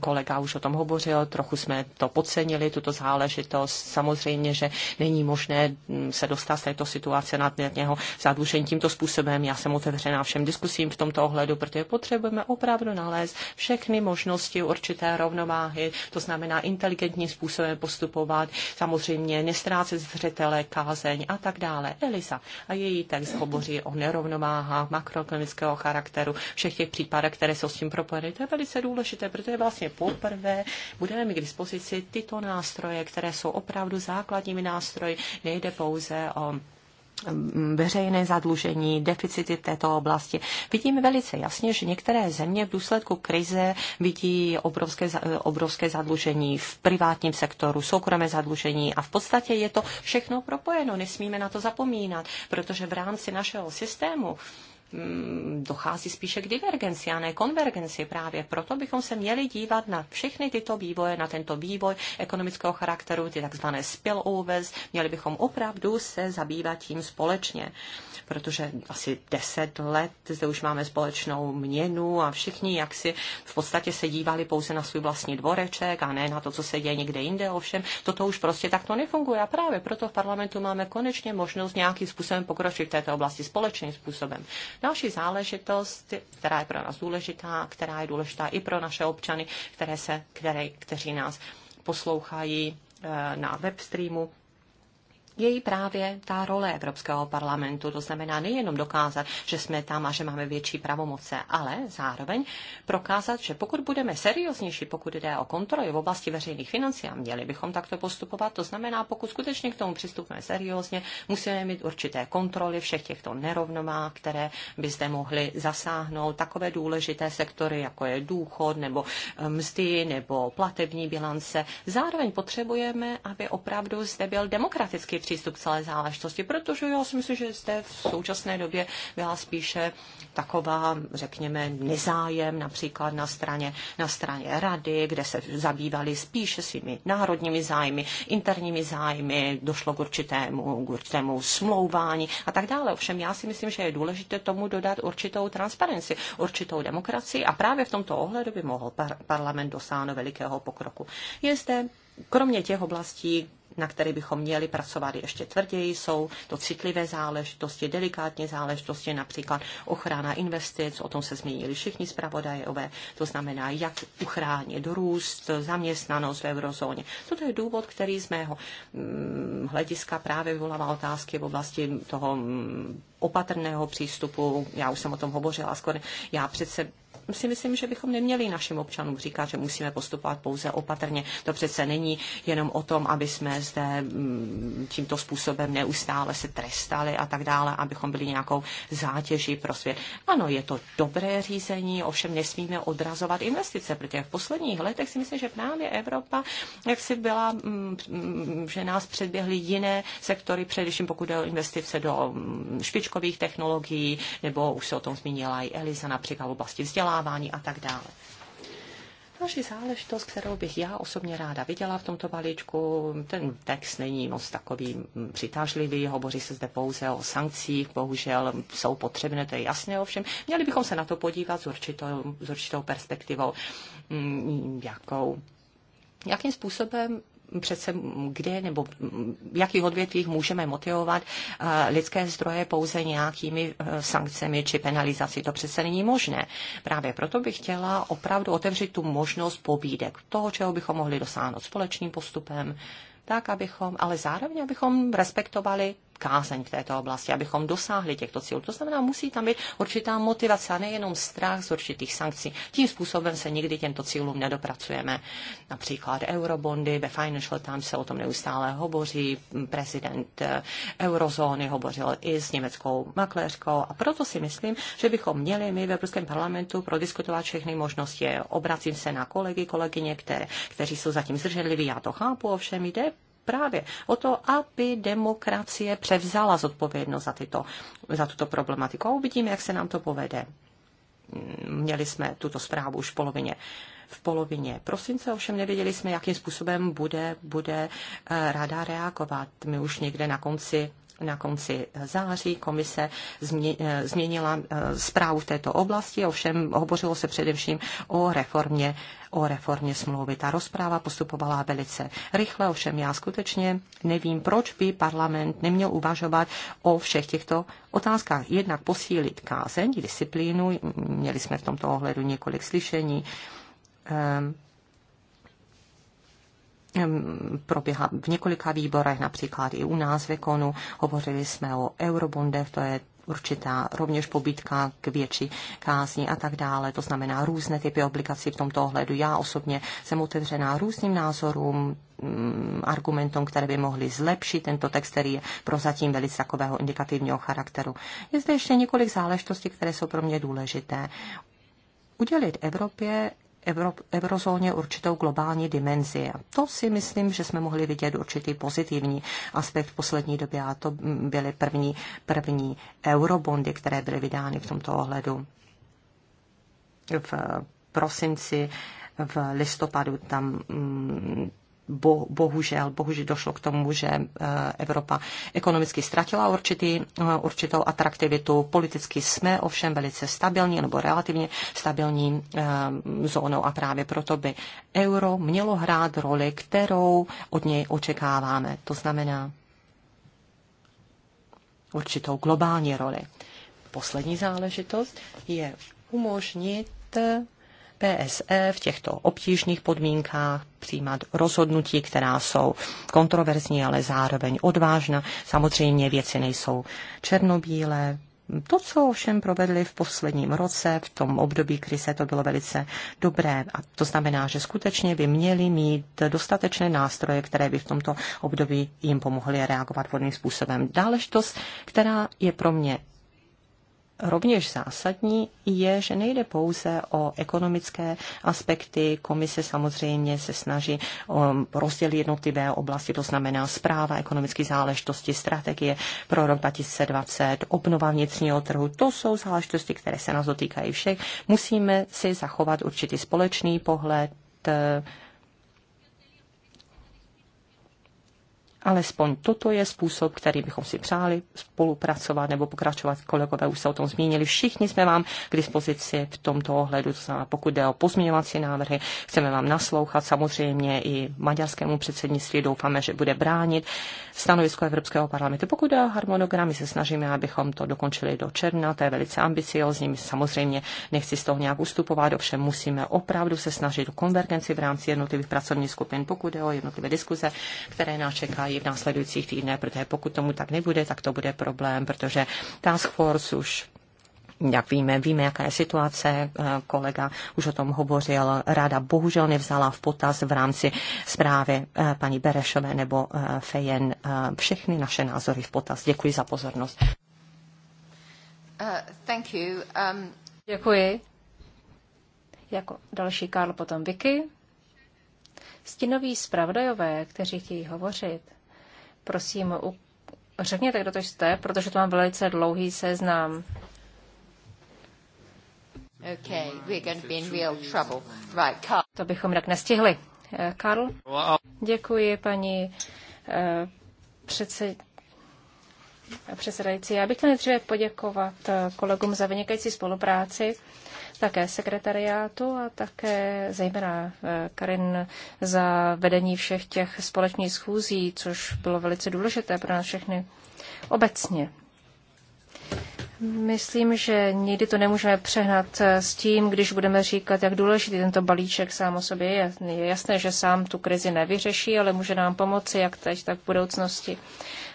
Kolega už o tom hovořil, trochu jsme to podcenili, tuto záležitost. Samozřejmě, že není možné se dostat z této situace nad něho zadlužení tímto způsobem. Já jsem otevřená všem diskusím v tomto ohledu, protože Evropě. Potřebujeme opravdu nalézt všechny možnosti určité rovnováhy, to znamená inteligentním způsobem postupovat, samozřejmě nestrácet zřetele, kázeň a tak dále. Elisa a její text hovoří o nerovnováhách makroekonomického charakteru, všech těch případech, které jsou s tím propojeny. To je velice důležité, protože vlastně poprvé budeme mít k dispozici tyto nástroje, které jsou opravdu základními nástroji. Nejde pouze o Mm, veřejné zadlužení, deficity v této oblasti. Vidíme velice jasně, že některé země v důsledku krize vidí obrovské, eh, obrovské zadlužení v privátním sektoru, soukromé zadlužení a v podstatě je to všechno propojeno. Nesmíme na to zapomínat, protože v rámci našeho systému Mm, dochází spíše k divergenci a ne konvergenci. Právě proto bychom se měli dívat na všechny tyto vývoje, na tento vývoj ekonomického charakteru, ty takzvané spillovers. Měli bychom opravdu se zabývat tím společně, protože asi deset let zde už máme společnou měnu a všichni jaksi v podstatě se dívali pouze na svůj vlastní dvoreček a ne na to, co se děje někde jinde. Ovšem, toto už prostě takto nefunguje a právě proto v parlamentu máme konečně možnost nějakým způsobem pokročit v této oblasti společným způsobem. Další záležitost, která je pro nás důležitá, která je důležitá i pro naše občany, které se, které, kteří nás poslouchají eh, na webstreamu, je právě ta role Evropského parlamentu. To znamená nejenom dokázat, že jsme tam a že máme větší pravomoce, ale zároveň prokázat, že pokud budeme serióznější, pokud jde o kontroly v oblasti veřejných financí a měli bychom takto postupovat, to znamená, pokud skutečně k tomu přistupujeme seriózně, musíme mít určité kontroly všech těchto nerovnomách, které by zde mohly zasáhnout takové důležité sektory, jako je důchod nebo eh, mzdy nebo platební bilance. Zároveň potřebujeme, aby opravdu zde byl demokratický přístup k celé záležitosti, protože já si myslím, že zde v současné době byla spíše taková, řekněme, nezájem například na straně, na straně rady, kde se zabývali spíše svými národními zájmy, interními zájmy, došlo k určitému, k určitému smlouvání a tak dále. Ovšem já si myslím, že je důležité tomu dodat určitou transparenci, určitou demokracii a právě v tomto ohledu by mohl par- parlament dosáhnout velikého pokroku. Je zde kromě těch oblastí, na které bychom měli pracovat ještě tvrději. Jsou to citlivé záležitosti, delikátní záležitosti, například ochrana investic, o tom se zmínili všichni zpravodajové, to znamená, jak uchránit růst, zaměstnanost v eurozóně. Toto je důvod, který z mého mm, hlediska právě vyvolává otázky v oblasti toho mm, opatrného přístupu. Já už jsem o tom hovořila skoro. Já přece si myslím, že bychom neměli našim občanům říkat, že musíme postupovat pouze opatrně. To přece není jenom o tom, aby jsme zde mm, tímto způsobem neustále se trestali a tak dále, abychom byli nějakou zátěží pro svět. Ano, je to dobré řízení, ovšem nesmíme odrazovat investice, protože v posledních letech si myslím, že právě Evropa, jak si byla, mm, mm, že nás předběhly jiné sektory, především pokud je o investice do špičkových technologií, nebo už se o tom zmínila i Eliza, například v oblasti vzdělání vzdělávání a tak dále. Další záležitost, kterou bych já osobně ráda viděla v tomto balíčku, ten text není moc takový přitažlivý, hovoří se zde pouze o sankcích, bohužel jsou potřebné, to je jasné ovšem. Měli bychom se na to podívat s určitou, s určitou perspektivou, mm, jakou jakým způsobem přece kde nebo v jakých odvětvích můžeme motivovat eh, lidské zdroje pouze nějakými eh, sankcemi či penalizací. To přece není možné. Právě proto bych chtěla opravdu otevřít tu možnost pobídek, toho, čeho bychom mohli dosáhnout společným postupem, tak abychom, ale zároveň abychom respektovali kázeň v této oblasti, abychom dosáhli těchto cílů. To znamená, musí tam být určitá motivace a nejenom strach z určitých sankcí. Tím způsobem se nikdy těmto cílům nedopracujeme. Například eurobondy, ve Financial Times se o tom neustále hovoří, prezident eh, eurozóny hovořil i s německou makléřkou a proto si myslím, že bychom měli my ve Evropském parlamentu prodiskutovat všechny možnosti. Obracím se na kolegy, kolegyně, které, kteří jsou zatím zdrženliví, já to chápu, ovšem jde právě o to, aby demokracie převzala zodpovědnost za, tyto, za tuto problematiku. A uvidíme, jak se nám to povede. Měli jsme tuto zprávu už v polovině v polovině prosince, ovšem nevěděli jsme, jakým způsobem bude, bude eh, rada reagovat. My už někde na konci na konci září komise eh, změnila eh, zprávu v této oblasti, ovšem hovořilo se především o reformě o reformě smlouvy. Ta rozpráva postupovala velice rychle, ovšem já skutečně nevím, proč by parlament neměl uvažovat o všech těchto otázkách. Jednak posílit kázeň, disciplínu, měli jsme v tomto ohledu několik slyšení, eh, proběhla v několika výborech, například i u nás v Ekonu. Hovořili jsme o eurobondech, to je určitá rovněž pobytka k větší kázni a tak dále. To znamená různé typy obligací v tomto ohledu. Já osobně jsem otevřená různým názorům, mm, argumentům, které by mohly zlepšit tento text, který je prozatím velice takového indikativního charakteru. Je zde ještě několik záležitostí, které jsou pro mě důležité. Udělit Evropě Euro, eurozóně určitou globální dimenzi. A to si myslím, že jsme mohli vidět určitý pozitivní aspekt v poslední době a to byly první, první eurobondy, které byly vydány v tomto ohledu. V prosinci, v listopadu tam mm, bo, bohužel, bohužel došlo k tomu, že eh, Evropa ekonomicky ztratila určitý, eh, určitou atraktivitu. Politicky jsme ovšem velice stabilní nebo relativně stabilní eh, zónou a právě proto by euro mělo hrát roli, kterou od něj očekáváme. To znamená určitou globální roli. Poslední záležitost je umožnit PSE v těchto obtížných podmínkách přijímat rozhodnutí, která jsou kontroverzní, ale zároveň odvážná. Samozřejmě věci nejsou černobílé, to, co ovšem provedli v posledním roce, v tom období krize, to bylo velice dobré. A to znamená, že skutečně by měli mít dostatečné nástroje, které by v tomto období jim pomohly reagovat vhodným způsobem. Dále, která je pro mě rovněž zásadní je, že nejde pouze o ekonomické aspekty. Komise samozřejmě se snaží um, rozdělit jednotlivé oblasti, to znamená zpráva ekonomické záležitosti, strategie pro rok 2020, obnova vnitřního trhu. To jsou záležitosti, které se nás dotýkají všech. Musíme si zachovat určitý společný pohled, Alespoň toto je způsob, který bychom si přáli spolupracovat nebo pokračovat. Kolegové už se o tom zmínili. Všichni jsme vám k dispozici v tomto ohledu. To znamená, pokud jde o pozměňovací návrhy, chceme vám naslouchat. Samozřejmě i maďarskému předsednictví doufáme, že bude bránit stanovisko Evropského parlamentu. Pokud jde o harmonogramy, se snažíme, abychom to dokončili do června. To je velice ambiciozní. samozřejmě nechci z toho nějak ustupovat, ovšem musíme opravdu se snažit o konvergenci v rámci jednotlivých pracovních skupin, pokud jde o jednotlivé diskuze, které nás čekají i v následujících týdnech, protože pokud tomu tak nebude, tak to bude problém, protože Task Force už jak víme, víme, jaká je situace, eh, kolega už o tom hovořil, ráda bohužel nevzala v potaz v rámci zprávy eh, paní Berešové nebo eh, Fejen všechny naše názory v potaz. Děkuji za pozornost. Uh, thank you. Um... Děkuji. Jako další Karl, potom Vicky. Stinoví zpravodajové, kteří chtějí hovořit. Prosím, řekněte, kdo to jste, protože to mám velice dlouhý seznam. Okay, we're going to be in real trouble. Right, Carl. To bychom tak nestihli. Eh, Karl? Děkuji, paní eh, předsed... předsedající. Já bych chtěl nejdříve poděkovat eh, kolegům za vynikající spolupráci také sekretariátu a také zejména eh, Karin za vedení všech těch společných schůzí, což bylo velice důležité pro nás všechny obecně. Myslím, že nikdy to nemůžeme přehnat eh, s tím, když budeme říkat, jak důležitý tento balíček sám o sobě je. Je jasné, že sám tu krizi nevyřeší, ale může nám pomoci jak teď, tak v budoucnosti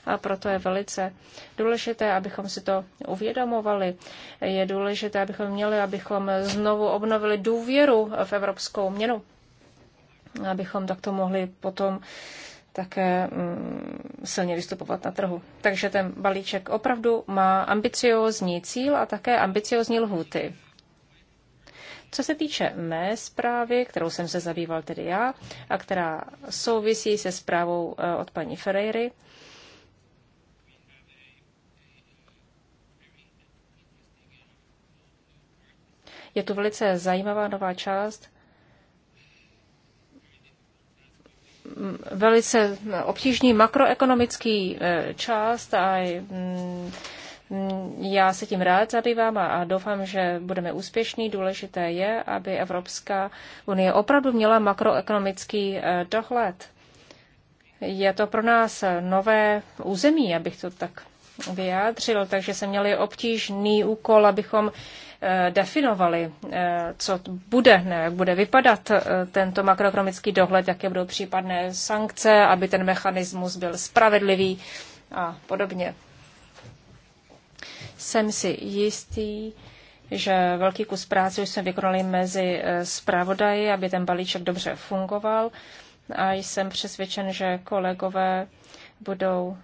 a proto je velice důležité, abychom si to uvědomovali. Je důležité, abychom měli, abychom znovu obnovili důvěru v evropskou měnu, abychom takto mohli potom také mm, silně vystupovat na trhu. Takže ten balíček opravdu má ambiciózní cíl a také ambiciózní lhuty. Co se týče mé zprávy, kterou jsem se zabýval tedy já a která souvisí se zprávou eh, od paní Ferreiry, Je tu velice zajímavá nová část. Velice obtížný makroekonomický e, část a mm, já se tím rád zabývám a doufám, že budeme úspěšní. Důležité je, aby Evropská unie opravdu měla makroekonomický e, dohled. Je to pro nás nové území, abych to tak vyjádřil, takže se měli obtížný úkol, abychom definovali, eh, co bude, ne, jak bude vypadat eh, tento makroekonomický dohled, jaké budou případné sankce, aby ten mechanismus byl spravedlivý a podobně. Jsem si jistý, že velký kus práce už jsme vykonali mezi eh, zpravodaji, aby ten balíček dobře fungoval. A jsem přesvědčen, že kolegové budou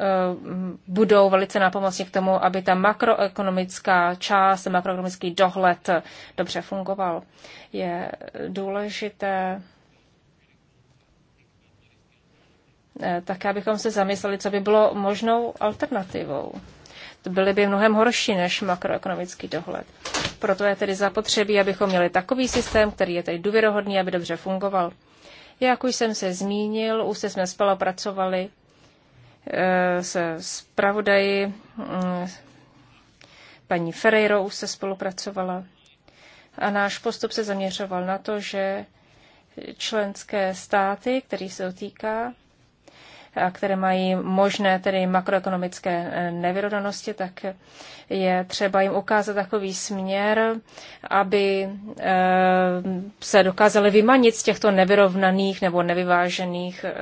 Eh, budou velice nápomocní k tomu, aby ta makroekonomická část, makroekonomický dohled dobře fungoval. Je důležité eh, také, abychom se zamysleli, co by bylo možnou alternativou. To byly by mnohem horší než makroekonomický dohled. Proto je tedy zapotřebí, abychom měli takový systém, který je tedy důvěrohodný, aby dobře fungoval. Jak už jsem se zmínil, už se jsme spolupracovali Eh, se zpravodaji. Mm, paní Ferreirou se spolupracovala a náš postup se zaměřoval na to, že členské státy, který se dotýká, které mají možné tedy makroekonomické eh, nevyrovnanosti, tak je třeba jim ukázat takový směr, aby eh, se dokázali vymanit z těchto nevyrovnaných nebo nevyvážených eh,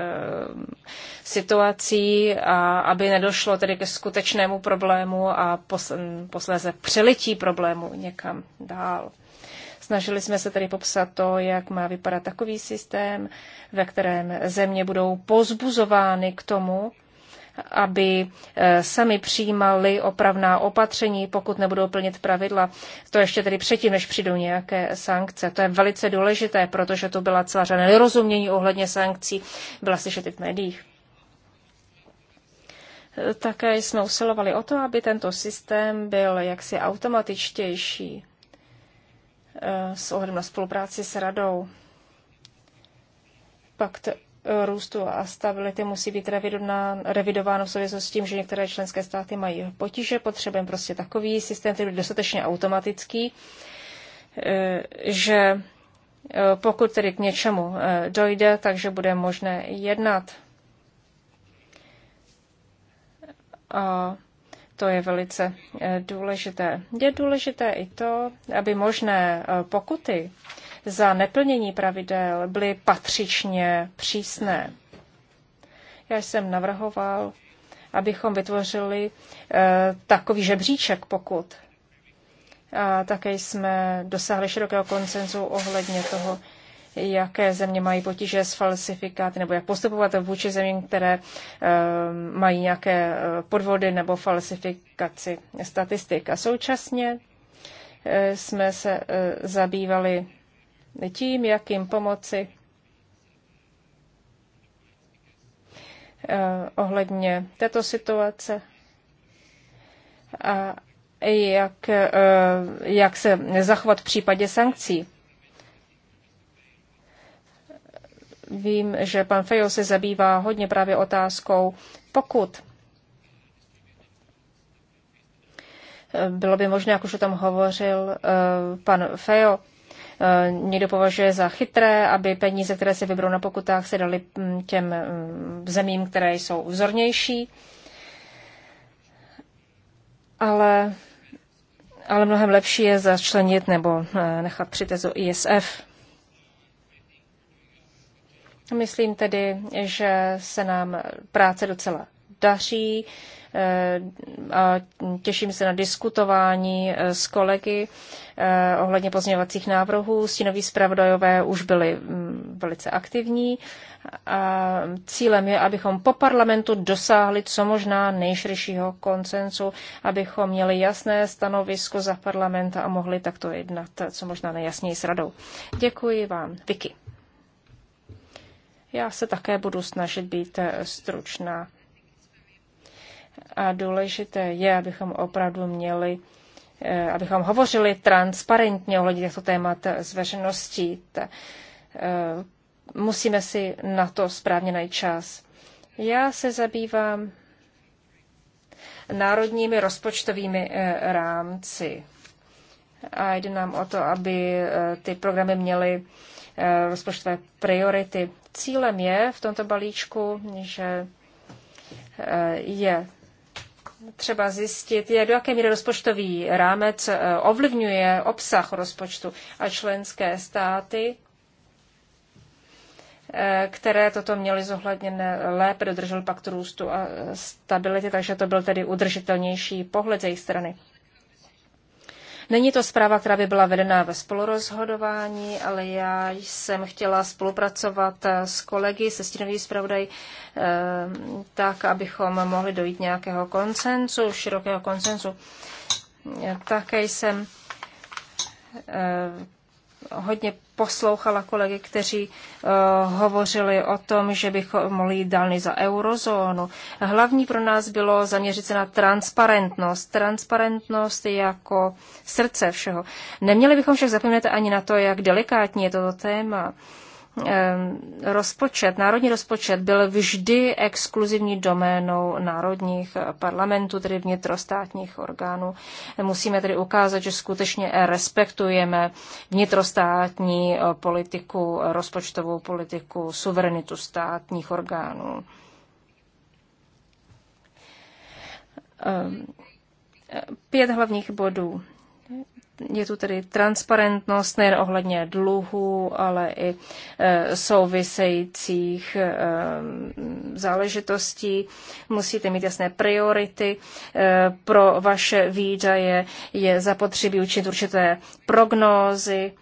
situací a aby nedošlo tedy ke skutečnému problému a posléze přelití problému někam dál. Snažili jsme se tedy popsat to, jak má vypadat takový systém, ve kterém země budou pozbuzovány k tomu, aby eh, sami přijímali opravná opatření, pokud nebudou plnit pravidla. To ještě tedy předtím, než přijdou nějaké sankce. To je velice důležité, protože to byla celá řada nerozumění ohledně sankcí, byla slyšet i v médiích. Také jsme usilovali o to, aby tento systém byl jaksi automatičtější. Eh, s ohledem na spolupráci s radou. Pakt eh, růstu a stability musí být revidováno v souvislosti s tím, že některé členské státy mají potíže, potřebujeme prostě takový systém, který je dostatečně automatický, eh, že pokud tedy k něčemu dojde, takže bude možné jednat. A to je velice eh, důležité. Je důležité i to, aby možné eh, pokuty za neplnění pravidel byly patřičně přísné. Já jsem navrhoval, abychom vytvořili eh, takový žebříček pokut. A také jsme dosáhli širokého koncenzu ohledně toho, jaké země mají potíže s falsifikáty, nebo jak postupovat vůči zemím, které eh, mají nějaké eh, podvody nebo falsifikaci statistik. A současně eh, jsme se zabývali tím, jak jim pomoci ohledně této situace a jak, jak se zachovat v případě sankcí. Vím, že pan Fejo se zabývá hodně právě otázkou pokud. Bylo by možné, jak už o tom hovořil eh, pan Fejo, eh, někdo považuje za chytré, aby peníze, které se vybrou na pokutách, se daly mm, těm mm, zemím, které jsou vzornější. Ale, ale mnohem lepší je začlenit nebo eh, nechat přitezu ISF. Myslím tedy, že se nám práce docela daří eh, a těším se na diskutování eh, s kolegy eh, ohledně pozměňovacích návrhů. Stínoví zpravodajové už byli mm, velice aktivní. A cílem je, abychom po parlamentu dosáhli co možná nejširšího koncensu, abychom měli jasné stanovisko za parlament a mohli takto jednat co možná nejjasněji s radou. Děkuji vám. Vicky. Já se také budu snažit být eh, stručná. A důležité je, abychom opravdu měli, eh, abychom hovořili transparentně ohledně těchto témat eh, s veřejností. Musíme si na to správně najít čas. Já se zabývám národními rozpočtovými rámci. A jde nám o to, aby ty programy měly rozpočtové priority. Cílem je v tomto balíčku, že eh, je třeba zjistit, je, do jaké míry rozpočtový rámec eh, ovlivňuje obsah rozpočtu a členské státy, eh, které toto měly zohledněné, lépe dodržel pak růstu a stability, takže to byl tedy udržitelnější pohled z jejich strany. Není to zpráva, která by byla vedená ve spolurozhodování, ale já jsem chtěla spolupracovat eh, s kolegy, se stínovým zpravodaj, eh, tak, abychom mohli dojít nějakého koncenzu, širokého koncenzu. Také jsem eh, hodně poslouchala kolegy, kteří uh, hovořili o tom, že bychom mohli jít dálny za eurozónu. Hlavní pro nás bylo zaměřit se na transparentnost. Transparentnost je jako srdce všeho. Neměli bychom však zapomínat ani na to, jak delikátní je toto téma. Uh, rozpočet, národní rozpočet byl vždy exkluzivní doménou národních parlamentů, tedy vnitrostátních orgánů. Musíme tedy ukázat, že skutečně respektujeme vnitrostátní eh, politiku, rozpočtovou politiku, suverenitu státních orgánů. Pět hlavních bodů. Je tu tedy transparentnost nejen ohledně dluhu, ale i e, souvisejících e, záležitostí. Musíte mít jasné priority e, pro vaše výdaje, je zapotřebí učit určité prognózy.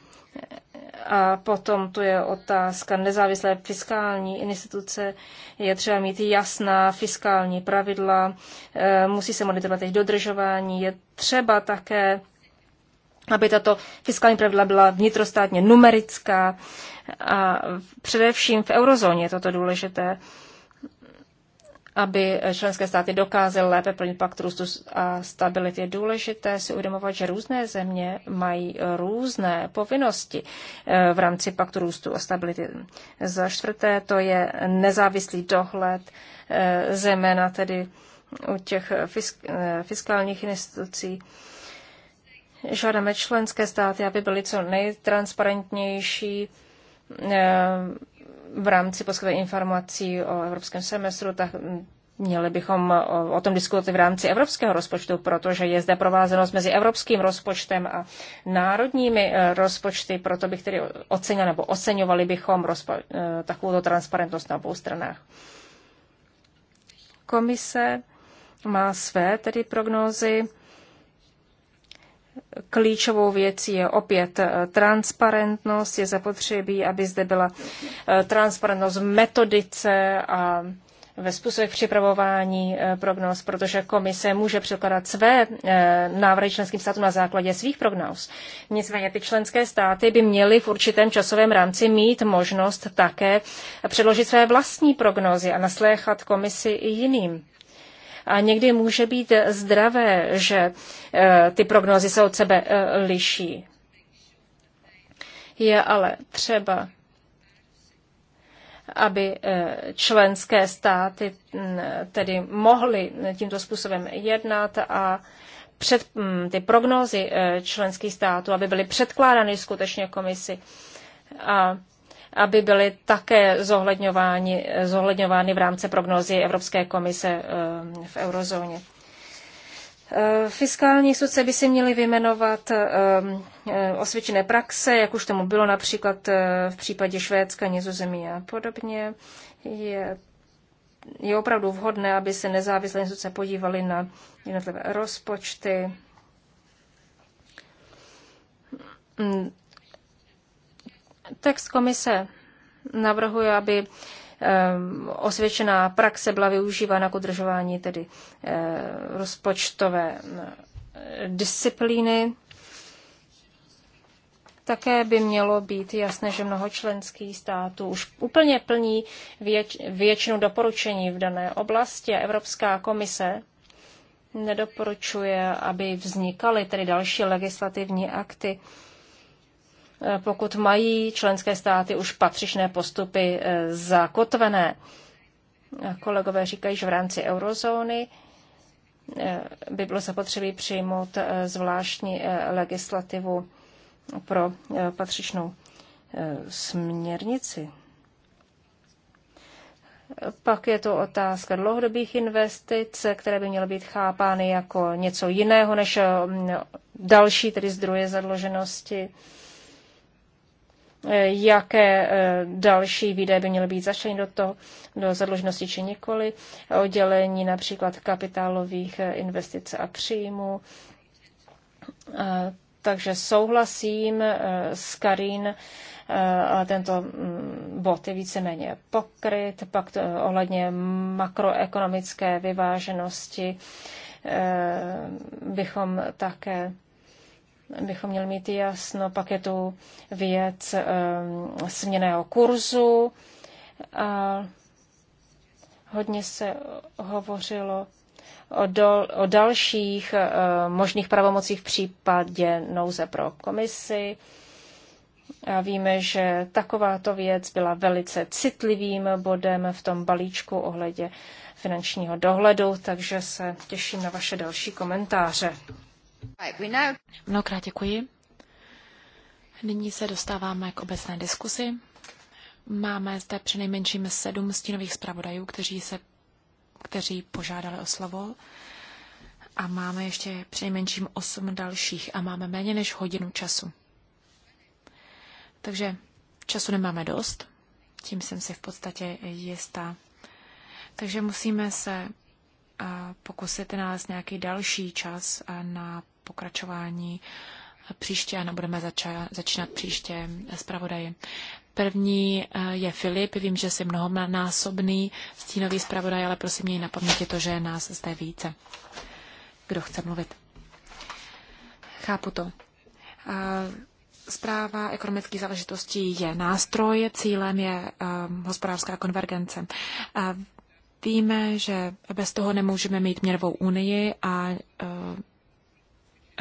A potom tu je otázka nezávislé fiskální instituce. Je třeba mít jasná fiskální pravidla, musí se monitorovat jejich dodržování. Je třeba také aby tato fiskální pravidla byla vnitrostátně numerická a především v eurozóně je toto důležité, aby členské státy dokázaly lépe plnit pakt růstu a stability. Je důležité si uvědomovat, že různé země mají různé povinnosti eh, v rámci paktu růstu a stability. Za čtvrté to je nezávislý dohled, eh, zejména tedy u těch fisk, eh, fiskálních institucí Žádáme členské státy, aby byly co nejtransparentnější eh, v rámci poskové informací o evropském semestru, tak měli bychom o tom diskutovat v rámci evropského rozpočtu, protože je zde provázenost mezi evropským rozpočtem a národními eh, rozpočty, proto bych tedy ocenil nebo oceňovali bychom rozpo- eh, takovou transparentnost na obou stranách. Komise má své tedy prognózy Klíčovou věcí je opět eh, transparentnost. Je zapotřebí, aby zde byla eh, transparentnost v metodice a ve způsobech připravování eh, prognóz, protože komise může překladat své návrhy členským státům na základě svých prognóz. Nicméně ty členské státy by měly v určitém časovém rámci mít možnost také předložit své vlastní prognózy a nasléchat komisi i jiným a někdy může být zdravé, že eh, ty prognózy se od sebe eh, liší. Je ale třeba, aby eh, členské státy mm, tedy mohly tímto způsobem jednat a před, mm, ty prognózy členských států, aby byly předkládány skutečně komisi. A aby byly také zohledňovány, zohledňovány v rámci prognozy Evropské komise eh, v eurozóně. Eh, fiskální instituce by si měly vyjmenovat eh, osvědčené praxe, jak už tomu bylo například v případě Švédska, Nizozemí a podobně. Je, je opravdu vhodné, aby se nezávislé instituce podívaly na jednotlivé rozpočty hmm, Text komise navrhuje, aby eh, osvědčená praxe byla využívána k udržování tedy eh, rozpočtové eh, disciplíny. Také by mělo být jasné, že mnoho členských států už úplně plní věč, většinu doporučení v dané oblasti a Evropská komise nedoporučuje, aby vznikaly tedy další legislativní akty pokud mají členské státy už patřičné postupy eh, zakotvené. Kolegové říkají, že v rámci eurozóny eh, by bylo zapotřebí přijmout eh, zvláštní legislativu pro patřičnou směrnici. Pak je to otázka dlouhodobých investic, které by měly být chápány jako něco jiného než mm, další, tedy zdroje zadloženosti. Eh, jaké eh, další výdaje by měly být začleněny do toho, do zadlužnosti či nikoli, eh, oddělení například kapitálových investic a příjmů. Takže souhlasím s Karin, ale tento mm, bod je víceméně pokryt. Pak to ohledně makroekonomické vyváženosti bychom také bychom měli mít jasno, pak je tu věc um, směného kurzu. A hodně se hovořilo o, dol, o dalších uh, možných pravomocích v případě nouze pro komisi. A víme, že takováto věc byla velice citlivým bodem v tom balíčku ohledě finančního dohledu, takže se těším na vaše další komentáře. Mnohokrát děkuji. Nyní se dostáváme k obecné diskusi. Máme zde přinejmenším sedm stínových zpravodajů, kteří, se, kteří požádali o slovo. A máme ještě přinejmenším osm dalších a máme méně než hodinu času. Takže času nemáme dost, tím jsem si v podstatě jistá. Takže musíme se pokusit nalézt nějaký další čas na pokračování příště, ano, budeme zača- začínat příště zpravodaji. První eh, je Filip, vím, že jsi mnohonásobný stínový zpravodaj, ale prosím měj na paměti to, že je nás zde více. Kdo chce mluvit? Chápu to. Eh, zpráva ekonomických záležitostí je nástroj, cílem je eh, hospodářská konvergence. Víme, že bez toho nemůžeme mít měrovou unii a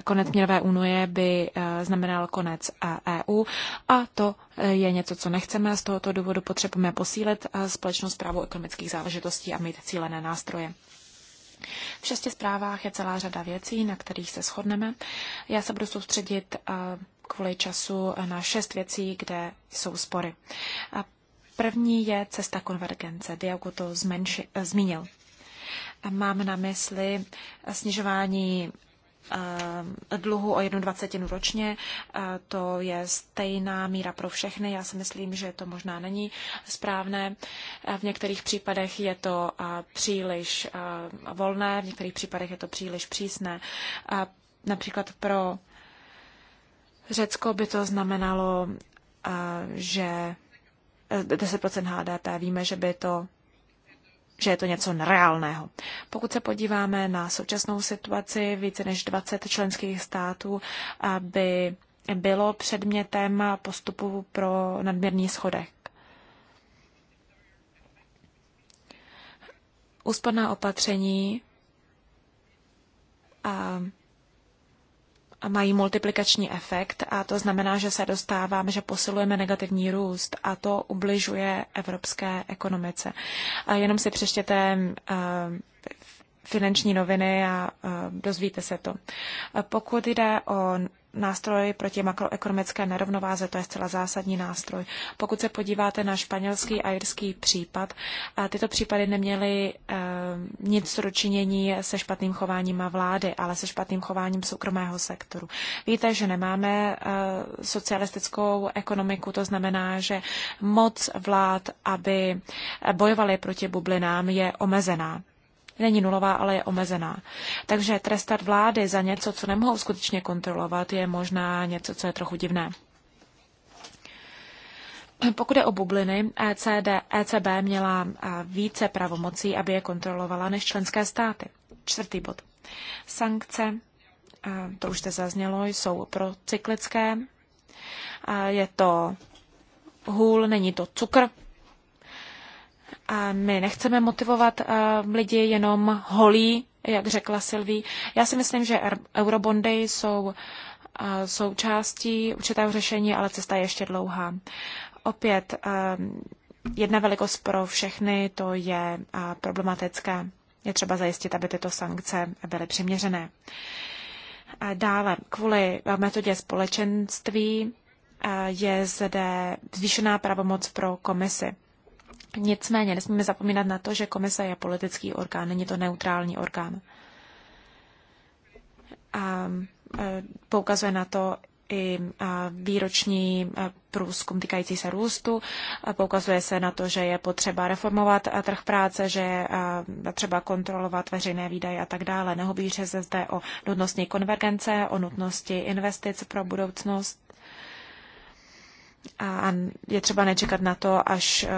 konec měnové unie by eh, znamenal konec EU eh, e a to eh, je něco, co nechceme. Z tohoto důvodu potřebujeme posílit společnou zprávu ekonomických záležitostí a mít cílené nástroje. V šesti zprávách je celá řada věcí, na kterých se shodneme. Já se budu soustředit kvůli času na šest věcí, kde jsou spory. A první je cesta konvergence. Diago to zmenši, zmínil. Mám na mysli snižování Eh, dluhu o jednu dvacetinu ročně. Eh, to je stejná míra pro všechny. Já si myslím, že to možná není správné. Eh, v některých případech je to příliš volné, v některých případech je to příliš přísné. Například pro Řecko by to znamenalo, že 10 HDP. Víme, že by to že je to něco nereálného. Pokud se podíváme na současnou situaci, více než 20 členských států by bylo předmětem postupu pro nadměrný schodek. Úsporná opatření a mají multiplikační efekt a to znamená, že se dostáváme, že posilujeme negativní růst a to ubližuje evropské ekonomice. A jenom si přeštěte eh, finanční noviny a eh, dozvíte se to. Pokud jde o nástroj proti makroekonomické nerovnováze, to je zcela zásadní nástroj. Pokud se podíváte na španělský a jirský případ, a tyto případy neměly e, nic dočinění se špatným chováním vlády, ale se špatným chováním soukromého sektoru. Víte, že nemáme e, socialistickou ekonomiku, to znamená, že moc vlád, aby eh, bojovali proti bublinám, je omezená není nulová, ale je omezená. Takže trestat vlády za něco, co nemohou skutečně kontrolovat, je možná něco, co je trochu divné. Pokud je o bubliny, ECD, ECB měla více pravomocí, aby je kontrolovala než členské státy. Čtvrtý bod. Sankce, to už jste zaznělo, jsou procyklické. Je to hůl, není to cukr. A my nechceme motivovat eh, lidi jenom holí, jak řekla Silví. Já si myslím, že eurobondy jsou eh, součástí určitého řešení, ale cesta je ještě dlouhá. Opět, eh, jedna velikost pro všechny, to je problematické. Je třeba zajistit, aby tyto sankce byly přiměřené. Dále, kvůli metodě společenství je zde zvýšená pravomoc pro komisi. Nicméně nesmíme zapomínat na to, že komise je politický orgán, není to neutrální orgán. A e, poukazuje na to i e, výroční e, průzkum týkající se růstu. Poukazuje se na to, že je potřeba reformovat trh práce, že je třeba kontrolovat veřejné výdaje a tak dále. Nehovíře se zde o nutnosti konvergence, o nutnosti investic pro budoucnost a je třeba nečekat na to, až eh,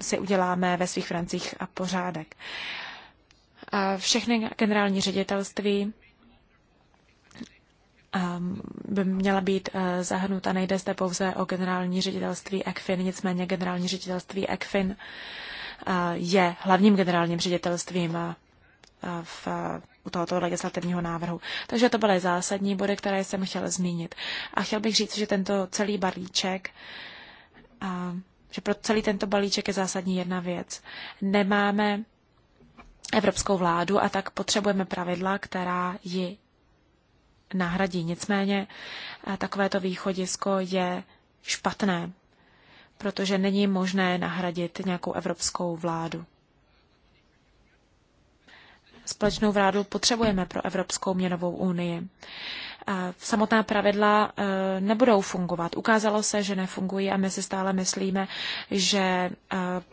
si uděláme ve svých francích a pořádek. A všechny generální ředitelství ehm, by měla být eh, zahrnuta. Nejde zde pouze o generální ředitelství ECFIN, nicméně generální ředitelství ECFIN eh, je hlavním generálním ředitelstvím v, u tohoto legislativního návrhu. Takže to byly zásadní body, které jsem chtěl zmínit. A chtěl bych říct, že tento celý balíček, a, že pro celý tento balíček je zásadní jedna věc. Nemáme evropskou vládu a tak potřebujeme pravidla, která ji nahradí. Nicméně takovéto východisko je špatné, protože není možné nahradit nějakou evropskou vládu. Společnou vládu potřebujeme pro Evropskou měnovou unii. Samotná pravidla e, nebudou fungovat. Ukázalo se, že nefungují a my si stále myslíme, že e,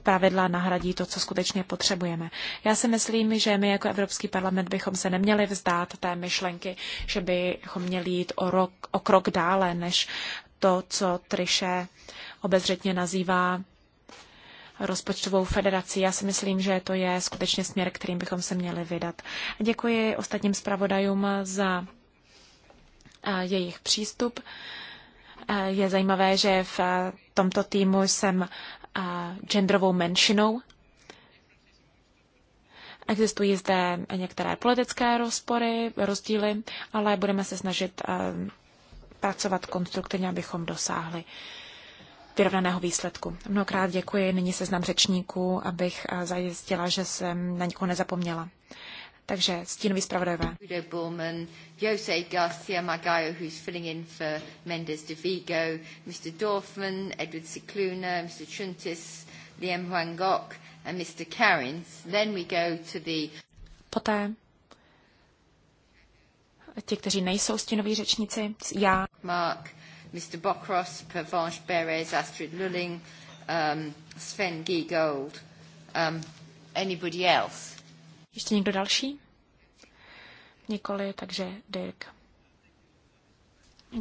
pravidla nahradí to, co skutečně potřebujeme. Já si myslím, že my jako Evropský parlament bychom se neměli vzdát té myšlenky, že bychom měli jít o, rok, o krok dále, než to, co Triše obezřetně nazývá rozpočtovou federaci. Já si myslím, že to je skutečně směr, kterým bychom se měli vydat. Děkuji ostatním zpravodajům za eh, jejich přístup. Eh, je zajímavé, že v eh, tomto týmu jsem genderovou menšinou. Existují zde některé politické rozpory, rozdíly, ale budeme se snažit pracovat konstruktivně, abychom dosáhli vyrovnaného výsledku. Mnohokrát děkuji, nyní seznam řečníků, abych eh, zajistila, že jsem na nikoho nezapomněla. Takže stínový zpravodajové. Jose Garcia Magallo, who's filling in for Mendes de Vigo, Mr. Dorfman, Edward Cicluna, Mr. Chuntis, Liam Huangok and Mr. Karins. Then we go to the... Poté ti, kteří nejsou stínoví řečníci, já. Mark, Mr. Bokros, Pervenche Beres, Astrid Lulling, um, Sven Giegold. Um, anybody else? Ještě někdo další? Nikoli, takže Dirk.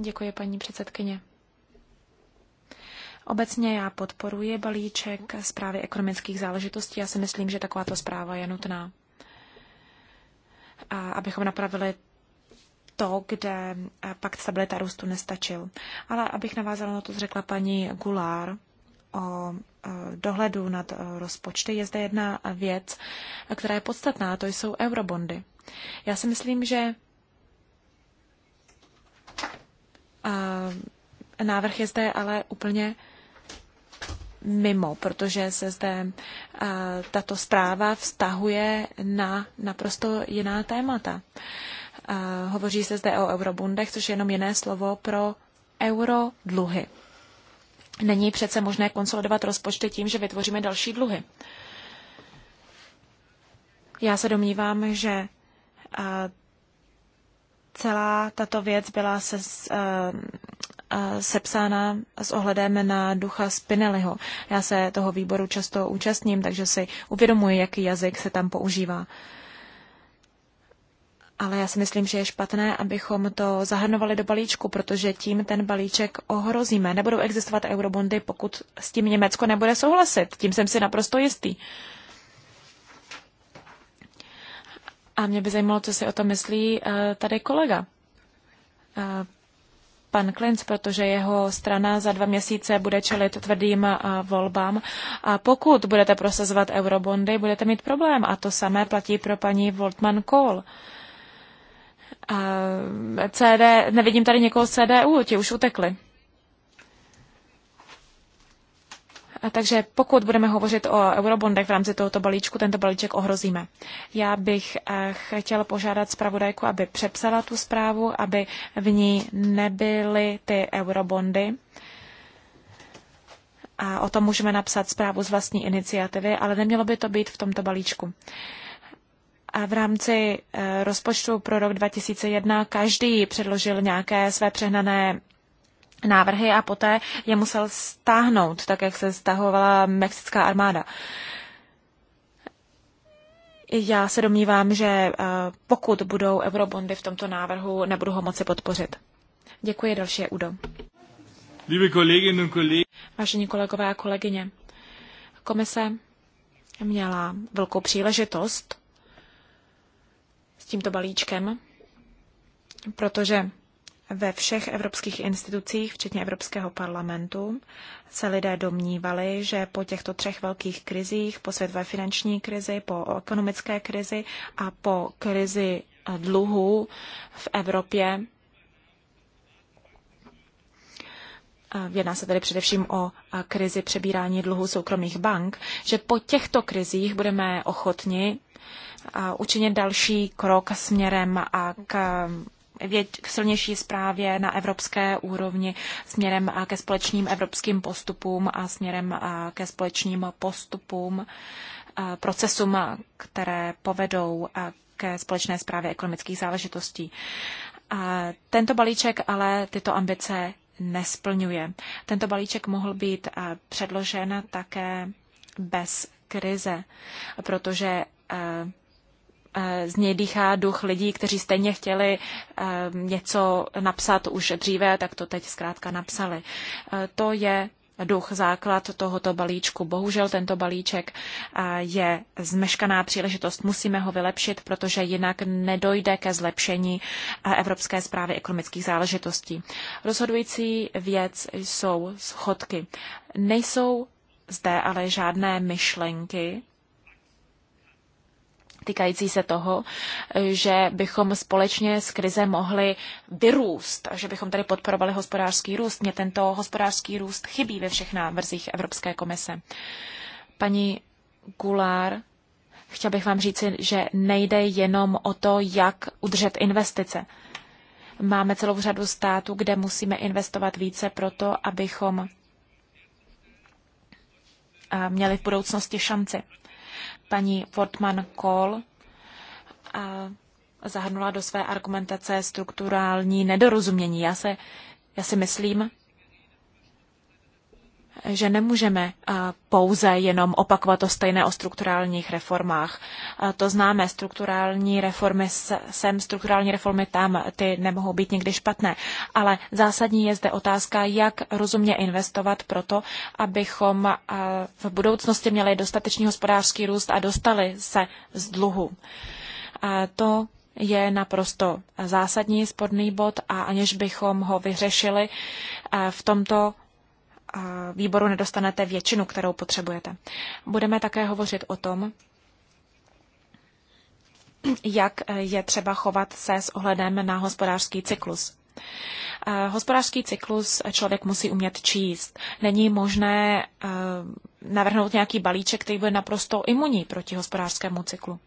Děkuji, paní předsedkyně. Obecně já podporuji balíček zprávy ekonomických záležitostí. Já si myslím, že takováto zpráva je nutná. A abychom napravili to, kde eh, pakt stabilita růstu nestačil. Ale abych navázala na to, co řekla paní Gulár o eh, dohledu nad eh, rozpočty, je zde jedna věc, která je podstatná, to jsou eurobondy. Já si myslím, že návrh je zde ale úplně mimo, protože se zde tato zpráva vztahuje na naprosto jiná témata. Hovoří se zde o eurobundech, což je jenom jiné slovo pro eurodluhy. Není přece možné konsolidovat rozpočty tím, že vytvoříme další dluhy. Já se domnívám, že celá tato věc byla se, sepsána s ohledem na ducha Spinelliho. Já se toho výboru často účastním, takže si uvědomuji, jaký jazyk se tam používá ale já si myslím, že je špatné, abychom to zahrnovali do balíčku, protože tím ten balíček ohrozíme. Nebudou existovat eurobondy, pokud s tím Německo nebude souhlasit. Tím jsem si naprosto jistý. A mě by zajímalo, co si o tom myslí eh, tady kolega. Eh, pan Klinc, protože jeho strana za dva měsíce bude čelit tvrdým eh, volbám. A pokud budete prosazovat eurobondy, budete mít problém. A to samé platí pro paní Voltman Kohl. Eh, CD, nevidím tady někoho z CDU, ti už utekli. A eh, takže pokud budeme hovořit o eurobondech v rámci tohoto balíčku, tento balíček ohrozíme. Já bych eh, chtěla požádat zpravodajku, aby přepsala tu zprávu, aby v ní nebyly ty eurobondy. A o tom můžeme napsat zprávu z vlastní iniciativy, ale nemělo by to být v tomto balíčku v rámci eh, rozpočtu pro rok 2001 každý předložil nějaké své přehnané návrhy a poté je musel stáhnout, tak jak se stahovala mexická armáda. Já se domnívám, že eh, pokud budou eurobondy v tomto návrhu, nebudu ho moci podpořit. Děkuji, další je Udo. Vážení kolegové a kolegyně, komise měla velkou příležitost tímto balíčkem, protože ve všech evropských institucích, včetně Evropského parlamentu, se lidé domnívali, že po těchto třech velkých krizích, po světové finanční krizi, po ekonomické krizi a po krizi dluhů v Evropě, jedná se tedy především o krizi přebírání dluhu soukromých bank, že po těchto krizích budeme ochotni učinit další krok směrem a k k silnější zprávě na evropské úrovni směrem ke společným evropským postupům a směrem ke společným postupům, procesům, které povedou ke společné zprávě ekonomických záležitostí. Tento balíček ale tyto ambice nesplňuje. Tento balíček mohl být předložen také bez krize, protože z něj dýchá duch lidí, kteří stejně chtěli eh, něco napsat už dříve, tak to teď zkrátka napsali. Eh, to je duch, základ tohoto balíčku. Bohužel tento balíček eh, je zmeškaná příležitost, musíme ho vylepšit, protože jinak nedojde ke zlepšení Evropské zprávy ekonomických záležitostí. Rozhodující věc jsou schodky. Nejsou zde ale žádné myšlenky, týkající se toho, že bychom společně z krize mohli vyrůst, že bychom tady podporovali hospodářský růst. Mně tento hospodářský růst chybí ve všech návrzích Evropské komise. Paní Gulár, chtěl bych vám říci, že nejde jenom o to, jak udržet investice. Máme celou řadu států, kde musíme investovat více proto, abychom měli v budoucnosti šanci. Paní Fortman Kohl zahrnula do své argumentace strukturální nedorozumění. Já, se, já si myslím, že nemůžeme pouze jenom opakovat to stejné o strukturálních reformách. To známe, strukturální reformy sem, strukturální reformy tam, ty nemohou být nikdy špatné. Ale zásadní je zde otázka, jak rozumně investovat pro to, abychom v budoucnosti měli dostatečný hospodářský růst a dostali se z dluhu. To je naprosto zásadní spodný bod a aniž bychom ho vyřešili v tomto výboru nedostanete většinu, kterou potřebujete. Budeme také hovořit o tom, jak je třeba chovat se s ohledem na hospodářský cyklus. Eh, hospodářský cyklus člověk musí umět číst. Není možné eh, navrhnout nějaký balíček, který bude naprosto imunní proti hospodářskému cyklu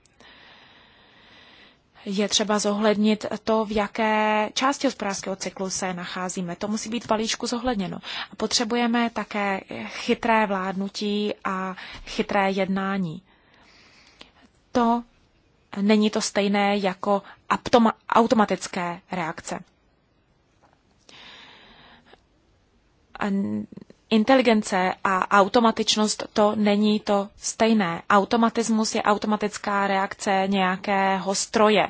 je třeba zohlednit to, v jaké části hospodářského cyklu se nacházíme. To musí být v balíčku zohledněno. Potřebujeme také chytré vládnutí a chytré jednání. To není to stejné jako automatické reakce inteligence a automatičnost to není to stejné. Automatismus je automatická reakce nějakého stroje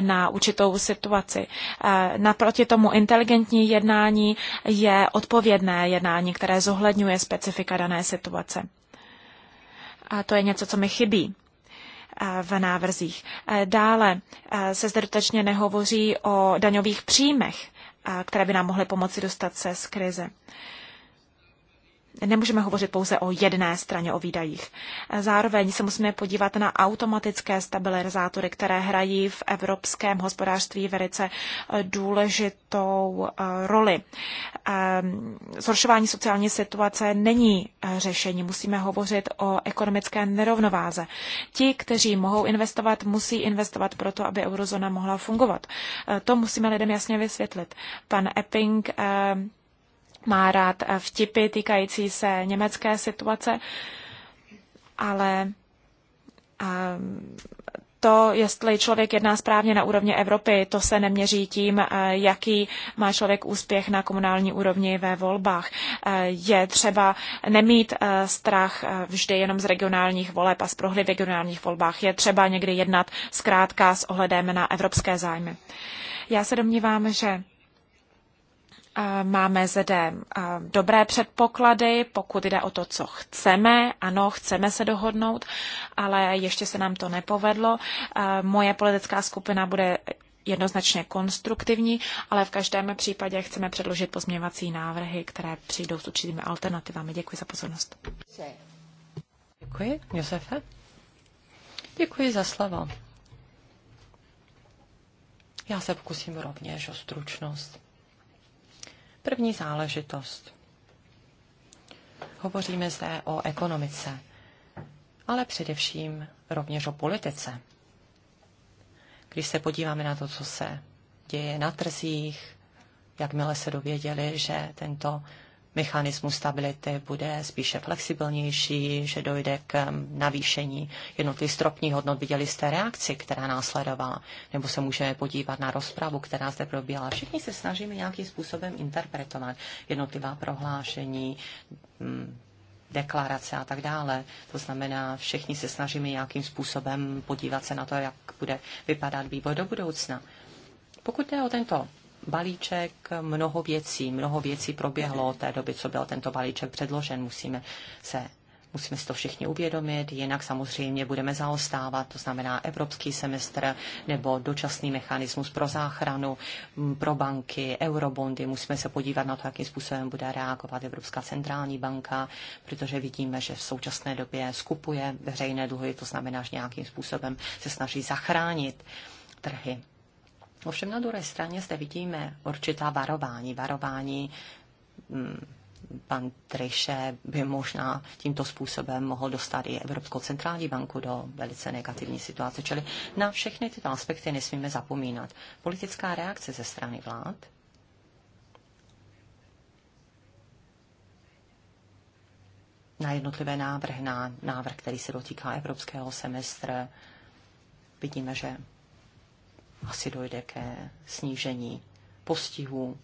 na určitou situaci. E, naproti tomu inteligentní jednání je odpovědné jednání, které zohledňuje specifika dané situace. A to je něco, co mi chybí e, v návrzích. E, dále se zde dotečně nehovoří o daňových příjmech, které by nám mohly pomoci dostat se z krize nemůžeme hovořit pouze o jedné straně o výdajích. Zároveň se musíme podívat na automatické stabilizátory, které hrají v evropském hospodářství velice eh, důležitou eh, roli. Ehm, zhoršování sociální situace není eh, řešení. Musíme hovořit o ekonomické nerovnováze. Ti, kteří mohou investovat, musí investovat proto, aby eurozóna mohla fungovat. To musíme lidem jasně vysvětlit. Pan Epping ehm, má rád eh, vtipy týkající se německé situace, ale eh, to, jestli člověk jedná správně na úrovni Evropy, to se neměří tím, eh, jaký má člověk úspěch na komunální úrovni ve volbách. Je třeba nemít strach vždy jenom z regionálních voleb a z prohly v regionálních volbách. Je třeba někdy jednat zkrátka s ohledem na evropské zájmy. Já se domnívám, že Máme zde dobré předpoklady, pokud jde o to, co chceme. Ano, chceme se dohodnout, ale ještě se nám to nepovedlo. Moje politická skupina bude jednoznačně konstruktivní, ale v každém případě chceme předložit pozměňovací návrhy, které přijdou s určitými alternativami. Děkuji za pozornost. Děkuji, Josefe. Děkuji za slovo. Já se pokusím rovněž o stručnost. První záležitost. Hovoříme zde o ekonomice, ale především rovněž o politice. Když se podíváme na to, co se děje na trzích, jakmile se dověděli, že tento mechanismus stability bude spíše flexibilnější, že dojde k um, navýšení jednotlivých stropních hodnot. Viděli jste reakci, která následovala, nebo se můžeme podívat na rozpravu, která zde probíhala. Všichni se snažíme nějakým způsobem interpretovat jednotlivá prohlášení, mm, deklarace a tak dále. To znamená, všichni se snažíme nějakým způsobem podívat se na to, jak bude vypadat vývoj do budoucna. Pokud jde o tento balíček, mnoho věcí, mnoho věcí proběhlo od té doby, co byl tento balíček předložen. Musíme se Musíme si to všichni uvědomit, jinak samozřejmě budeme zaostávat, to znamená evropský semestr nebo dočasný mechanismus pro záchranu, pro banky, eurobondy. Musíme se podívat na to, jakým způsobem bude reagovat Evropská centrální banka, protože vidíme, že v současné době skupuje veřejné dluhy, to znamená, že nějakým způsobem se snaží zachránit trhy. Ovšem na druhé straně zde vidíme určitá varování. Varování mm, pan Triše by možná tímto způsobem mohl dostat i Evropskou centrální banku do velice negativní situace. Čili na všechny tyto aspekty nesmíme zapomínat. Politická reakce ze strany vlád na jednotlivé návrhy, na návrh, který se dotýká evropského semestru. Vidíme, že asi dojde ke snížení postihů.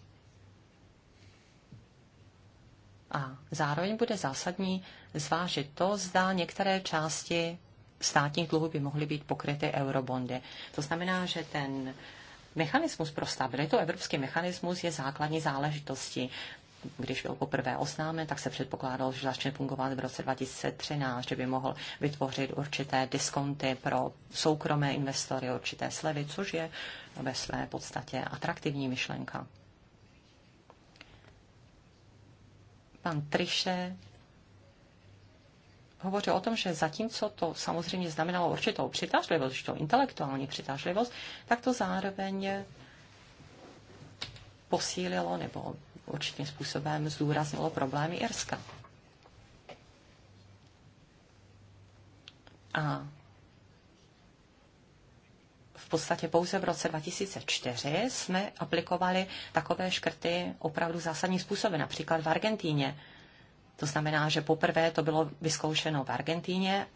A zároveň bude zásadní zvážit to, zda některé části státních dluhů by mohly být pokryty eurobondy. To znamená, že ten mechanismus pro stabilitu, evropský mechanismus je základní záležitostí když byl poprvé oznámen, tak se předpokládalo, že začne fungovat v roce 2013, že by mohl vytvořit určité diskonty pro soukromé investory, určité slevy, což je ve své podstatě atraktivní myšlenka. Pan Triše hovořil o tom, že zatímco to samozřejmě znamenalo určitou přitažlivost, určitou intelektuální přitažlivost, tak to zároveň posílilo nebo určitým způsobem zdůraznilo problémy Irska. A v podstatě pouze v roce 2004 jsme aplikovali takové škrty opravdu zásadním způsobem, například v Argentíně. To znamená, že poprvé to bylo vyzkoušeno v Argentíně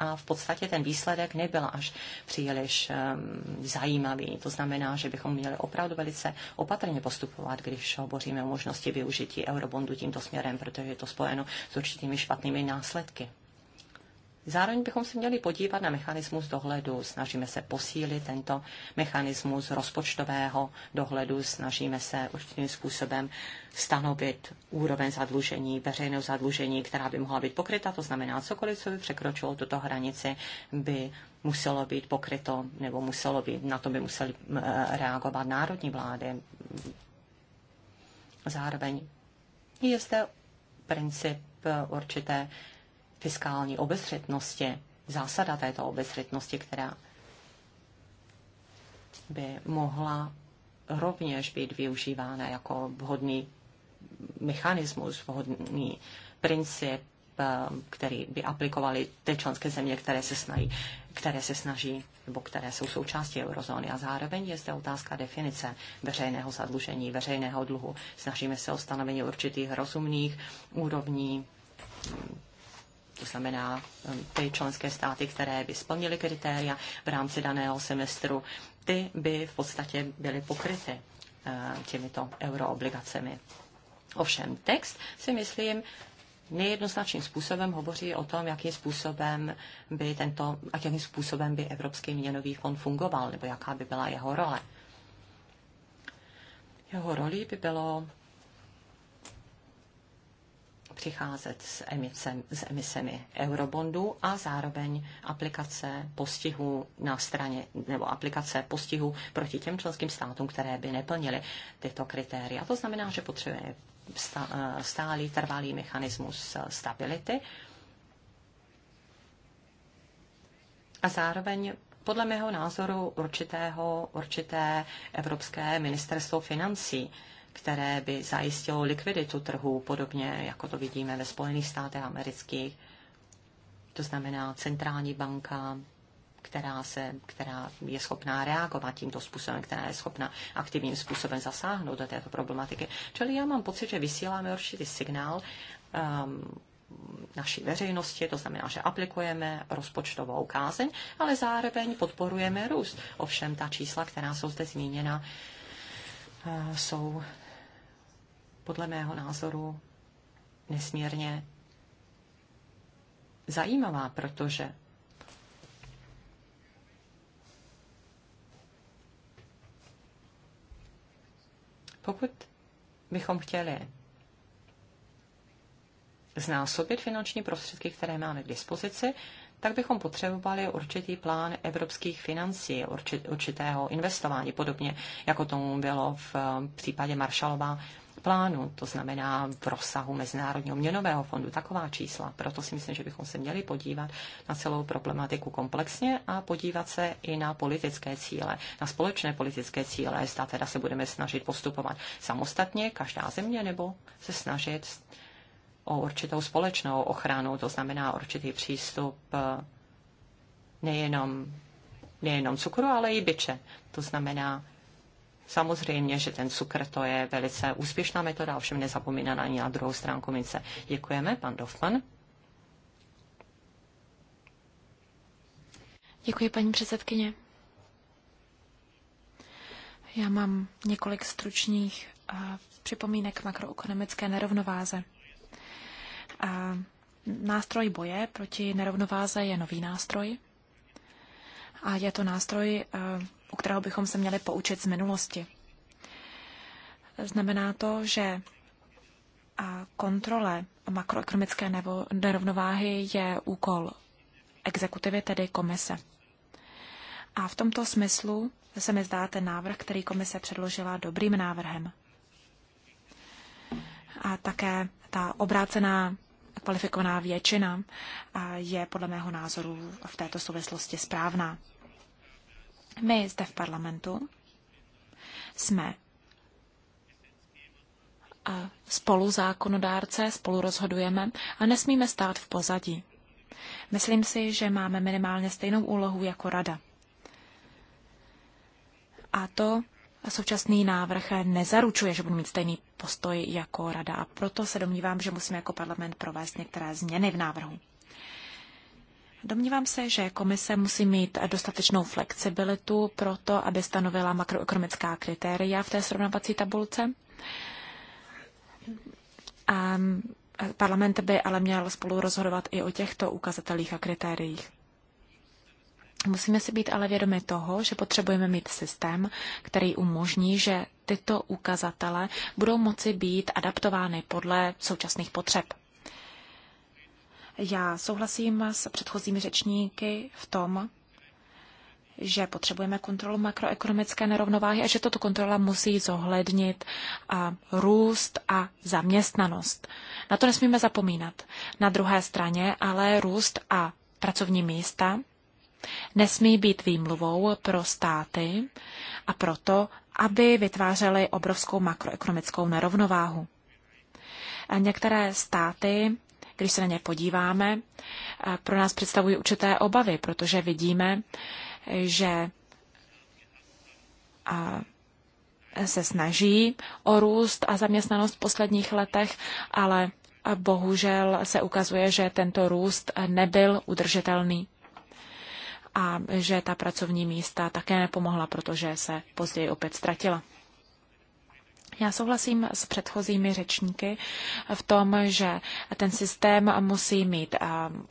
a v podstatě ten výsledek nebyl až příliš zajímavý. To znamená, že bychom měli opravdu velice opatrně postupovat, když hovoříme o možnosti využití eurobondu tímto směrem, protože je to spojeno s určitými špatnými následky. Zároveň bychom se měli podívat na mechanismus dohledu. Snažíme se posílit tento mechanismus rozpočtového dohledu, snažíme se určitým způsobem stanovit úroveň zadlužení, veřejného zadlužení, která by mohla být pokryta. To znamená, cokoliv, co by překročilo tuto hranici, by muselo být pokryto nebo muselo být, na to by museli eh, reagovat národní vlády. Zároveň je zde princip určité fiskální obezřetnosti, zásada této obezřetnosti, která by mohla rovněž být využívána jako vhodný mechanismus, vhodný princip, který by aplikovali ty členské země, které se snaží, které se snaží nebo které jsou součástí eurozóny. A zároveň je zde otázka definice veřejného zadlužení, veřejného dluhu. Snažíme se o stanovení určitých rozumných úrovní to znamená um, ty členské státy, které by splnily kritéria v rámci daného semestru, ty by v podstatě byly pokryty uh, těmito euroobligacemi. Ovšem text si myslím nejednoznačným způsobem hovoří o tom, jakým způsobem by tento, jakým způsobem by Evropský měnový fond fungoval, nebo jaká by byla jeho role. Jeho rolí by bylo přicházet s, emicem, s emisemi eurobondů a zároveň aplikace postihu na straně nebo aplikace postihu proti těm členským státům, které by neplnily tyto kritéria. To znamená, že potřebuje eh, stálý trvalý mechanismus eh, stability a zároveň podle mého názoru určitého, určité Evropské ministerstvo financí které by zajistilo likviditu trhu, podobně jako to vidíme ve Spojených státech amerických. To znamená centrální banka, která, se, která je schopná reagovat tímto způsobem, která je schopná aktivním způsobem zasáhnout do této problematiky. Čili já mám pocit, že vysíláme určitý signál um, naší veřejnosti, to znamená, že aplikujeme rozpočtovou kázeň, ale zároveň podporujeme růst. Ovšem ta čísla, která jsou zde zmíněna, uh, Eh, jsou podle mého názoru nesmírně zajímavá, protože pokud bychom chtěli znásobit finanční prostředky, které máme k dispozici, tak bychom potřebovali určitý plán evropských financí, určitého investování, podobně jako tomu bylo v eh, případě Marshallova plánu, to znamená v rozsahu Mezinárodního měnového fondu, taková čísla. Proto si myslím, že bychom se měli podívat na celou problematiku komplexně a podívat se i na politické cíle, na společné politické cíle, zda teda se budeme snažit postupovat samostatně, každá země, nebo se snažit o určitou společnou ochranu, to znamená určitý přístup eh, nejenom, nejenom cukru, ale i byče. To znamená, samozřejmě, že ten cukr to je velice úspěšná metoda, ovšem nezapomíná ani na druhou stránku mince. Děkujeme, pan Dofman. Děkuji, paní předsedkyně. Já mám několik stručných eh, připomínek makroekonomické nerovnováze. Nástroj boje proti nerovnováze je nový nástroj a je to nástroj, eh, u kterého bychom se měli poučit z minulosti. Znamená to, že kontrole makroekonomické nerovnováhy je úkol exekutivy, tedy komise. A v tomto smyslu se mi zdá ten návrh, který komise předložila, dobrým návrhem. A také ta obrácená kvalifikovaná většina je podle mého názoru v této souvislosti správná. My zde v parlamentu jsme eh, spolu zákonodárce, spolu rozhodujeme a nesmíme stát v pozadí. Myslím si, že máme minimálně stejnou úlohu jako rada. A to současný návrh nezaručuje, že budu mít stejný postoj jako rada a proto se domnívám, že musíme jako parlament provést některé změny v návrhu. Domnívám se, že komise musí mít dostatečnou flexibilitu pro to, aby stanovila makroekonomická kritéria v té srovnávací tabulce. A parlament by ale měl spolu rozhodovat i o těchto ukazatelích a kritériích. Musíme si být ale vědomi toho, že potřebujeme mít systém, který umožní, že tyto ukazatele budou moci být adaptovány podle současných potřeb. Já souhlasím s předchozími řečníky v tom, že potřebujeme kontrolu makroekonomické nerovnováhy a že toto kontrola musí zohlednit a růst a zaměstnanost. Na to nesmíme zapomínat. Na druhé straně ale růst a pracovní místa nesmí být výmluvou pro státy a proto, aby vytvářely obrovskou makroekonomickou nerovnováhu. A některé státy, když se na ně podíváme, eh, pro nás představují určité obavy, protože vidíme, že se snaží o růst a zaměstnanost v posledních letech, ale bohužel se ukazuje, že tento růst nebyl udržitelný a že ta pracovní místa také nepomohla, protože se později opět ztratila. Já souhlasím s předchozími řečníky v tom, že ten systém musí mít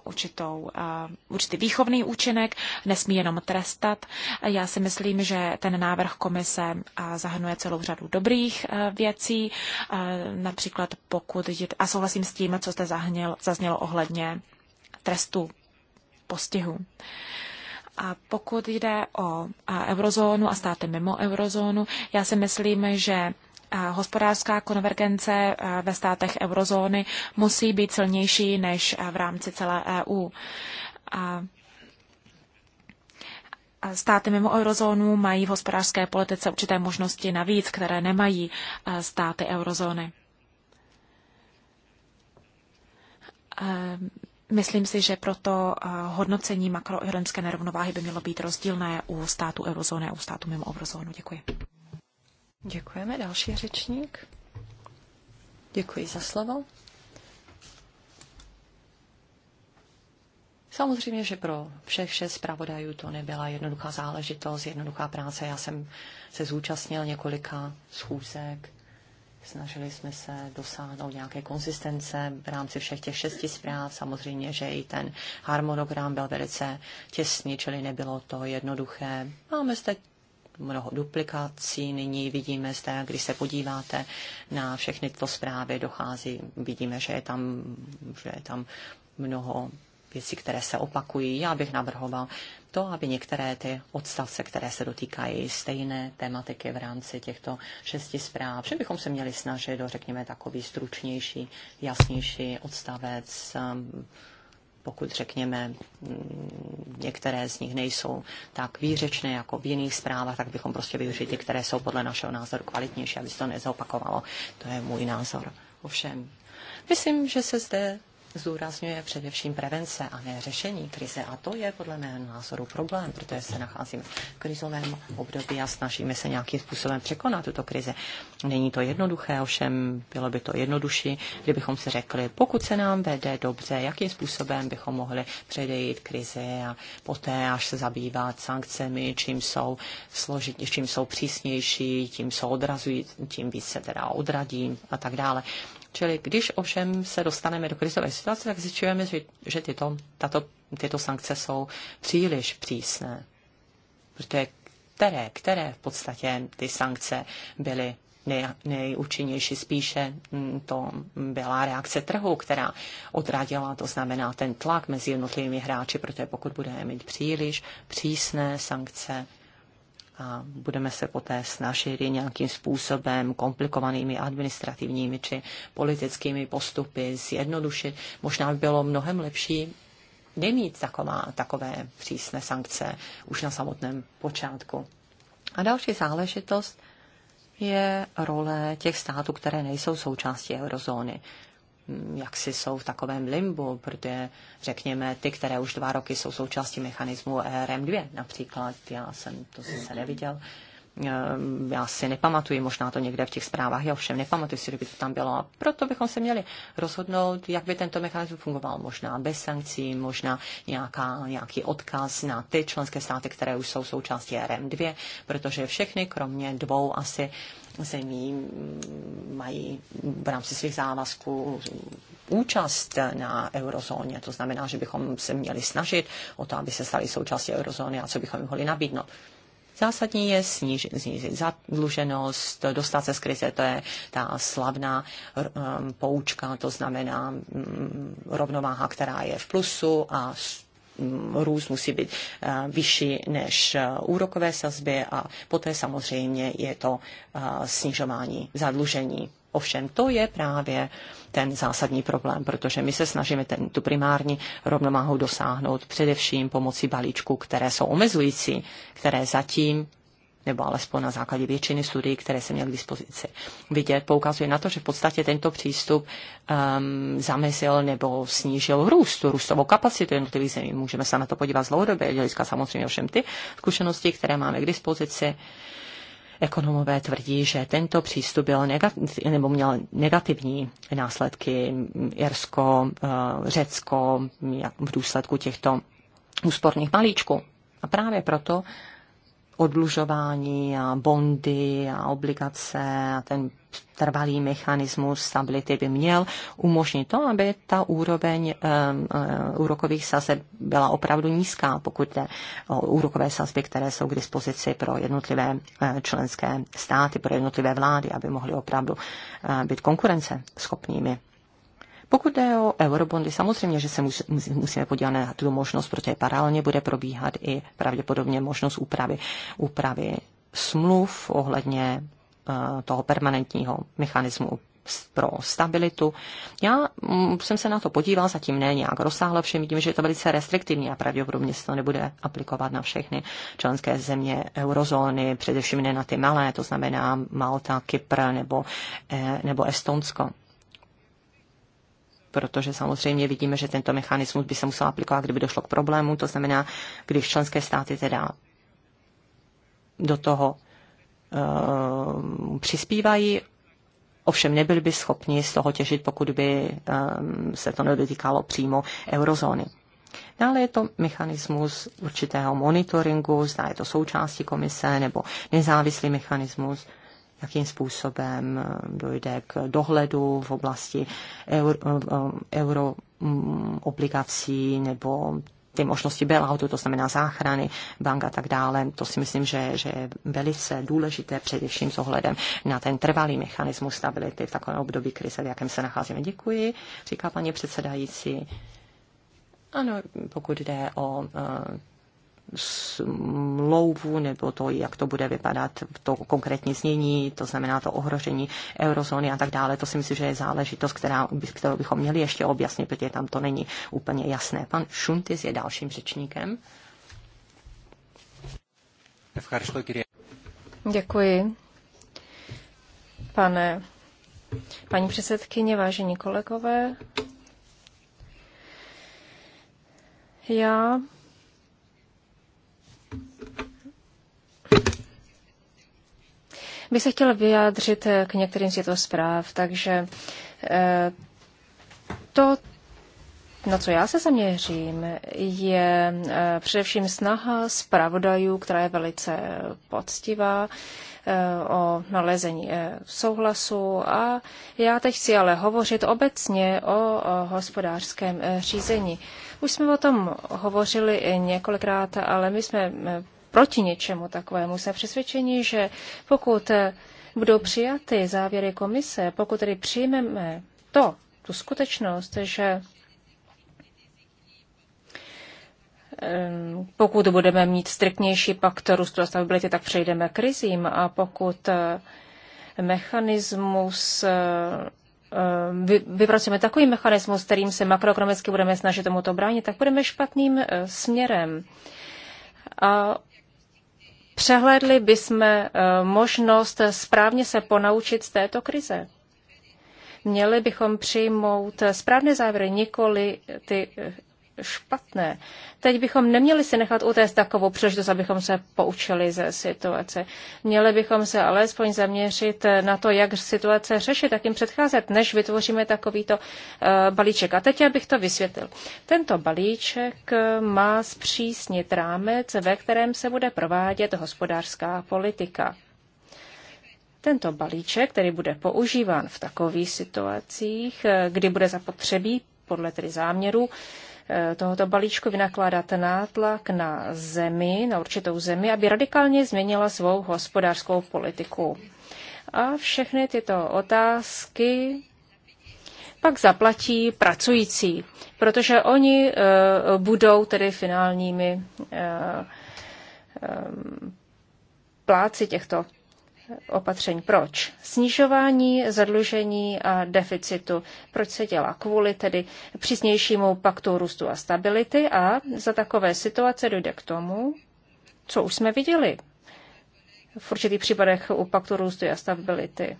určitou, určitý výchovný účinek, nesmí jenom trestat. Já si myslím, že ten návrh komise zahrnuje celou řadu dobrých věcí, například pokud, a souhlasím s tím, co jste zahněl, zaznělo ohledně trestu postihu. A pokud jde o eurozónu a státy mimo eurozónu, já si myslím, že hospodářská konvergence ve státech eurozóny musí být silnější než v rámci celé EU. A Státy mimo eurozónu mají v hospodářské politice určité možnosti navíc, které nemají státy eurozóny. Myslím si, že proto eh, hodnocení makroekonomické nerovnováhy by mělo být rozdílné u státu eurozóny a u státu mimo eurozónu. Děkuji. Děkujeme. Další řečník. Děkuji za slovo. Samozřejmě, že pro všech šest zpravodajů to nebyla jednoduchá záležitost, jednoduchá práce. Já jsem se zúčastnil několika schůzek Snažili jsme se dosáhnout nějaké konzistence v rámci všech těch šesti zpráv. Samozřejmě, že i ten harmonogram byl velice těsný, čili nebylo to jednoduché. Máme zde mnoho duplikací. Nyní vidíme zde, když se podíváte na všechny tyto zprávy, dochází, vidíme, že je tam, že je tam mnoho věci, které se opakují. Já bych navrhoval to, aby některé ty odstavce, které se dotýkají stejné tematiky v rámci těchto šesti zpráv, že bychom se měli snažit o, řekněme, takový stručnější, jasnější odstavec, um, pokud řekněme, mm, některé z nich nejsou tak výřečné jako v jiných zprávách, tak bychom prostě využili ty, které jsou podle našeho názoru kvalitnější, aby se to nezopakovalo. To je můj názor. Ovšem, myslím, že se zde zúrazňuje především prevence a ne řešení krize. A to je podle mého názoru problém, protože se nacházíme v krizovém období a snažíme se nějakým způsobem překonat tuto krizi. Není to jednoduché, ovšem bylo by to jednodušší, kdybychom si řekli, pokud se nám vede dobře, jakým způsobem bychom mohli předejít krizi a poté až se zabývat sankcemi, čím jsou, složit, čím jsou přísnější, tím, jsou odrazují, tím víc se teda odradí a tak dále. Čili když ovšem se dostaneme do krizové situace, tak zjišťujeme, že, že tyto, tato, tyto sankce jsou příliš přísné. Protože které, které v podstatě ty sankce byly nej, nejúčinnější. Spíše mm, to byla reakce trhu, která odradila, to znamená ten tlak mezi jednotlivými hráči, protože pokud budeme mít příliš přísné sankce, a budeme se poté snažit i nějakým způsobem komplikovanými administrativními či politickými postupy zjednodušit. Možná by bylo mnohem lepší nemít taková, takové přísné sankce už na samotném počátku. A další záležitost je role těch států, které nejsou součástí eurozóny jak si jsou v takovém limbu, protože řekněme ty, které už dva roky jsou součástí mechanismu ERM2 například, já jsem to zase neviděl, Ehm, já si nepamatuji, možná to někde v těch zprávách, já ovšem nepamatuji si, kdyby to tam bylo. A proto bychom se měli rozhodnout, jak by tento mechanismus fungoval. Možná bez sankcí, možná nějaká, nějaký odkaz na ty členské státy, které už jsou součástí RM2, protože všechny, kromě dvou asi zemí, mm, mají v rámci svých závazků účast na eurozóně. To znamená, že bychom se měli snažit o to, aby se stali součástí eurozóny a co bychom jim mohli nabídnout. Zásadní je snížit, snížit zadluženost, dostat se z krize, to je ta slavná um, poučka, to znamená um, rovnováha, která je v plusu a mm, růst musí být eh, vyšší než eh, úrokové sazby a poté samozřejmě je to eh, snižování zadlužení. Ovšem to je právě ten zásadní problém, protože my se snažíme ten, tu primární rovnováhu dosáhnout především pomocí balíčků, které jsou omezující, které zatím nebo alespoň na základě většiny studií, které jsem měl k dispozici vidět, poukazuje na to, že v podstatě tento přístup um, zamezil nebo snížil růst, růstovou kapacitu jednotlivých zemí. Můžeme se na to podívat z dlouhodobě, hlediska samozřejmě všem ty zkušenosti, které máme k dispozici. Ekonomové tvrdí, že tento přístup byl negativ, nebo měl negativní následky Irsko, eh, Řecko v důsledku těchto úsporných balíčků. A právě proto odlužování a bondy a obligace a ten trvalý mechanismus stability by měl umožnit to, aby ta úroveň um, uh, úrokových sazeb byla opravdu nízká, pokud jde o úrokové sazby, které jsou k dispozici pro jednotlivé uh, členské státy, pro jednotlivé vlády, aby mohly opravdu uh, být schopnými. Pokud jde o eurobondy, samozřejmě, že se musíme podívat na tu možnost, protože paralelně bude probíhat i pravděpodobně možnost úpravy, úpravy smluv ohledně eh, toho permanentního mechanismu pro stabilitu. Já mm, jsem se na to podíval, zatím ne nějak rozsáhle, všem vidím, že je to velice restriktivní a pravděpodobně se to nebude aplikovat na všechny členské země eurozóny, především ne na ty malé, to znamená Malta, Kypr nebo, eh, nebo Estonsko protože samozřejmě vidíme, že tento mechanismus by se musel aplikovat, kdyby došlo k problému, to znamená, když členské státy teda do toho uh, přispívají, ovšem nebyli by schopni z toho těžit, pokud by um, se to nedotýkalo přímo eurozóny. Dále je to mechanismus určitého monitoringu, zda je to součástí komise nebo nezávislý mechanismus jakým způsobem eh, dojde k dohledu v oblasti eh, eh, euro, euro mm, nebo ty možnosti bailoutu, to znamená záchrany bank a tak dále. To si myslím, že, že je velice důležité především s ohledem na ten trvalý mechanismus stability v takovém období krize, v jakém se nacházíme. Děkuji, říká paní předsedající. Ano, pokud jde o smlouvu nebo to, jak to bude vypadat, to konkrétní znění, to znamená to ohrožení eurozóny a tak dále. To si myslím, že je záležitost, která, kterou bychom měli ještě objasnit, protože tam to není úplně jasné. Pan Šuntis je dalším řečníkem. Děkuji. Pane, paní předsedkyně, vážení kolegové, já bych se chtěla vyjádřit eh, k některým z těchto zpráv, takže eh, to, na co já se zaměřím, je eh, především snaha zpravodajů, která je velice poctivá, o nalezení souhlasu a já teď chci ale hovořit obecně o hospodářském řízení. Už jsme o tom hovořili několikrát, ale my jsme proti něčemu takovému. Jsem přesvědčení, že pokud eh, budou přijaty závěry komise, pokud tedy přijmeme to, tu skutečnost, že pokud budeme mít striktnější pakt růstu a stability, tak přejdeme krizím a pokud eh, mechanismus eh, vypracujeme takový mechanismus, kterým se makroekonomicky budeme snažit tomuto bránit, tak budeme špatným směrem. A přehlédli bychom eh, možnost správně se ponaučit z této krize. Měli bychom přijmout správné závěry, nikoli ty eh, špatné. Teď bychom neměli si nechat utéct takovou příležitost, abychom se poučili ze situace. Měli bychom se alespoň zaměřit na to, jak situace řešit, jak jim předcházet, než vytvoříme takovýto eh, balíček. A teď abych to vysvětlil. Tento balíček eh, má zpřísnit rámec, ve kterém se bude provádět hospodářská politika. Tento balíček, který bude používán v takových situacích, eh, kdy bude zapotřebí podle tedy záměru, tohoto balíčku vynakládat nátlak na zemi, na určitou zemi, aby radikálně změnila svou hospodářskou politiku. A všechny tyto otázky pak zaplatí pracující, protože oni eh, budou tedy finálními eh, eh, pláci těchto opatření. Proč? Snižování zadlužení a deficitu. Proč se dělá? Kvůli tedy přísnějšímu paktu růstu a stability a za takové situace dojde k tomu, co už jsme viděli v určitých případech u paktu růstu a stability.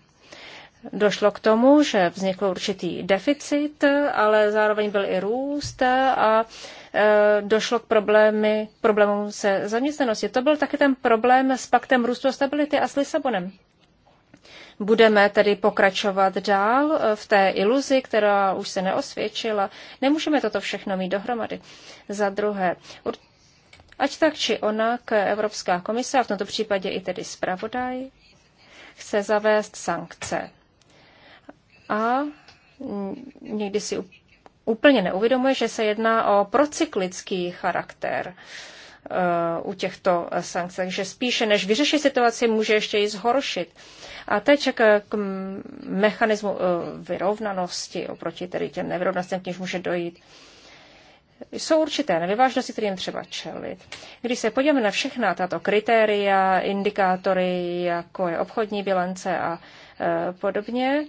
Došlo k tomu, že vznikl určitý deficit, ale zároveň byl i růst a Eh, došlo k problémy, problémům se zaměstnaností. To byl taky ten problém s paktem růstu a stability a s Lisabonem. Budeme tedy pokračovat dál eh, v té iluzi, která už se neosvědčila. Nemůžeme toto všechno mít dohromady. Za druhé, ať tak či onak Evropská komise, a v tomto případě i tedy zpravodaj, chce zavést sankce. A někdy si úplně neuvědomuje, že se jedná o procyklický charakter e, u těchto sankcí. že spíše než vyřešit situaci, může ještě ji zhoršit. A teď k mechanismu e, vyrovnanosti oproti tedy těm nevyrovnanostem, k níž může dojít. Jsou určité nevyvážnosti, kterým třeba čelit. Když se podíváme na všechna tato kritéria, indikátory, jako je obchodní bilance a e, podobně,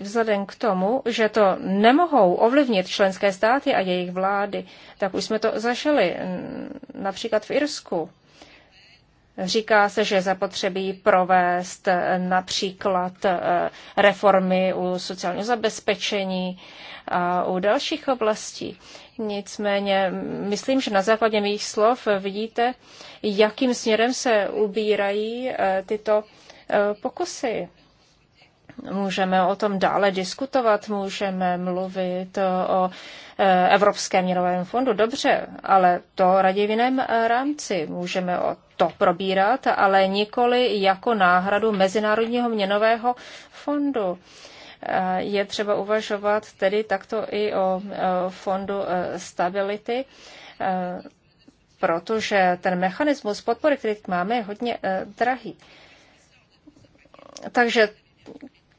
vzhledem k tomu, že to nemohou ovlivnit členské státy a jejich vlády, tak už jsme to zažili například v Irsku. Říká se, že zapotřebí provést například eh, reformy u sociálního zabezpečení a u dalších oblastí. Nicméně myslím, že na základě mých slov vidíte, jakým směrem se ubírají eh, tyto eh, pokusy. Můžeme o tom dále diskutovat, můžeme mluvit o e, Evropském měnovém fondu, dobře, ale to raději v jiném e, rámci. Můžeme o to probírat, ale nikoli jako náhradu Mezinárodního měnového fondu. E, je třeba uvažovat tedy takto i o fondu stability, protože ten mechanismus podpory, který máme, je hodně drahý. Takže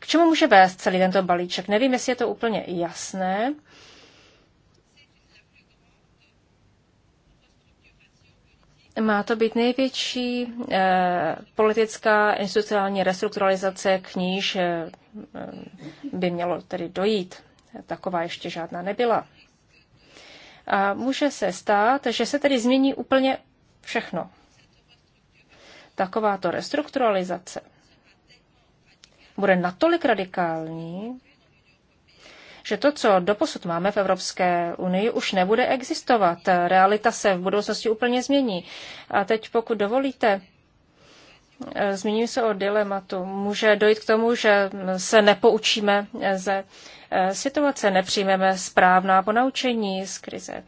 k čemu může vést celý tento balíček? Nevím, jestli je to úplně jasné. Má to být největší eh, politická institucionální restrukturalizace, k níž eh, eh by mělo tedy dojít. Taková ještě žádná nebyla. A může se stát, že se tedy změní úplně všechno. Takováto restrukturalizace bude natolik radikální, že to, co doposud máme v Evropské unii, už nebude existovat. Realita se v budoucnosti úplně změní. A teď, pokud dovolíte, eh, zmíním se o dilematu. Může dojít k tomu, že se nepoučíme ze eh, situace, nepřijmeme správná ponaučení z krize.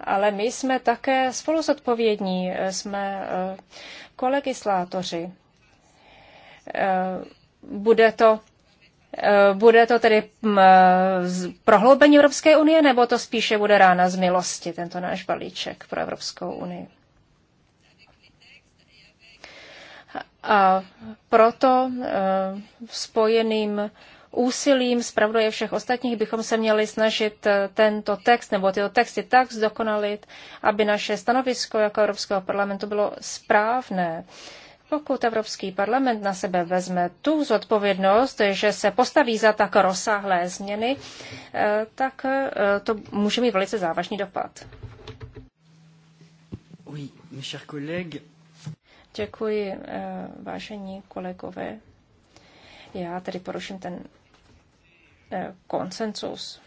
Ale my jsme také spolu zodpovědní, eh, jsme kolegislátoři bude to eh, bude to tedy mm, prohloubení Evropské unie, nebo to spíše bude rána z milosti, tento náš balíček pro Evropskou unii? A proto eh, spojeným úsilím zpravodaje všech ostatních bychom se měli snažit eh, tento text nebo tyto texty tak zdokonalit, aby naše stanovisko jako Evropského parlamentu bylo správné. Pokud Evropský parlament na sebe vezme tu zodpovědnost, že se postaví za tak rozsáhlé změny, eh, tak eh, to může mít velice závažný dopad. Oui, mes chers collègues. Děkuji, eh, vážení kolegové. Já tedy poruším ten konsensus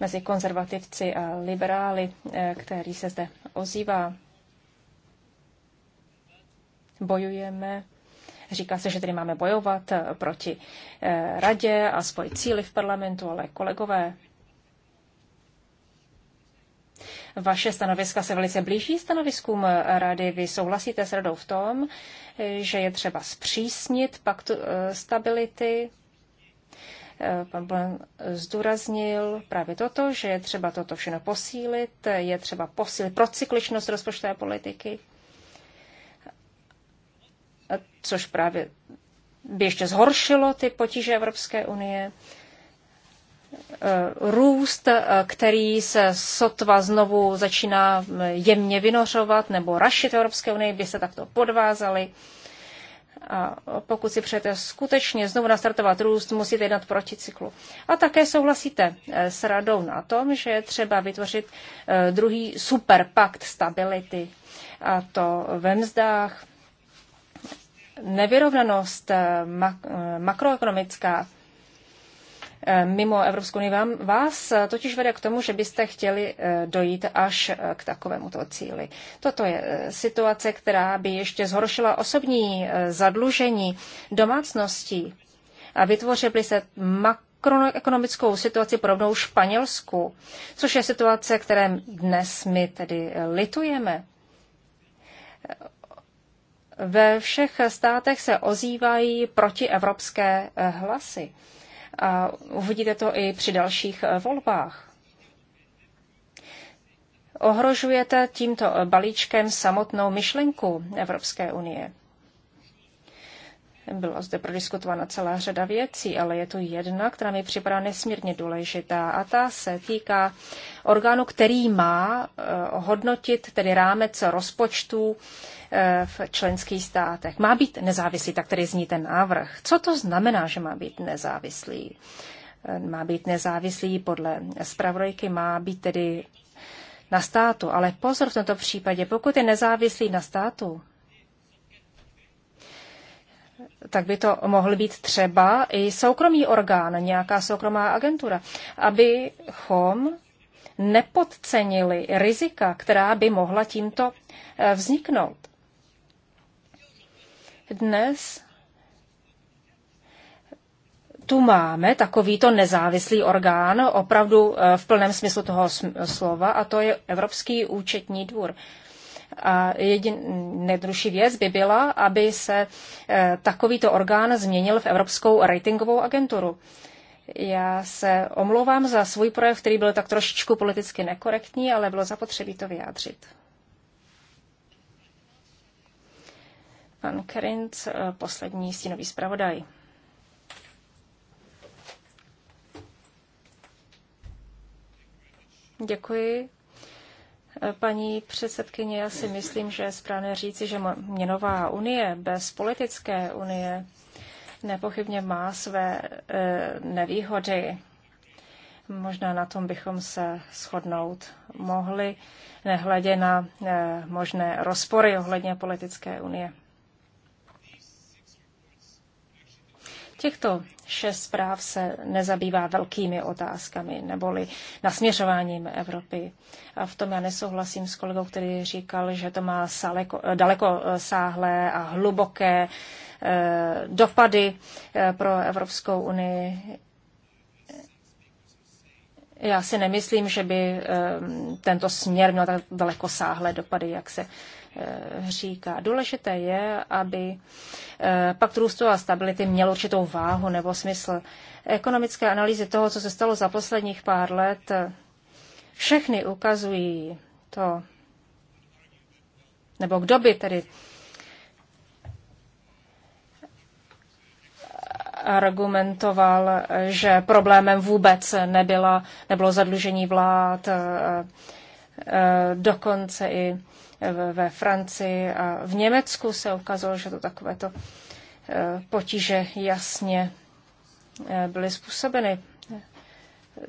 mezi konzervativci a liberály, který se zde ozývá bojujeme. Říká se, že tedy máme bojovat eh, proti eh, radě a svoji cíli v parlamentu, ale kolegové, vaše stanoviska se velice blíží stanoviskům rady. Vy souhlasíte s radou v tom, eh, že je třeba zpřísnit paktu stability. Pan Blen zdůraznil právě toto, že je třeba toto všechno posílit, je třeba posílit procykličnost rozpočtové politiky což právě by ještě zhoršilo ty potíže Evropské unie. Růst, který se sotva znovu začíná jemně vynořovat nebo rašit Evropské unii, by se takto podvázali. A pokud si přejete skutečně znovu nastartovat růst, musíte jednat proti cyklu. A také souhlasíte s radou na tom, že je třeba vytvořit eh, druhý superpakt stability, a to ve mzdách, nevyrovnanost eh, eh, makroekonomická eh, mimo Evropskou unii vám, vás totiž vede k tomu, že byste chtěli dojít až k takovémuto cíli. Toto je situace, která by ještě zhoršila osobní zadlužení domácností a vytvořili se makroekonomickou situaci podobnou Španělsku, což je situace, které dnes my tedy litujeme. Ve všech státech se ozývají protievropské eh, hlasy. A uvidíte to i při dalších eh, volbách. Ohrožujete tímto eh, balíčkem samotnou myšlenku Evropské unie. Byla zde prodiskutována celá řada věcí, ale je tu jedna, která mi připadá nesmírně důležitá a ta se týká orgánu, který má hodnotit tedy rámec rozpočtů Eh, v členských státech. Má být nezávislý, tak tedy zní ten návrh. Co to znamená, že má být nezávislý? Eh, má být nezávislý podle zpravodajky, má být tedy na státu. Ale pozor v tomto případě, pokud je nezávislý na státu, tak by to mohl být třeba i soukromý orgán, nějaká soukromá agentura, abychom nepodcenili rizika, která by mohla tímto eh, vzniknout. Dnes tu máme takovýto nezávislý orgán, opravdu eh, v plném smyslu toho slova, a to je Evropský účetní dvůr. A jedin, nejdružší věc by byla, aby se eh, takovýto orgán změnil v Evropskou ratingovou agenturu. Já se omlouvám za svůj projev, který byl tak trošičku politicky nekorektní, ale bylo zapotřebí to vyjádřit. Pan Kerinc, eh, poslední stínový zpravodaj. Děkuji. Eh, paní předsedkyně, já si myslím, že je správné říci, že měnová unie bez politické unie nepochybně má své eh, nevýhody. Možná na tom bychom se shodnout mohli, nehledě na možné rozpory ohledně politické unie. Těchto šest zpráv se nezabývá velkými otázkami neboli nasměřováním Evropy. A v tom já nesouhlasím s kolegou, který říkal, že to má saleko, eh, daleko eh, sáhlé a hluboké eh, dopady eh, pro Evropskou unii. Já si nemyslím, že by eh, tento směr měl tak daleko sáhlé dopady, jak se Eh, říká. Důležité je, aby eh, pakt růstu a stability měl určitou váhu nebo smysl. Ekonomické analýzy toho, co se stalo za posledních pár let, všechny ukazují to, nebo kdo by tedy argumentoval, že problémem vůbec nebyla, nebylo zadlužení vlád, eh, dokonce i ve Francii a v Německu se ukázalo, že to takovéto e, potíže jasně e, byly způsobeny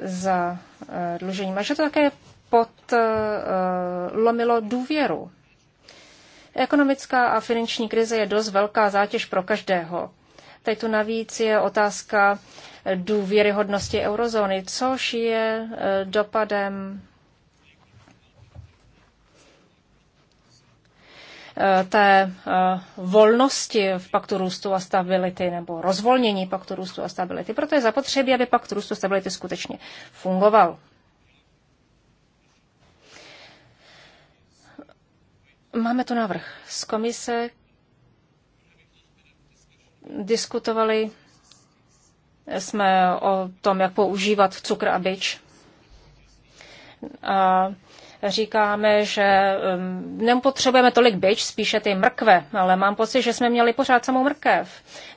za e, dlužením. A že to také podlomilo důvěru. Ekonomická a finanční krize je dost velká zátěž pro každého. Teď tu navíc je otázka důvěryhodnosti eurozóny, což je dopadem Eh, té eh, volnosti v paktu růstu a stability nebo rozvolnění paktu růstu a stability. Proto je zapotřebí, aby pakt růstu a stability skutečně fungoval. Máme tu návrh z komise. Diskutovali jsme o tom, jak používat cukr a byč. A říkáme, že um, nepotřebujeme tolik byč, spíše ty mrkve, ale mám pocit, že jsme měli pořád samou mrkev.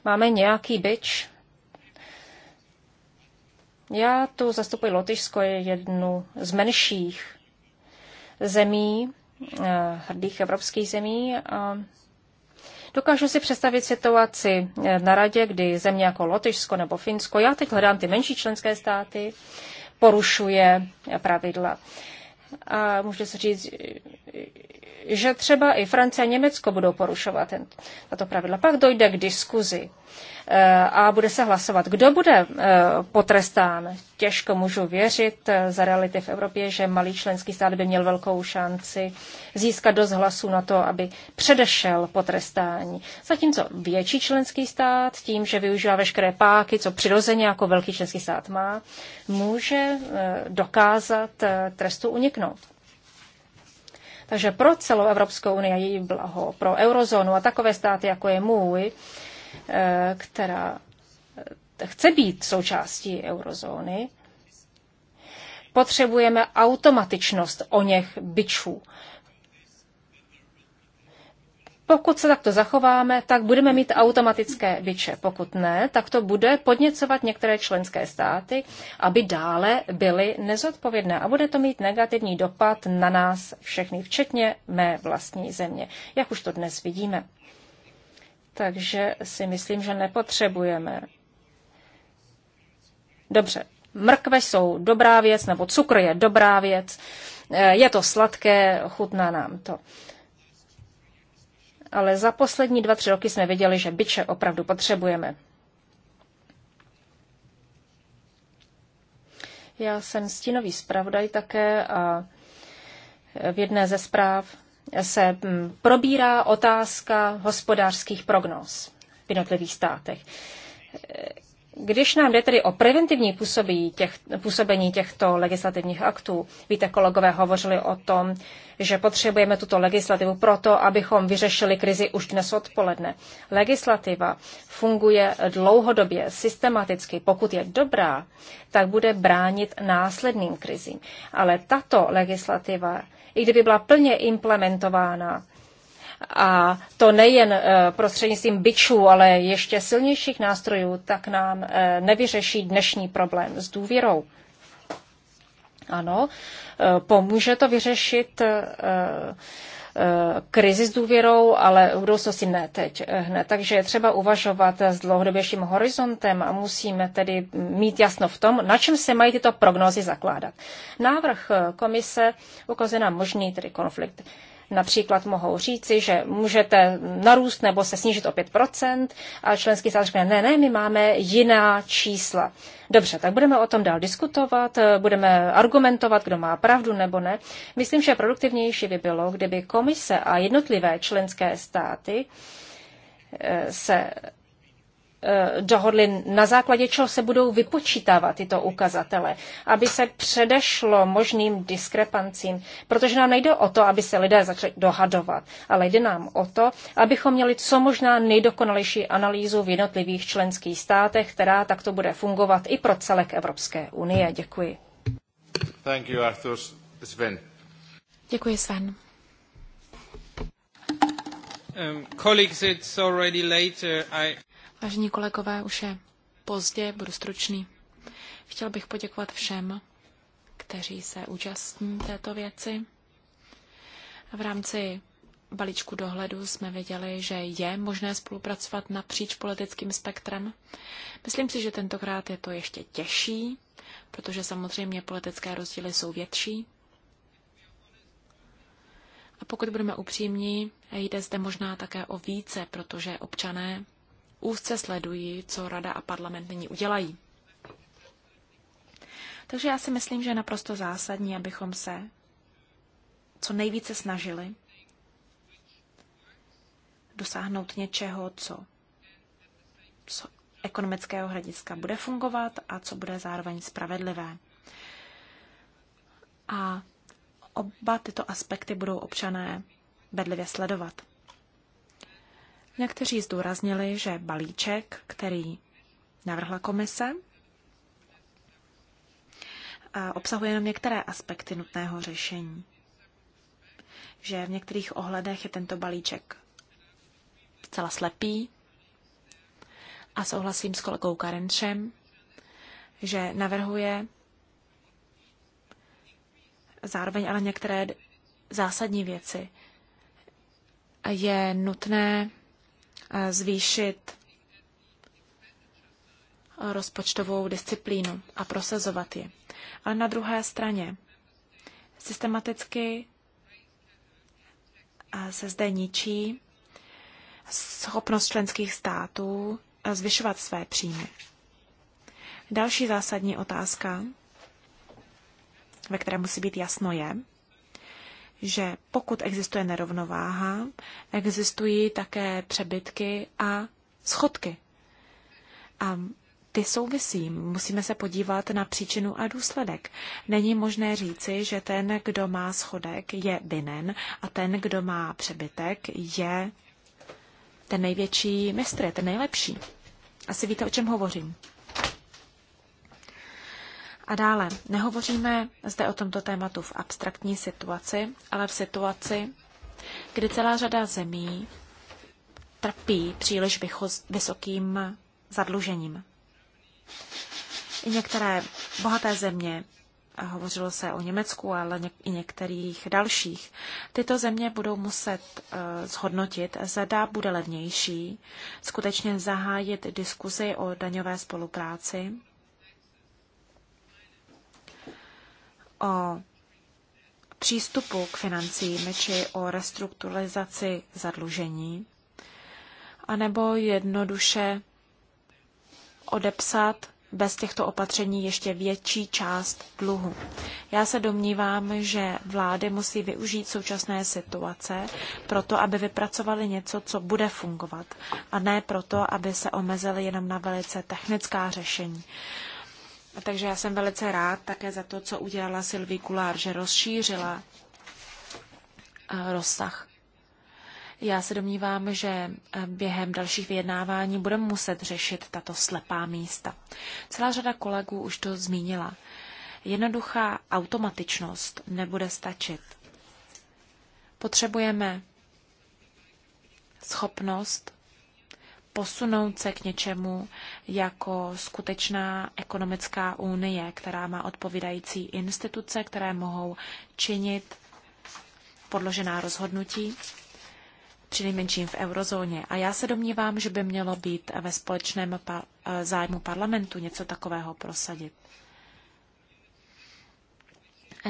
Máme nějaký byč. Já tu zastupuji Lotyšsko, je jednu z menších zemí, eh, hrdých evropských zemí. A Dokážu si představit situaci eh, na radě, kdy země jako Lotyšsko nebo Finsko, já teď hledám ty menší členské státy, porušuje pravidla. A může se říct, že třeba i Francie a Německo budou porušovat tato pravidla. Pak dojde k diskuzi eh, a bude se hlasovat. Kdo bude eh, potrestán? Těžko můžu věřit eh, za reality v Evropě, že malý členský stát by měl velkou šanci získat dost hlasů na to, aby předešel potrestání. Zatímco větší členský stát, tím, že využívá veškeré páky, co přirozeně jako velký členský stát má, může dokázat trestu uniknout. Takže pro celou Evropskou unii a její blaho, pro eurozónu a takové státy, jako je můj, eh, která eh, chce být součástí eurozóny, potřebujeme automatičnost o něch byčů. Pokud se takto zachováme, tak budeme mít automatické biče. Pokud ne, tak to bude podněcovat některé členské státy, aby dále byly nezodpovědné. A bude to mít negativní dopad na nás všechny, včetně mé vlastní země, jak už to dnes vidíme. Takže si myslím, že nepotřebujeme. Dobře, mrkve jsou dobrá věc, nebo cukr je dobrá věc, eh, je to sladké, chutná nám to ale za poslední dva, tři roky jsme viděli, že byče opravdu potřebujeme. Já jsem stínový zpravodaj také a v jedné ze zpráv se hm, probírá otázka hospodářských prognóz v jednotlivých státech. Když nám jde tedy o preventivní působí těch, působení těchto legislativních aktů, víte, kolegové hovořili o tom, že potřebujeme tuto legislativu proto, abychom vyřešili krizi už dnes odpoledne. Legislativa funguje dlouhodobě, systematicky. Pokud je dobrá, tak bude bránit následným krizím. Ale tato legislativa, i kdyby byla plně implementována, a to nejen eh, prostřednictvím byčů, ale ještě silnějších nástrojů, tak nám eh, nevyřeší dnešní problém s důvěrou. Ano, eh, pomůže to vyřešit krizi s důvěrou, ale v budoucnosti ne teď hned. Takže je třeba uvažovat s dlouhodobějším horizontem a musíme tedy mít jasno v tom, na čem se mají tyto prognózy zakládat. Návrh komise ukazuje nám možný tedy konflikt Například mohou říci, že můžete narůst nebo se snížit o 5%, a členský stát řekne, ne, ne, my máme jiná čísla. Dobře, tak budeme o tom dál diskutovat, budeme argumentovat, kdo má pravdu nebo ne. Myslím, že produktivnější by bylo, kdyby komise a jednotlivé členské státy eh, se Eh, dohodli, na základě čeho se budou vypočítávat tyto ukazatele, aby se předešlo možným diskrepancím, protože nám nejde o to, aby se lidé začali dohadovat, ale jde nám o to, abychom měli co možná nejdokonalejší analýzu v jednotlivých členských státech, která takto bude fungovat i pro celek Evropské unie. Děkuji. Thank you, Arthur. Sven. Děkuji, Sven. Um, colleagues, it's already late. Uh, I... Vážení kolegové, už je pozdě, budu stručný. Chtěl bych poděkovat všem, kteří se účastní této věci. V rámci balíčku dohledu jsme věděli, že je možné spolupracovat napříč politickým spektrem. Myslím si, že tentokrát je to ještě těžší, protože samozřejmě politické rozdíly jsou větší. A pokud budeme upřímní, jde zde možná také o více, protože občané úzce sledují, co Rada a parlament nyní udělají. Takže já si myslím, že je naprosto zásadní, abychom se co nejvíce snažili dosáhnout něčeho, co z ekonomického hlediska bude fungovat a co bude zároveň spravedlivé. A oba tyto aspekty budou občané bedlivě sledovat. Někteří zdůraznili, že balíček, který navrhla komise, obsahuje jenom některé aspekty nutného řešení. Že v některých ohledech je tento balíček zcela slepý a souhlasím s kolegou Karenčem, že navrhuje zároveň ale některé zásadní věci. Je nutné Eh, zvýšit rozpočtovou disciplínu a prosazovat ji. Ale na druhé straně systematicky eh, se zde ničí schopnost členských států eh, zvyšovat své příjmy. Další zásadní otázka, ve které musí být jasno, je, že pokud existuje nerovnováha, existují také přebytky a schodky. A ty souvisí. Musíme se podívat na příčinu a důsledek. Není možné říci, že ten, kdo má schodek, je vinen a ten, kdo má přebytek, je ten největší mistr, ten nejlepší. Asi víte, o čem hovořím. A dále, nehovoříme zde o tomto tématu v abstraktní situaci, ale v situaci, kdy celá řada zemí trpí příliš vysokým zadlužením. I některé bohaté země, hovořilo se o Německu, ale i některých dalších, tyto země budou muset e, zhodnotit, zda bude levnější skutečně zahájit diskuzi o daňové spolupráci o přístupu k financím či o restrukturalizaci zadlužení, anebo jednoduše odepsat bez těchto opatření ještě větší část dluhu. Já se domnívám, že vlády musí využít současné situace proto, aby vypracovali něco, co bude fungovat, a ne proto, aby se omezili jenom na velice technická řešení. A Takže já jsem velice rád také za to, co udělala Sylvie Kulár, že rozšířila eh, rozsah. Já se domnívám, že eh, během dalších vyjednávání budeme muset řešit tato slepá místa. Celá řada kolegů už to zmínila. Jednoduchá automatičnost nebude stačit. Potřebujeme schopnost posunout se k něčemu jako skutečná ekonomická unie, která má odpovídající instituce, které mohou činit podložená rozhodnutí, nejmenším v eurozóně. A já se domnívám, že by mělo být ve společném pa- eh, zájmu parlamentu něco takového prosadit.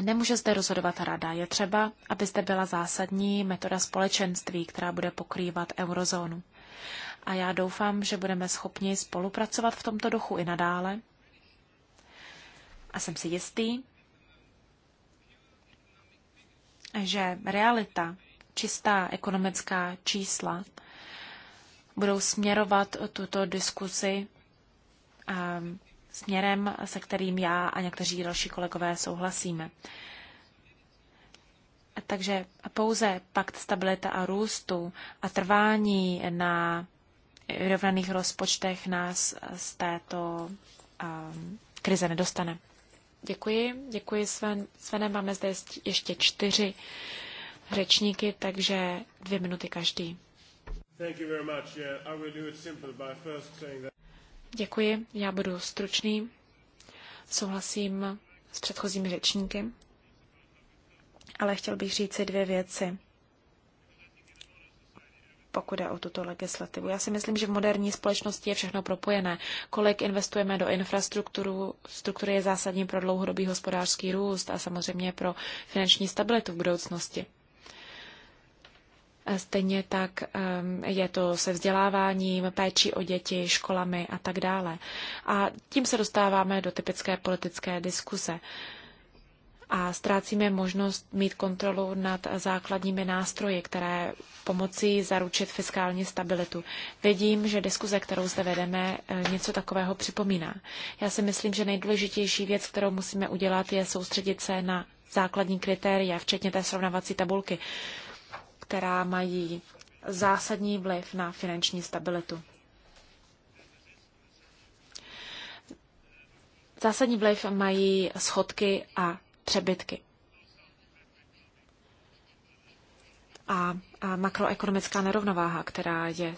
Nemůže zde rozhodovat rada. Je třeba, aby zde byla zásadní metoda společenství, která bude pokrývat eurozónu a já doufám, že budeme schopni spolupracovat v tomto duchu i nadále. A jsem si jistý, že realita, čistá ekonomická čísla budou směrovat tuto diskuzi ehm, směrem, se kterým já a někteří další kolegové souhlasíme. Takže pouze pakt stabilita a růstu a trvání na vyrovnaných rozpočtech nás z této um, krize nedostane. Děkuji, děkuji Sven. Svenem. Máme zde ještě čtyři řečníky, takže dvě minuty každý. Děkuji, já budu stručný. Souhlasím s předchozími řečníky, ale chtěl bych říci dvě věci pokud jde o tuto legislativu. Já si myslím, že v moderní společnosti je všechno propojené. Kolik investujeme do infrastrukturu, struktury je zásadní pro dlouhodobý hospodářský růst a samozřejmě pro finanční stabilitu v budoucnosti. Stejně tak um, je to se vzděláváním, péčí o děti, školami a tak dále. A tím se dostáváme do typické politické diskuse a ztrácíme možnost mít kontrolu nad základními nástroji, které pomocí zaručit fiskální stabilitu. Vidím, že diskuze, kterou zde vedeme, eh, něco takového připomíná. Já si myslím, že nejdůležitější věc, kterou musíme udělat, je soustředit se na základní kritéria, včetně té srovnavací tabulky, která mají zásadní vliv na finanční stabilitu. Zásadní vliv mají schodky a přebytky. A, a makroekonomická nerovnováha, která je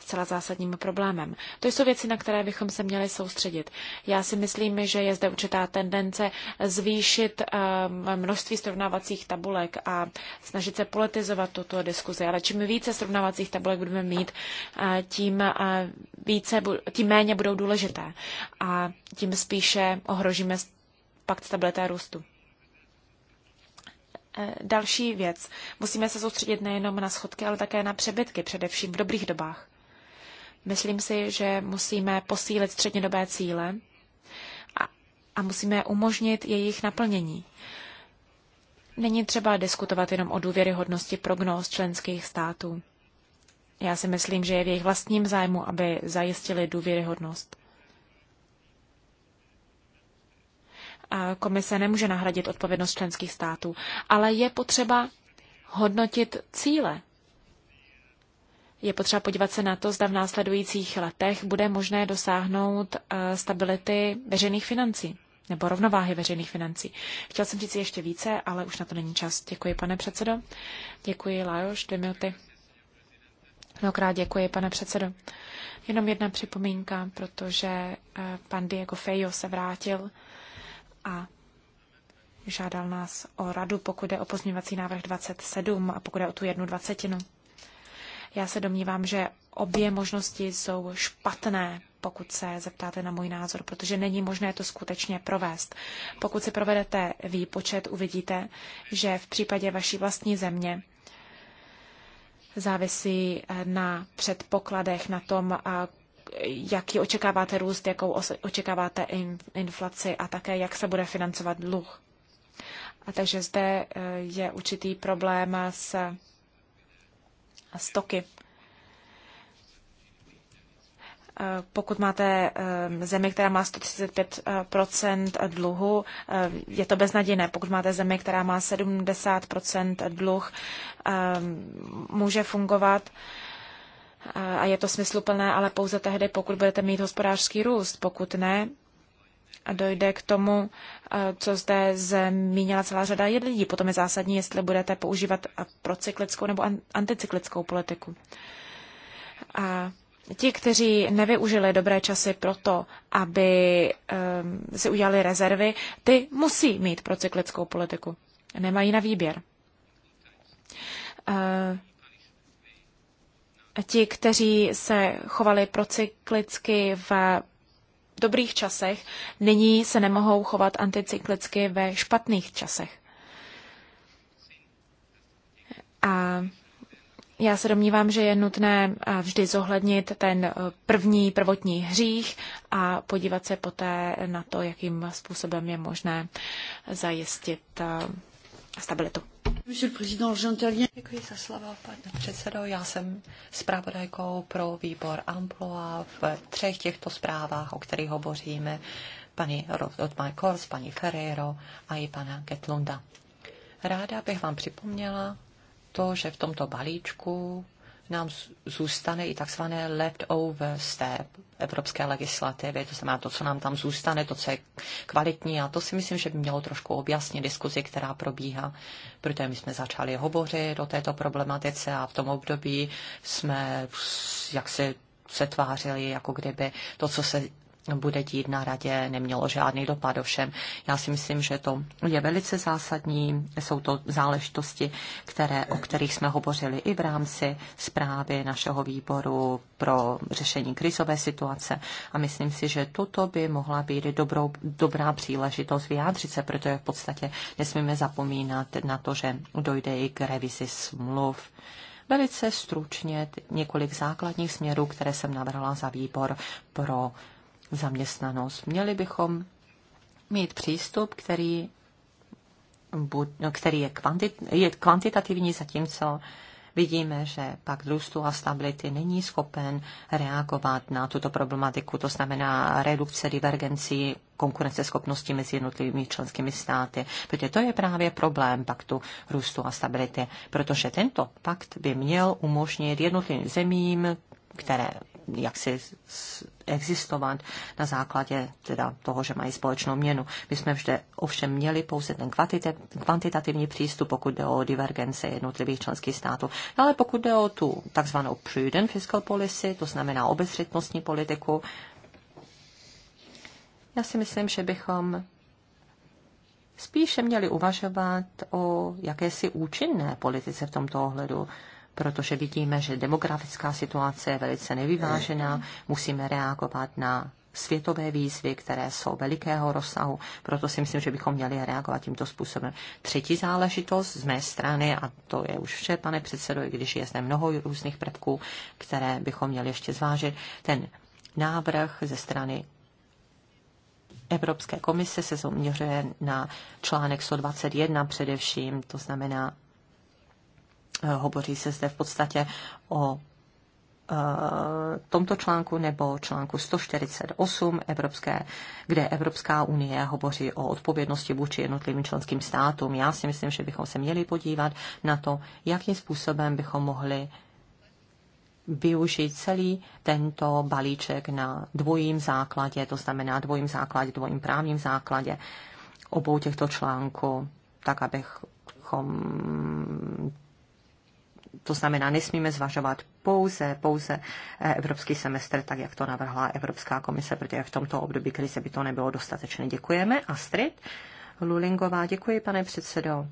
zcela zásadním problémem. To jsou věci, na které bychom se měli soustředit. Já si myslím, že je zde určitá tendence zvýšit eh, množství srovnávacích tabulek a snažit se politizovat tuto diskuzi. Ale čím více srovnávacích tabulek budeme mít, eh, tím, eh, více, tím méně budou důležité a tím spíše ohrožíme pakt stability a růstu. E, další věc. Musíme se soustředit nejenom na schodky, ale také na přebytky, především v dobrých dobách. Myslím si, že musíme posílit střednědobé cíle a, a musíme umožnit jejich naplnění. Není třeba diskutovat jenom o důvěryhodnosti prognóz členských států. Já si myslím, že je v jejich vlastním zájmu, aby zajistili důvěryhodnost. Komise nemůže nahradit odpovědnost členských států, ale je potřeba hodnotit cíle. Je potřeba podívat se na to, zda v následujících letech bude možné dosáhnout eh, stability veřejných financí nebo rovnováhy veřejných financí. Chtěl jsem říct ještě více, ale už na to není čas. Děkuji, pane předsedo. Děkuji, Lajoš, dvě minuty. Mnohokrát děkuji, pane předsedo. Jenom jedna připomínka, protože eh, pan Diego Fejo se vrátil a žádal nás o radu, pokud je o pozměňovací návrh 27 a pokud je o tu jednu dvacetinu. Já se domnívám, že obě možnosti jsou špatné, pokud se zeptáte na můj názor, protože není možné to skutečně provést. Pokud si provedete výpočet, uvidíte, že v případě vaší vlastní země závisí na předpokladech, na tom, jaký očekáváte růst, jakou očekáváte inflaci a také jak se bude financovat dluh. A takže zde eh, je určitý problém s stoky. Eh, pokud máte eh, zemi, která má 135 dluhu, je to beznadějné. Pokud máte zemi, která má 70 dluh, může fungovat a je to smysluplné, ale pouze tehdy, pokud budete mít hospodářský růst. Pokud ne, dojde k tomu, co zde zmínila celá řada lidí. Potom je zásadní, jestli budete používat procyklickou nebo anticyklickou politiku. A ti, kteří nevyužili dobré časy proto, aby um, si udělali rezervy, ty musí mít procyklickou politiku. Nemají na výběr. Uh, ti, kteří se chovali procyklicky v dobrých časech, nyní se nemohou chovat anticyklicky ve špatných časech. A já se domnívám, že je nutné vždy zohlednit ten e, první prvotní hřích a podívat se poté na to, jakým způsobem je možné zajistit e, stabilitu. Děkuji za slovo, pane předsedo. Já jsem zpravodajkou pro výbor a v třech těchto zprávách, o kterých hovoříme, paní Rotman Kors, paní Ferreiro a i pana Getlunda. Ráda bych vám připomněla to, že v tomto balíčku nám zůstane i takzvané leftover z té evropské legislativy, to znamená to, co nám tam zůstane, to, co je kvalitní a to si myslím, že by mělo trošku objasnit diskuzi, která probíhá, protože my jsme začali hovořit o této problematice a v tom období jsme jak se tvářili, jako kdyby to, co se bude dít na radě, nemělo žádný dopad. Ovšem, já si myslím, že to je velice zásadní. Jsou to záležitosti, které, o kterých jsme hovořili i v rámci zprávy našeho výboru pro řešení krizové situace. A myslím si, že toto by mohla být dobrou, dobrá příležitost vyjádřit se, protože v podstatě nesmíme zapomínat na to, že dojde i k revizi smluv velice stručně několik základních směrů, které jsem navrhla za výbor pro zaměstnanost. Měli bychom mít přístup, který, no, který je, kvantit, je kvantitativní, zatímco vidíme, že pak růstu a stability není schopen reagovat na tuto problematiku, to znamená redukce divergencí konkurenceschopnosti mezi jednotlivými členskými státy, protože to je právě problém paktu růstu a stability, protože tento pakt by měl umožnit jednotlivým zemím, které jaksi existovat na základě teda toho, že mají společnou měnu. My jsme vždy ovšem měli pouze ten kvantitativní přístup, pokud jde o divergence jednotlivých členských států. No, ale pokud jde o tu takzvanou prudent fiscal policy, to znamená obezřetnostní politiku, já si myslím, že bychom spíše měli uvažovat o jakési účinné politice v tomto ohledu protože vidíme, že demografická situace je velice nevyvážená, musíme reagovat na světové výzvy, které jsou velikého rozsahu. Proto si myslím, že bychom měli reagovat tímto způsobem. Třetí záležitost z mé strany, a to je už vše, pane předsedo, i když je zde mnoho různých prvků, které bychom měli ještě zvážit, ten návrh ze strany Evropské komise se zaměřuje na článek 121 především, to znamená Eh, hovoří se zde v podstatě o eh, tomto článku nebo článku 148 Evropské, kde Evropská unie hovoří o odpovědnosti vůči jednotlivým členským státům. Já si myslím, že bychom se měli podívat na to, jakým způsobem bychom mohli využít celý tento balíček na dvojím základě, to znamená dvojím základě, dvojím právním základě obou těchto článků, tak abychom to znamená, nesmíme zvažovat pouze, pouze eh, evropský semestr, tak jak to navrhla Evropská komise, protože v tomto období krize by to nebylo dostatečné. Děkujeme. Astrid Lulingová, děkuji, pane předsedo.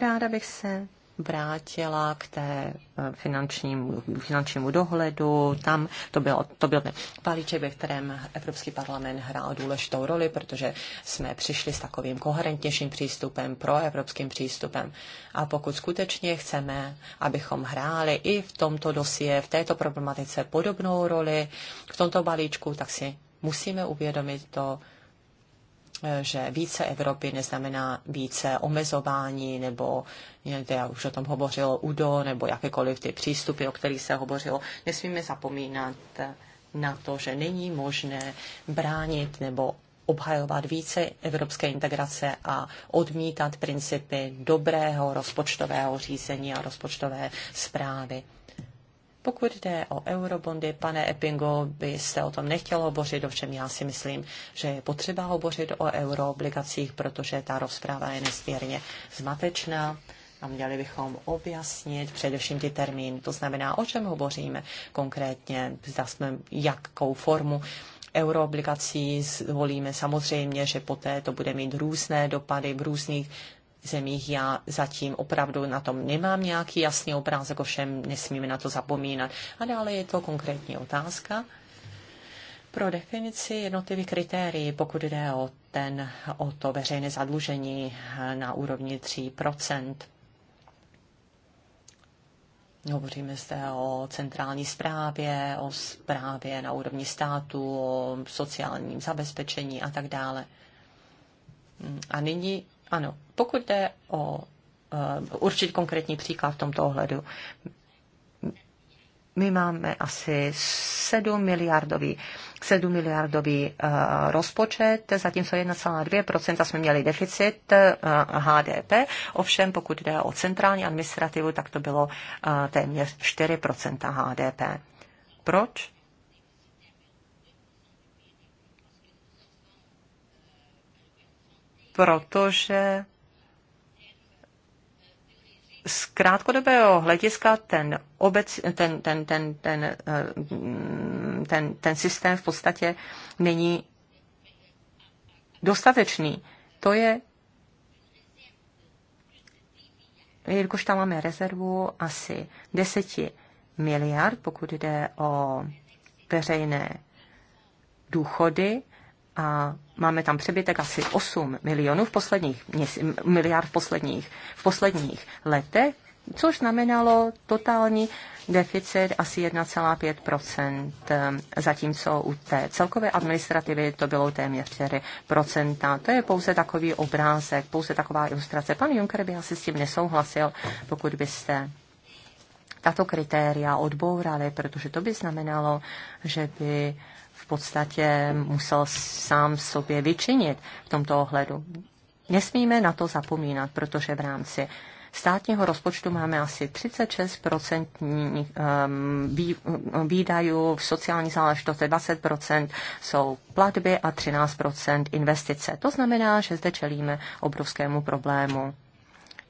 Ráda bych se vrátila k té eh, finančnímu, finančnímu dohledu. Tam to byl, to byl ten balíček, ve kterém Evropský parlament hrál důležitou roli, protože jsme přišli s takovým koherentnějším přístupem, proevropským přístupem. A pokud skutečně chceme, abychom hráli i v tomto dosie, v této problematice podobnou roli, v tomto balíčku, tak si musíme uvědomit to, Eh, že více Evropy neznamená více omezování nebo někde, eh, já už o tom hovořil, UDO, nebo jakékoliv ty přístupy, o kterých se hovořilo. Nesmíme zapomínat eh, na to, že není možné bránit nebo obhajovat více evropské integrace a odmítat principy dobrého rozpočtového řízení a rozpočtové zprávy. Pokud jde o eurobondy, pane Eppingo, byste o tom nechtěl hovořit, ovšem já si myslím, že je potřeba hovořit o euroobligacích, protože ta rozpráva je nesmírně zmatečná a měli bychom objasnit především ty termíny, to znamená, o čem hovoříme konkrétně, zda jsme jakou formu euroobligací zvolíme. Samozřejmě, že poté to bude mít různé dopady v různých zemích. Já zatím opravdu na tom nemám nějaký jasný obrázek, ovšem nesmíme na to zapomínat. A dále je to konkrétní otázka pro definici jednotlivých kritérií, pokud jde o, ten, o to veřejné zadlužení na úrovni 3 Hovoříme zde o centrální správě, o správě na úrovni státu, o sociálním zabezpečení a tak dále. A nyní ano, pokud jde o eh, určitě konkrétní příklad v tomto ohledu. My máme asi 7 miliardový, 7 miliardový uh, rozpočet, zatímco 1,2% jsme měli deficit uh, eh, HDP. Ovšem, pokud jde o centrální administrativu, tak to bylo uh, téměř 4% HDP. Proč? protože z krátkodobého hlediska ten, obec, ten, ten, ten, ten, eh, ten, ten systém v podstatě není dostatečný. To je, jelikož tam máme rezervu asi 10 miliard, pokud jde o veřejné důchody, a máme tam přebytek asi 8 milionů v posledních, miliard v posledních, v posledních letech, což znamenalo totální deficit asi 1,5 zatímco u té celkové administrativy to bylo téměř 4 To je pouze takový obrázek, pouze taková ilustrace. Pan Juncker by asi s tím nesouhlasil, pokud byste tato kritéria odbourali, protože to by znamenalo, že by v podstatě musel sám sobě vyčinit v tomto ohledu. Nesmíme na to zapomínat, protože v rámci státního rozpočtu máme asi 36 ehm, ehm, výdajů v sociální záležitosti, 20 jsou platby a 13 investice. To znamená, že zde čelíme obrovskému problému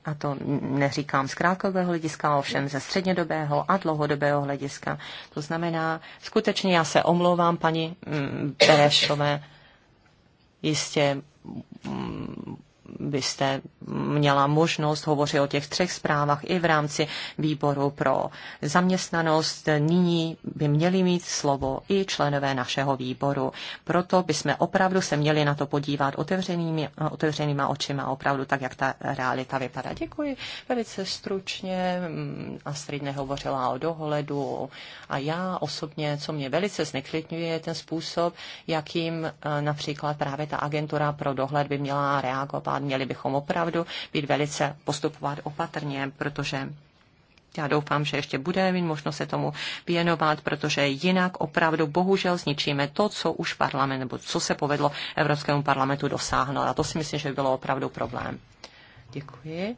a to neříkám z krátkového hlediska, ovšem ze střednědobého a dlouhodobého hlediska. To znamená, skutečně já se omlouvám paní mm, Berešové, jistě mm, byste měla možnost hovořit o těch třech zprávách i v rámci výboru pro zaměstnanost. Nyní by měli mít slovo i členové našeho výboru. Proto bychom opravdu se měli na to podívat otevřenými, otevřenýma očima, opravdu tak, jak ta realita vypadá. Děkuji velice stručně. Mm, Astrid nehovořila o dohledu a já osobně, co mě velice zneklidňuje, je ten způsob, jakým e, například právě ta agentura pro dohled by měla reagovat Měli bychom opravdu být velice postupovat opatrně, protože já doufám, že ještě bude mít možnost se tomu věnovat, protože jinak opravdu bohužel zničíme to, co už parlament, nebo co se povedlo Evropskému parlamentu dosáhnout. A to si myslím, že by bylo opravdu problém. Děkuji.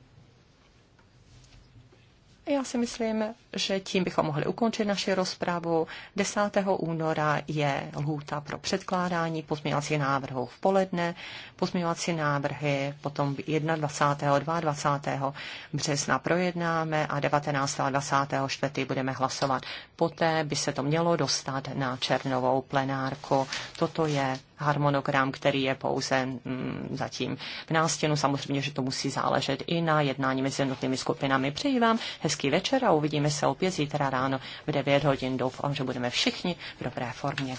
Já si myslím, že tím bychom mohli ukončit naši rozpravu. 10. února je lhůta pro předkládání pozměňovací návrhů v poledne. Pozměňovací návrhy potom 21. a 22. března projednáme a 19. a 24. budeme hlasovat. Poté by se to mělo dostat na černovou plenárku. Toto je harmonogram, který je pouze mm, zatím v nástěnu. Samozřejmě, že to musí záležet i na jednání mezi jednotlivými skupinami. Přeji vám hezký večer a uvidíme se opět zítra ráno v 9 hodin. Doufám, že budeme všichni v dobré formě.